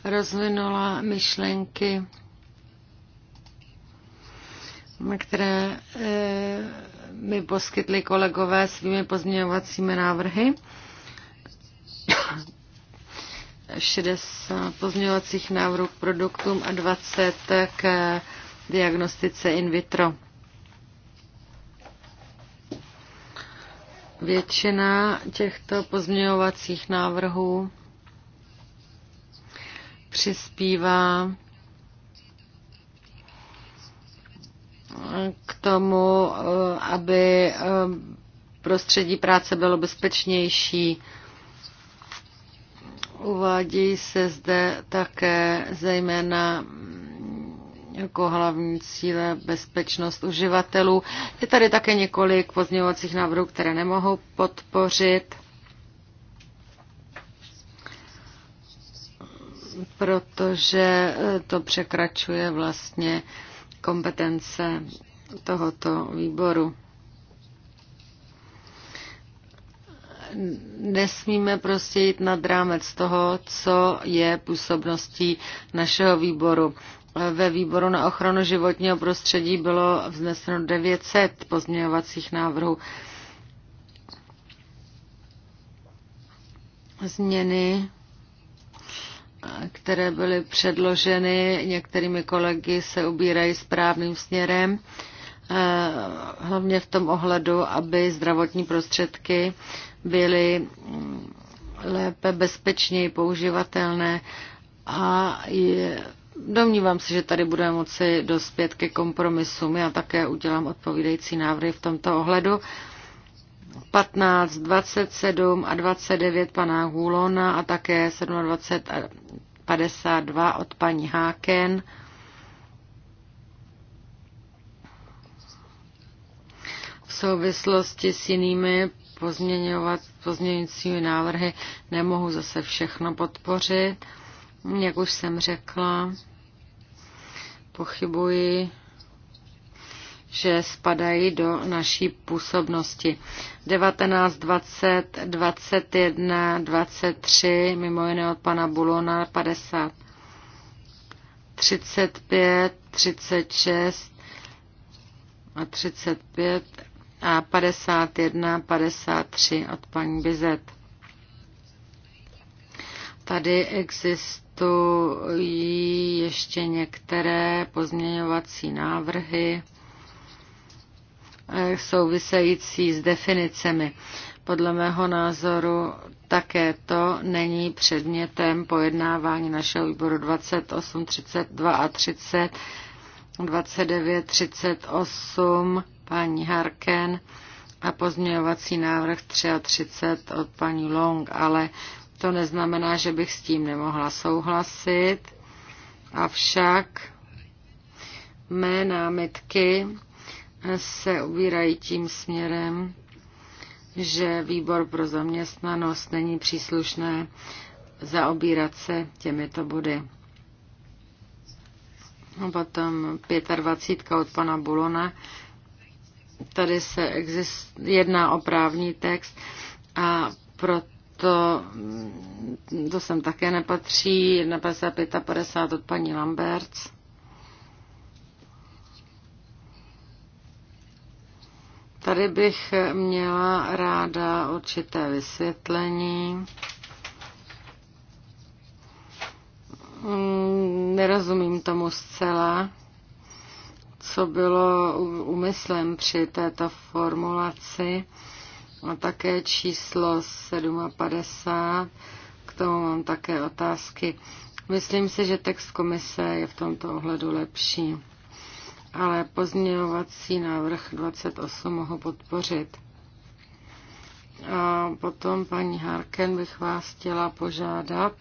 rozvinula myšlenky, které eh, mi poskytli kolegové svými pozměňovacími návrhy. 60 pozměňovacích návrhů k produktům a 20 k diagnostice in vitro. Většina těchto pozměňovacích návrhů přispívá k tomu, aby eh, prostředí práce bylo bezpečnější. Uvádí se zde také zejména jako hlavní cíle bezpečnost uživatelů. Je tady také několik pozměňovacích návrhů, které nemohou podpořit, protože to překračuje vlastně kompetence tohoto výboru. nesmíme prostě jít nad rámec toho, co je působností našeho výboru ve výboru na ochranu životního prostředí bylo vzneseno 900 pozměňovacích návrhů. Změny, které byly předloženy některými kolegy, se ubírají správným směrem, eh, hlavně v tom ohledu, aby zdravotní prostředky byly mm, lépe, bezpečněji používatelné a je Domnívám se, že tady budeme moci dospět ke kompromisům. Já také udělám odpovídající návrhy v tomto ohledu. 15, 27 a 29 pana Hulona a také 27 a 52 od paní Háken. V souvislosti s jinými pozměňovat, pozměňujícími návrhy nemohu zase všechno podpořit. Jak už jsem řekla, pochybuji, že spadají do naší působnosti. 19, 20, 21, 23, mimo jiné od pana Bulona 50, 35, 36 a 35 a 51, 53 od paní Bizet. Tady exist existují ještě některé pozměňovací návrhy eh, související s definicemi. Podle mého názoru také to není předmětem pojednávání našeho výboru 28, 32 a 30, 29, 38, paní Harken a pozměňovací návrh 33 od paní Long, ale to neznamená, že bych s tím nemohla souhlasit, avšak mé námitky se ubírají tím směrem, že výbor pro zaměstnanost není příslušné zaobírat se těmito body. A potom 25 od pana Bulona. Tady se exist, jedná o právní text a proto to, to sem také nepatří, na 55 a 50 od paní Lamberts. Tady bych měla ráda určité vysvětlení. Mm, nerozumím tomu zcela, co bylo úmyslem při této formulaci a také číslo 57. K tomu mám také otázky. Myslím si, že text komise je v tomto ohledu lepší, ale pozměňovací návrh 28 mohu podpořit. A potom, paní Harken, bych vás chtěla požádat,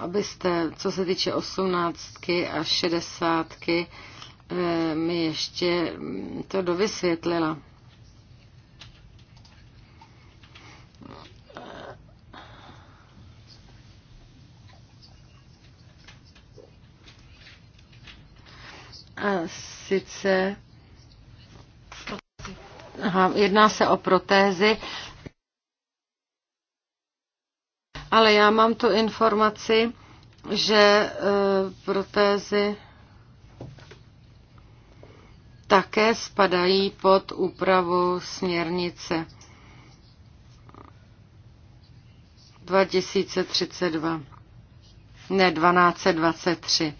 abyste, co se týče osmnáctky a šedesátky, Eh, mi ještě to dovysvětlila. A sice aha, jedná se o protézy, ale já mám tu informaci, že e, protézy také spadají pod úpravu směrnice 2032, ne 1223.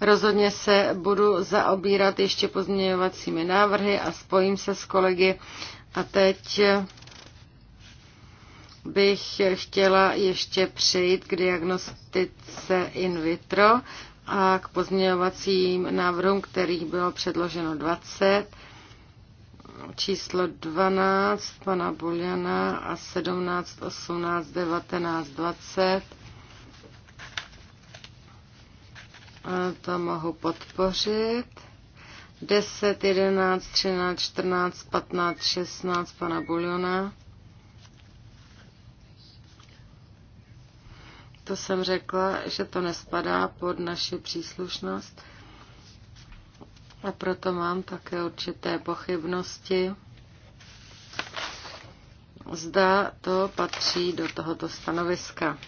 Rozhodně se budu zaobírat ještě pozměňovacími návrhy a spojím se s kolegy. A teď bych chtěla ještě přejít k diagnostice in vitro a k pozměňovacím návrhům, kterých bylo předloženo 20, číslo 12 pana Buljana a 17, 18, 19, 20. To mohu podpořit. 10, 11, 13, 14, 15, 16 pana Buljona. to jsem řekla, že to nespadá pod naši příslušnost a proto mám také určité pochybnosti. Zda to patří do tohoto stanoviska.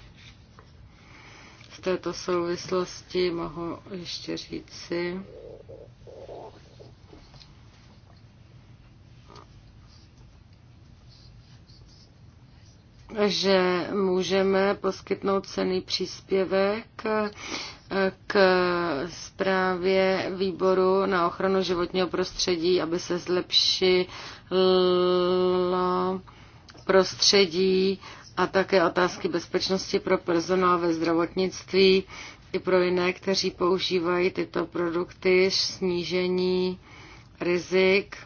V této souvislosti mohu ještě říci, že můžeme poskytnout cený příspěvek k zprávě výboru na ochranu životního prostředí, aby se zlepšilo prostředí a také otázky bezpečnosti pro personál ve zdravotnictví i pro jiné, kteří používají tyto produkty, snížení rizik.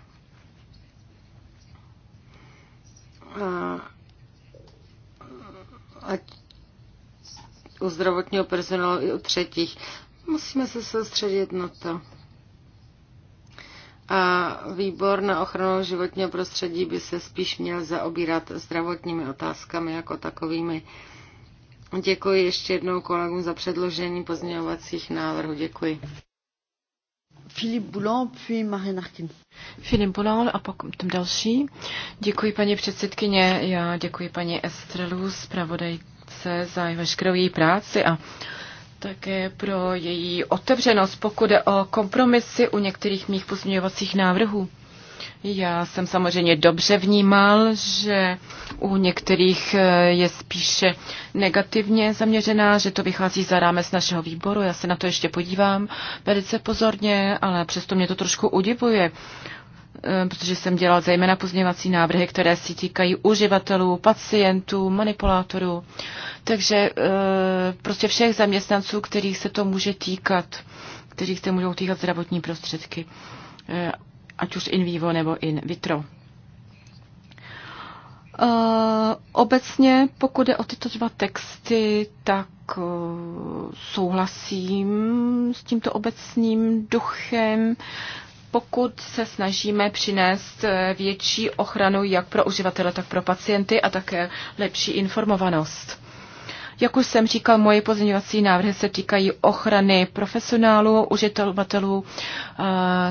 A ať u zdravotního personálu i u třetích. Musíme se soustředit na to. A výbor na ochranu životního prostředí by se spíš měl zaobírat zdravotními otázkami jako takovými. Děkuji ještě jednou kolegům za předložení pozměňovacích návrhů. Děkuji. Filip Boulan, puis Marie Narkin. Filip Boulan a pak potom další. Děkuji paní předsedkyně, já děkuji paní Estrelu, zpravodajce za veškerou její práci a také pro její otevřenost, pokud je o kompromisy u některých mých pozměňovacích návrhů. Já jsem samozřejmě dobře vnímal, že u některých eh, je spíše negativně zaměřená, že to vychází za rámec našeho výboru. Já se na to ještě podívám velice pozorně, ale přesto mě to trošku udivuje, eh, protože jsem dělal zejména pozměvací návrhy, které si týkají uživatelů, pacientů, manipulátorů, takže eh, prostě všech zaměstnanců, kterých se to může týkat, kterých se můžou týkat zdravotní prostředky ať už in vivo nebo in vitro. Uh, obecně, pokud je o tyto dva texty, tak uh, souhlasím s tímto obecným duchem, pokud se snažíme přinést eh, větší ochranu jak pro uživatele, tak pro pacienty a také lepší informovanost. Jak už jsem říkal, moje pozměňovací návrhy se týkají ochrany profesionálů, uživatelů, eh,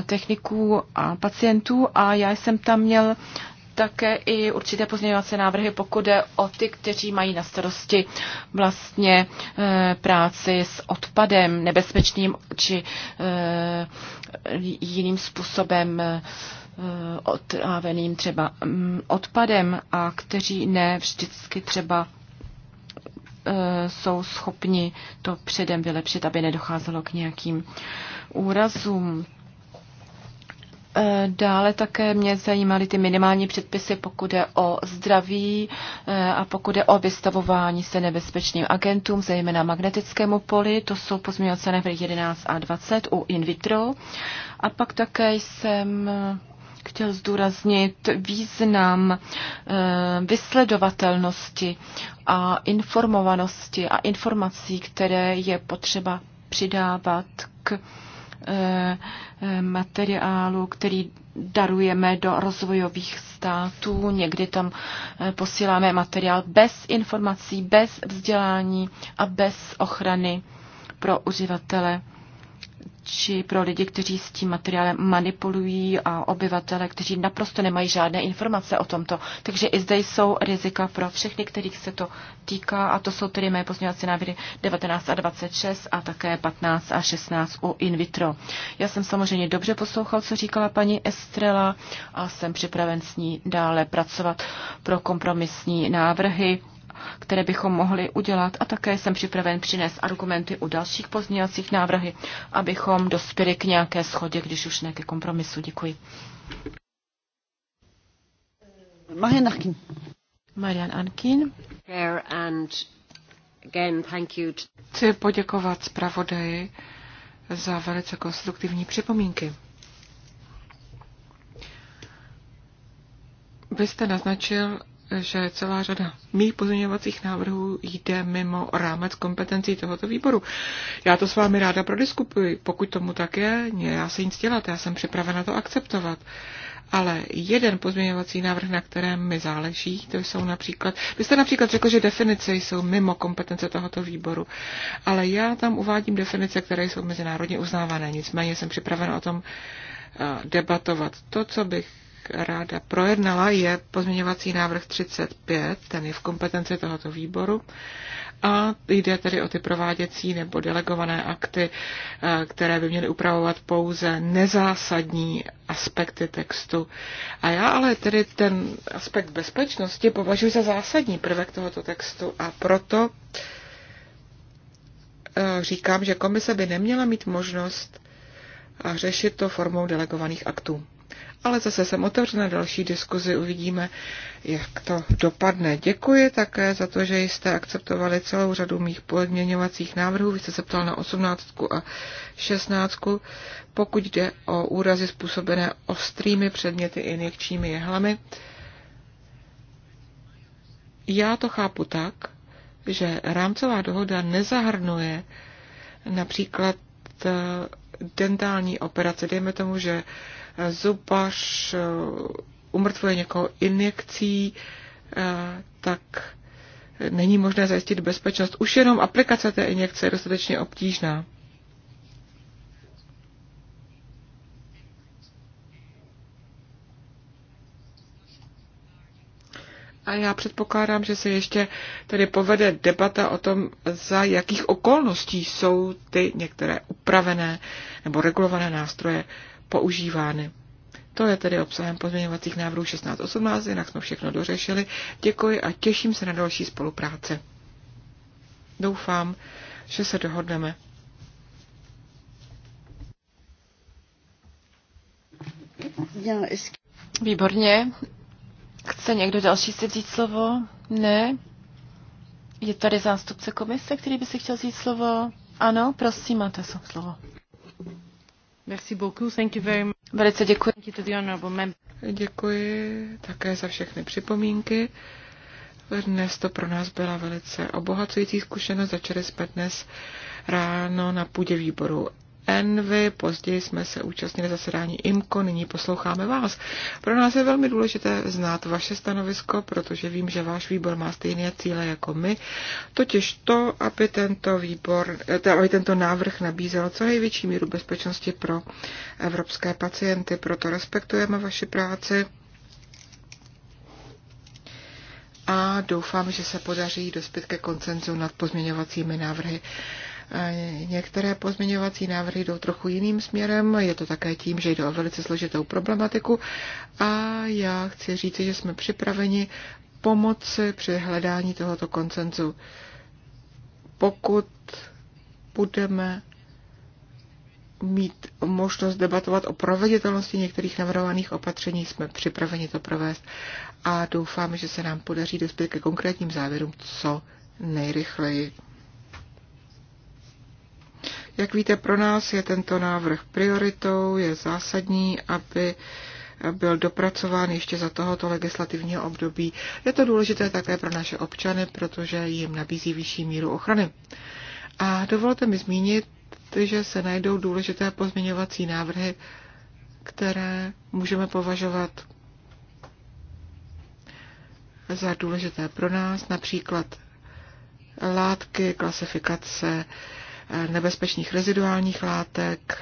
techniků a pacientů a já jsem tam měl také i určité pozměňovací návrhy, pokud jde o ty, kteří mají na starosti vlastně e, práci s odpadem nebezpečným či e, jiným způsobem e, otráveným třeba mm, odpadem a kteří ne vždycky třeba Eh, jsou schopni to předem vylepšit, aby nedocházelo k nějakým úrazům. Eh, dále také mě zajímaly ty minimální předpisy, pokud je o zdraví eh, a pokud je o vystavování se nebezpečným agentům, zejména magnetickému poli. To jsou pozměňovací návrhy 11 a 20 u in vitro. A pak také jsem chtěl zdůraznit význam eh, vysledovatelnosti a informovanosti a informací, které je potřeba přidávat k eh, eh, materiálu, který darujeme do rozvojových států. Někdy tam posíláme materiál bez informací, bez vzdělání a bez ochrany pro uživatele či pro lidi, kteří s tím materiálem manipulují a obyvatele, kteří naprosto nemají žádné informace o tomto. Takže i zde jsou rizika pro všechny, kterých se to týká a to jsou tedy mé pozměňovací návrhy 19 a 26 a také 15 a 16 u in vitro. Já jsem samozřejmě dobře poslouchal, co říkala paní Estrela a jsem připraven s ní dále pracovat pro kompromisní návrhy které bychom mohli udělat a také jsem připraven přinést argumenty u dalších pozměňovacích návrhy, abychom dospěli k nějaké schodě, když už ne ke kompromisu. Děkuji. Marian Arkin. Marian Arkin. Again, thank you. Chci poděkovat zpravodaji za velice konstruktivní připomínky. Vy jste naznačil, že celá řada mých pozměňovacích návrhů jde mimo rámec kompetencí tohoto výboru. Já to s vámi ráda prodiskupuji. Pokud tomu tak je, já se nic dělat, já jsem připravena to akceptovat. Ale jeden pozměňovací návrh, na kterém mi záleží, to jsou například, vy jste například řekl, že definice jsou mimo kompetence tohoto výboru, ale já tam uvádím definice, které jsou mezinárodně uznávané, nicméně jsem připravena o tom eh, debatovat. To, co bych ráda projednala, je pozměňovací návrh 35, ten je v kompetenci tohoto výboru a jde tedy o ty prováděcí nebo delegované akty, eh, které by měly upravovat pouze nezásadní aspekty textu. A já ale tedy ten aspekt bezpečnosti považuji za zásadní prvek tohoto textu a proto eh, říkám, že komise by neměla mít možnost eh, řešit to formou delegovaných aktů ale zase jsem otevřena další diskuzi, uvidíme, jak to dopadne. Děkuji také za to, že jste akceptovali celou řadu mých podměňovacích návrhů. Vy jste se ptal na 18 a 16. Pokud jde o úrazy způsobené ostrými předměty injekčními jehlami, já to chápu tak, že rámcová dohoda nezahrnuje například eh, dentální operace. Dejme tomu, že zubař eh, umrtvuje někoho injekcí, eh, tak není možné zajistit bezpečnost. Už jenom aplikace té injekce je dostatečně obtížná. A já předpokládám, že se ještě tady povede debata o tom, za jakých okolností jsou ty některé upravené nebo regulované nástroje používány. To je tedy obsahem pozměňovacích návrhů 1618, jinak jsme všechno dořešili. Děkuji a těším se na další spolupráce. Doufám, že se dohodneme. Výborně. Chce někdo další si vzít slovo? Ne. Je tady zástupce komise, který by si chtěl vzít slovo? Ano, prosím, máte slovo. Velice děkuji. Děkuji také za všechny připomínky. Dnes to pro nás byla velice obohacující zkušenost. Začali jsme dnes ráno na půdě výboru Envy, později jsme se účastnili zasedání IMCO, nyní posloucháme vás. Pro nás je velmi důležité znát vaše stanovisko, protože vím, že váš výbor má stejné cíle jako my, totiž to, aby tento, výbor, eh, aby tento návrh nabízel co největší míru bezpečnosti pro evropské pacienty, proto respektujeme vaši práci a doufám, že se podaří dospět ke koncenzu nad pozměňovacími návrhy. Eh, některé pozměňovací návrhy jdou trochu jiným směrem, je to také tím, že jde o velice složitou problematiku a já chci říci, že jsme připraveni pomoci při hledání tohoto koncenzu. Pokud budeme mít možnost debatovat o proveditelnosti některých navrhovaných opatření, jsme připraveni to provést a doufáme, že se nám podaří dospět ke konkrétním závěrům co nejrychleji. Jak víte, pro nás je tento návrh prioritou, je zásadní, aby byl dopracován ještě za tohoto legislativního období. Je to důležité také pro naše občany, protože jim nabízí vyšší míru ochrany. A dovolte mi zmínit, že se najdou důležité pozměňovací návrhy, které můžeme považovat za důležité pro nás, například látky, klasifikace nebezpečných reziduálních látek,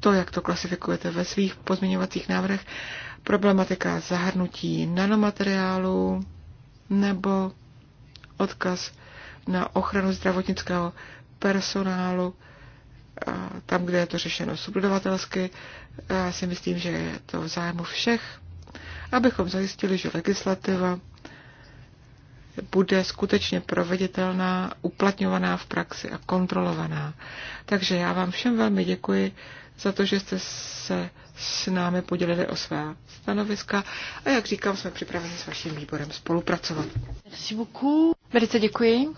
to, jak to klasifikujete ve svých pozměňovacích návrhech, problematika zahrnutí nanomateriálu, nebo odkaz na ochranu zdravotnického personálu, tam, kde je to řešeno subdodavatelsky. Já si myslím, že je to v zájmu všech, abychom zajistili, že legislativa bude skutečně proveditelná, uplatňovaná v praxi a kontrolovaná. Takže já vám všem velmi děkuji za to, že jste se s námi podělili o svá stanoviska a jak říkám, jsme připraveni s vaším výborem spolupracovat. Merci beaucoup. Velice děkuji.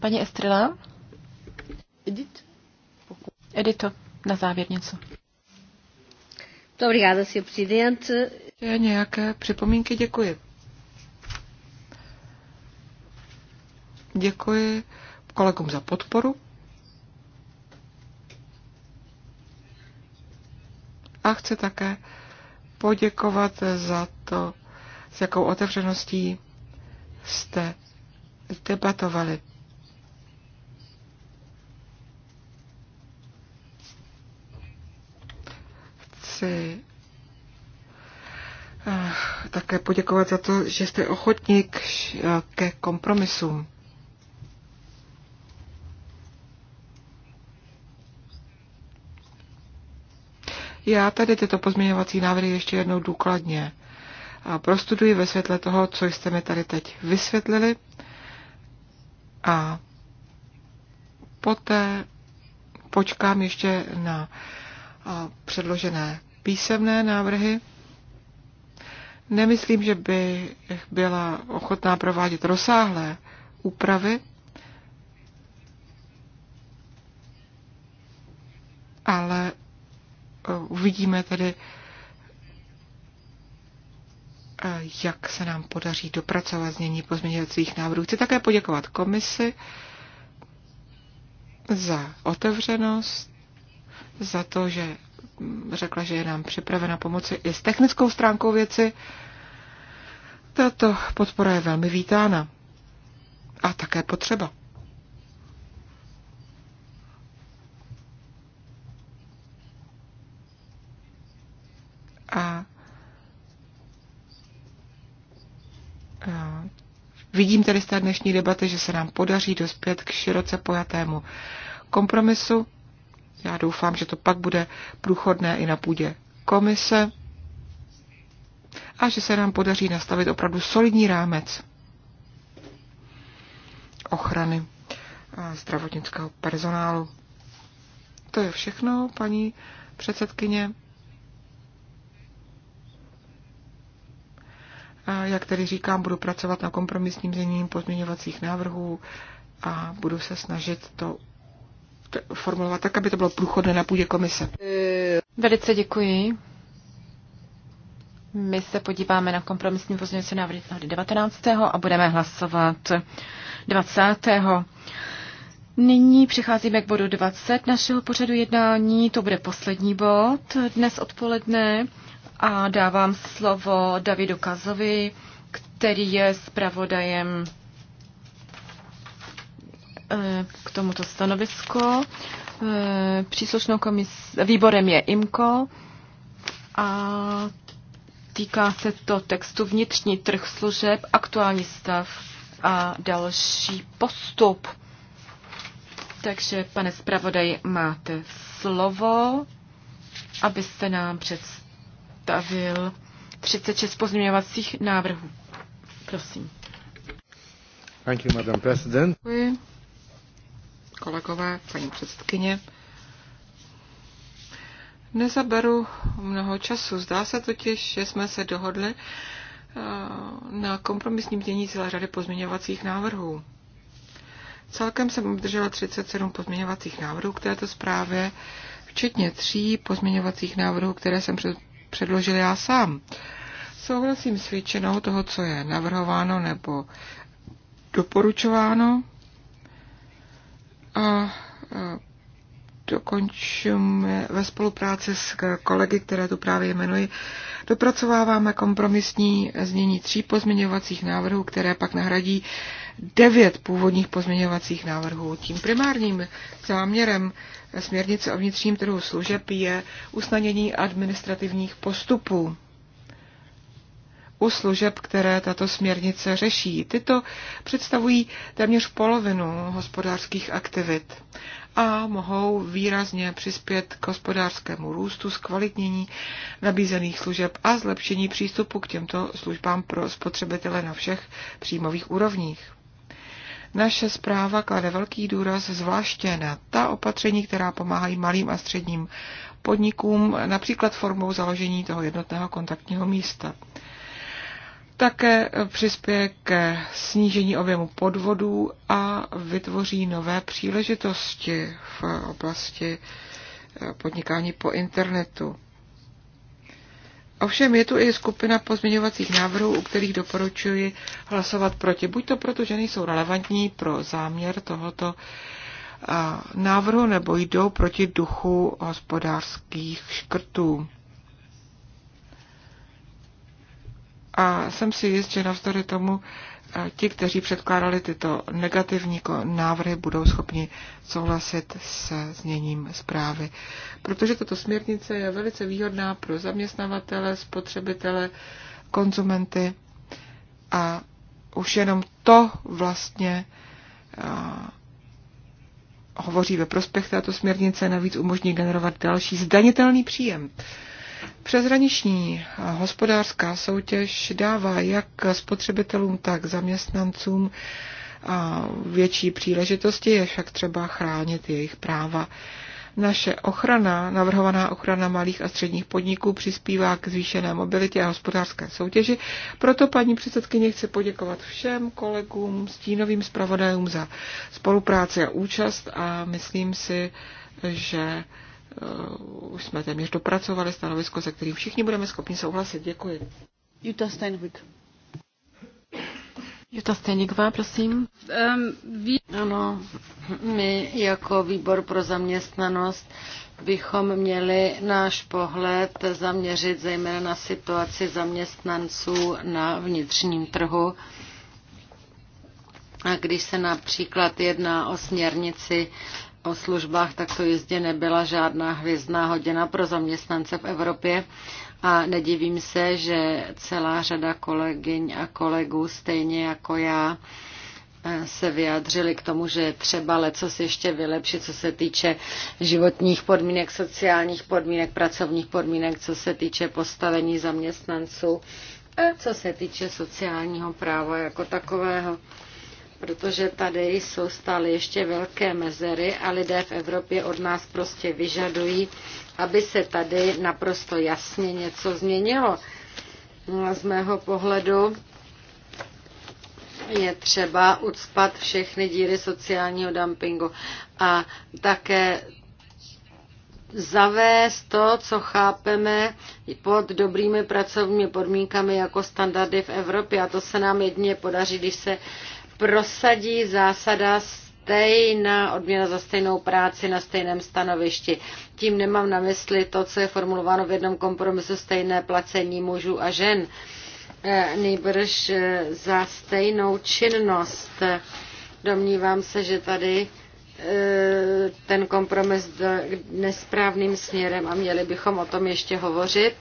Paní Estrela? Edit? Edito, na závěr něco. Dobrý, já zase Nějaké připomínky děkuji Děkuji kolegům za podporu. A chci také poděkovat za to, s jakou otevřeností jste debatovali. Chci eh, také poděkovat za to, že jste ochotník ke kompromisům. Já tady tyto pozměňovací návrhy ještě jednou důkladně a prostuduji ve světle toho, co jste mi tady teď vysvětlili a poté počkám ještě na předložené písemné návrhy. Nemyslím, že by byla ochotná provádět rozsáhlé úpravy, ale Eh, uvidíme tedy, eh, jak se nám podaří dopracovat znění pozměňovacích návrhů. Chci také poděkovat komisi za otevřenost, za to, že řekla, že je nám připravena pomoci i s technickou stránkou věci. Tato podpora je velmi vítána a také potřeba. a Vidím tady z té dnešní debaty, že se nám podaří dospět k široce pojatému kompromisu. Já doufám, že to pak bude průchodné i na půdě komise a že se nám podaří nastavit opravdu solidní rámec ochrany zdravotnického personálu. To je všechno, paní předsedkyně. Jak tedy říkám, budu pracovat na kompromisním zněním pozměňovacích návrhů a budu se snažit to formulovat tak, aby to bylo průchodné na půdě komise. Velice děkuji. My se podíváme na kompromisní pozměňovací návrhy 19. a budeme hlasovat 20. Nyní přicházíme k bodu 20 našeho pořadu jednání. To bude poslední bod dnes odpoledne a dávám slovo Davidu Kazovi, který je zpravodajem eh, k tomuto stanovisku. Eh, příslušnou komis... výborem je IMCO a týká se to textu vnitřní trh služeb, aktuální stav a další postup. Takže, pane zpravodaj, máte slovo, abyste nám představili představil 36 pozměňovacích návrhů. Prosím. Thank you, Madam President. Děkuji. Kolegové, paní předsedkyně. Nezaberu mnoho času. Zdá se totiž, že jsme se dohodli eh, na kompromisním dění celé řady pozměňovacích návrhů. Celkem jsem obdržela 37 pozměňovacích návrhů k této zprávě, včetně tří pozměňovacích návrhů, které jsem předložil já sám. Souhlasím s většinou toho, co je navrhováno nebo doporučováno. A dokončíme ve spolupráci s kolegy, které tu právě jmenuji, dopracováváme kompromisní znění tří pozměňovacích návrhů, které pak nahradí devět původních pozměňovacích návrhů. Tím primárním záměrem směrnice o vnitřním trhu služeb je usnadnění administrativních postupů u služeb, které tato směrnice řeší. Tyto představují téměř polovinu hospodářských aktivit a mohou výrazně přispět k hospodářskému růstu, zkvalitnění nabízených služeb a zlepšení přístupu k těmto službám pro spotřebitele na všech příjmových úrovních. Naše zpráva klade velký důraz zvláště na ta opatření, která pomáhají malým a středním podnikům, například formou založení toho jednotného kontaktního místa. Také přispěje ke snížení objemu podvodů a vytvoří nové příležitosti v oblasti podnikání po internetu. Ovšem je tu i skupina pozměňovacích návrhů, u kterých doporučuji hlasovat proti. Buď to proto, že nejsou relevantní pro záměr tohoto návrhu, nebo jdou proti duchu hospodářských škrtů. A jsem si jist, že navzdory tomu ti, kteří předkládali tyto negativní návrhy, budou schopni souhlasit se zněním zprávy. Protože tato směrnice je velice výhodná pro zaměstnavatele, spotřebitele, konzumenty a už jenom to vlastně hovoří ve prospěch této směrnice, navíc umožní generovat další zdanitelný příjem. Přezraniční hospodářská soutěž dává jak spotřebitelům, tak zaměstnancům a větší příležitosti, je však třeba chránit jejich práva. Naše ochrana, navrhovaná ochrana malých a středních podniků, přispívá k zvýšené mobilitě a hospodářské soutěži. Proto paní předsedkyně chci poděkovat všem kolegům, stínovým zpravodajům za spolupráci a účast a myslím si, že Eh, už jsme téměř dopracovali stanovisko, se kterým všichni budeme schopni souhlasit. Děkuji. Jutta Steinvik. Jutta Stejniková, prosím. Um, vy... Ano, my jako výbor pro zaměstnanost bychom měli náš pohled zaměřit zejména na situaci zaměstnanců na vnitřním trhu. A když se například jedná o směrnici o službách, tak to jistě nebyla žádná hvězdná hodina pro zaměstnance v Evropě. A nedivím se, že celá řada kolegyň a kolegů, stejně jako já, se vyjádřili k tomu, že třeba lecos ještě vylepšit, co se týče životních podmínek, sociálních podmínek, pracovních podmínek, co se týče postavení zaměstnanců a co se týče sociálního práva jako takového protože tady jsou stále ještě velké mezery a lidé v Evropě od nás prostě vyžadují, aby se tady naprosto jasně něco změnilo. No z mého pohledu je třeba ucpat všechny díry sociálního dumpingu a také zavést to, co chápeme pod dobrými pracovními podmínkami jako standardy v Evropě. A to se nám jedině podaří, když se prosadí zásada stejná odměna za stejnou práci na stejném stanovišti. Tím nemám na mysli to, co je formulováno v jednom kompromisu stejné placení mužů a žen, eh, nejbrž eh, za stejnou činnost. Domnívám se, že tady eh, ten kompromis nesprávným směrem a měli bychom o tom ještě hovořit.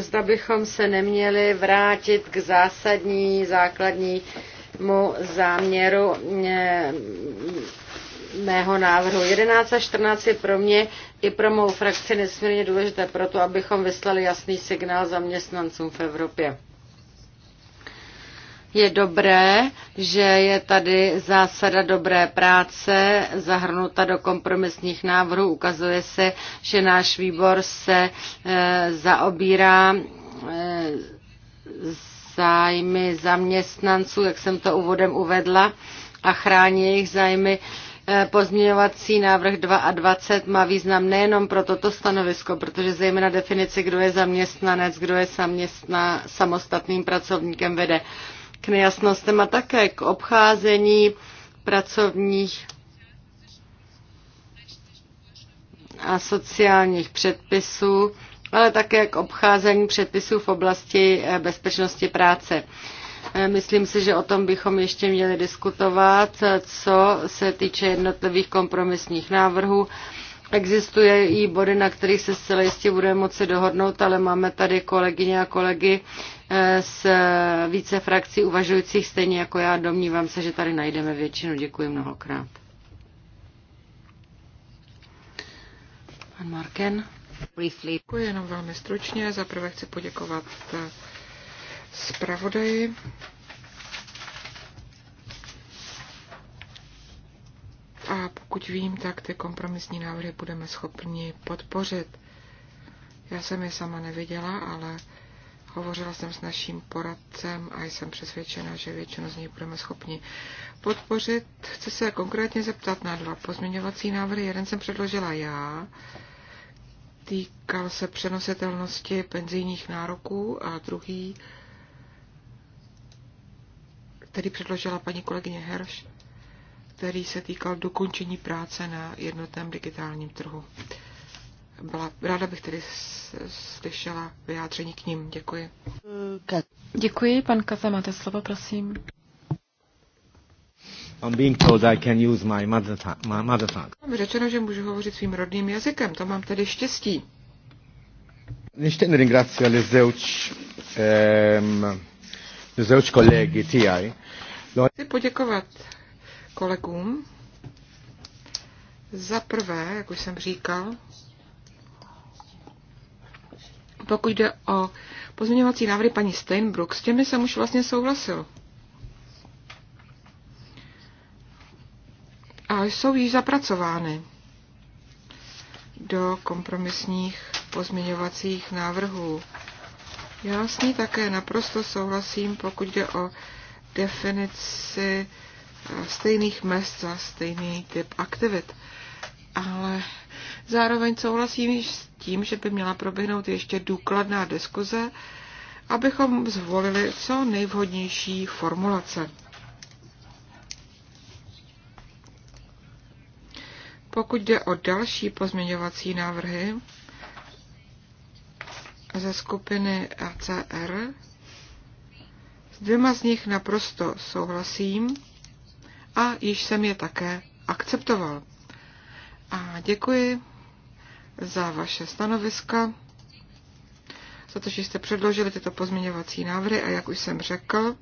zda bychom se neměli vrátit k zásadní, základnímu záměru eh, mého návrhu. 11 a 14 je pro mě i pro mou frakci nesmírně důležité proto, abychom vyslali jasný signál zaměstnancům v Evropě. Je dobré, že je tady zásada dobré práce zahrnuta do kompromisních návrhů. Ukazuje se, že náš výbor se e, zaobírá e, zájmy zaměstnanců, jak jsem to úvodem uvedla, a chrání jejich zájmy. E, pozměňovací návrh 22 má význam nejenom pro toto stanovisko, protože zejména definici, kdo je zaměstnanec, kdo je samostatným pracovníkem vede k nejasnostem a také k obcházení pracovních a sociálních předpisů, ale také k obcházení předpisů v oblasti eh, bezpečnosti práce. Eh, myslím si, že o tom bychom ještě měli diskutovat, eh, co se týče jednotlivých kompromisních návrhů Existuje i body, na kterých se zcela jistě budeme moci dohodnout, ale máme tady kolegyně a kolegy eh, z více frakcí uvažujících stejně jako já. Domnívám se, že tady najdeme většinu. Děkuji mnohokrát. Pan Marken. Děkuji jenom velmi stručně. Zaprvé chci poděkovat eh, zpravodaji A pokud vím, tak ty kompromisní návrhy budeme schopni podpořit. Já jsem je sama neviděla, ale hovořila jsem s naším poradcem a jsem přesvědčena, že většinu z nich budeme schopni podpořit. Chci se konkrétně zeptat na dva pozměňovací návrhy. Jeden jsem předložila já, týkal se přenositelnosti penzijních nároků a druhý, který předložila paní kolegyně Herš, který se týkal dokončení práce na jednotném digitálním trhu. Byla, ráda bych tedy slyšela vyjádření k ním. Děkuji. Děkuji. Pan Kaza, máte slovo, prosím. I'm being told I can use my mother, tongue. Mám řečeno, že můžu hovořit svým rodným jazykem, to mám tedy štěstí. Chci poděkovat kolegům. Za prvé, jak už jsem říkal, pokud jde o pozměňovací návrhy paní Steinbrook, s těmi jsem už vlastně souhlasil. A jsou již zapracovány do kompromisních pozměňovacích návrhů. Já s ní také naprosto souhlasím, pokud jde o definici stejných mest za stejný typ aktivit. Ale zároveň souhlasím s tím, že by měla proběhnout ještě důkladná diskuze, abychom zvolili co nejvhodnější formulace. Pokud jde o další pozměňovací návrhy ze skupiny ACR, s dvěma z nich naprosto souhlasím a již jsem je také akceptoval. A děkuji za vaše stanoviska, za to, že jste předložili tyto pozměňovací návrhy a jak už jsem řekl,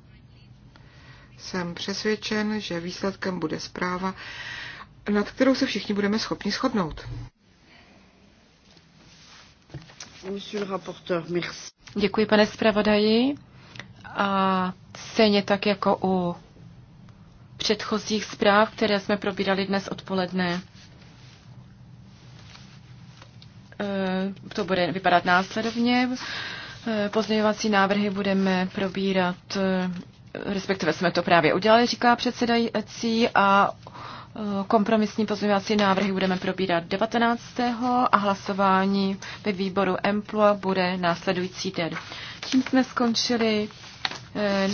jsem přesvědčen, že výsledkem bude zpráva, nad kterou se všichni budeme schopni shodnout. Děkuji, pane zpravodaji. A stejně tak jako u předchozích zpráv, které jsme probírali dnes odpoledne. E, to bude vypadat následovně. E, pozměňovací návrhy budeme probírat, e, respektive jsme to právě udělali, říká předsedající, a kompromisní pozměňovací návrhy budeme probírat 19. a hlasování ve výboru EMPLO bude následující den. Tím jsme skončili Eh,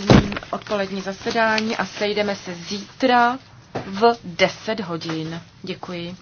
odpolední zasedání a sejdeme se zítra v 10 hodin. Děkuji.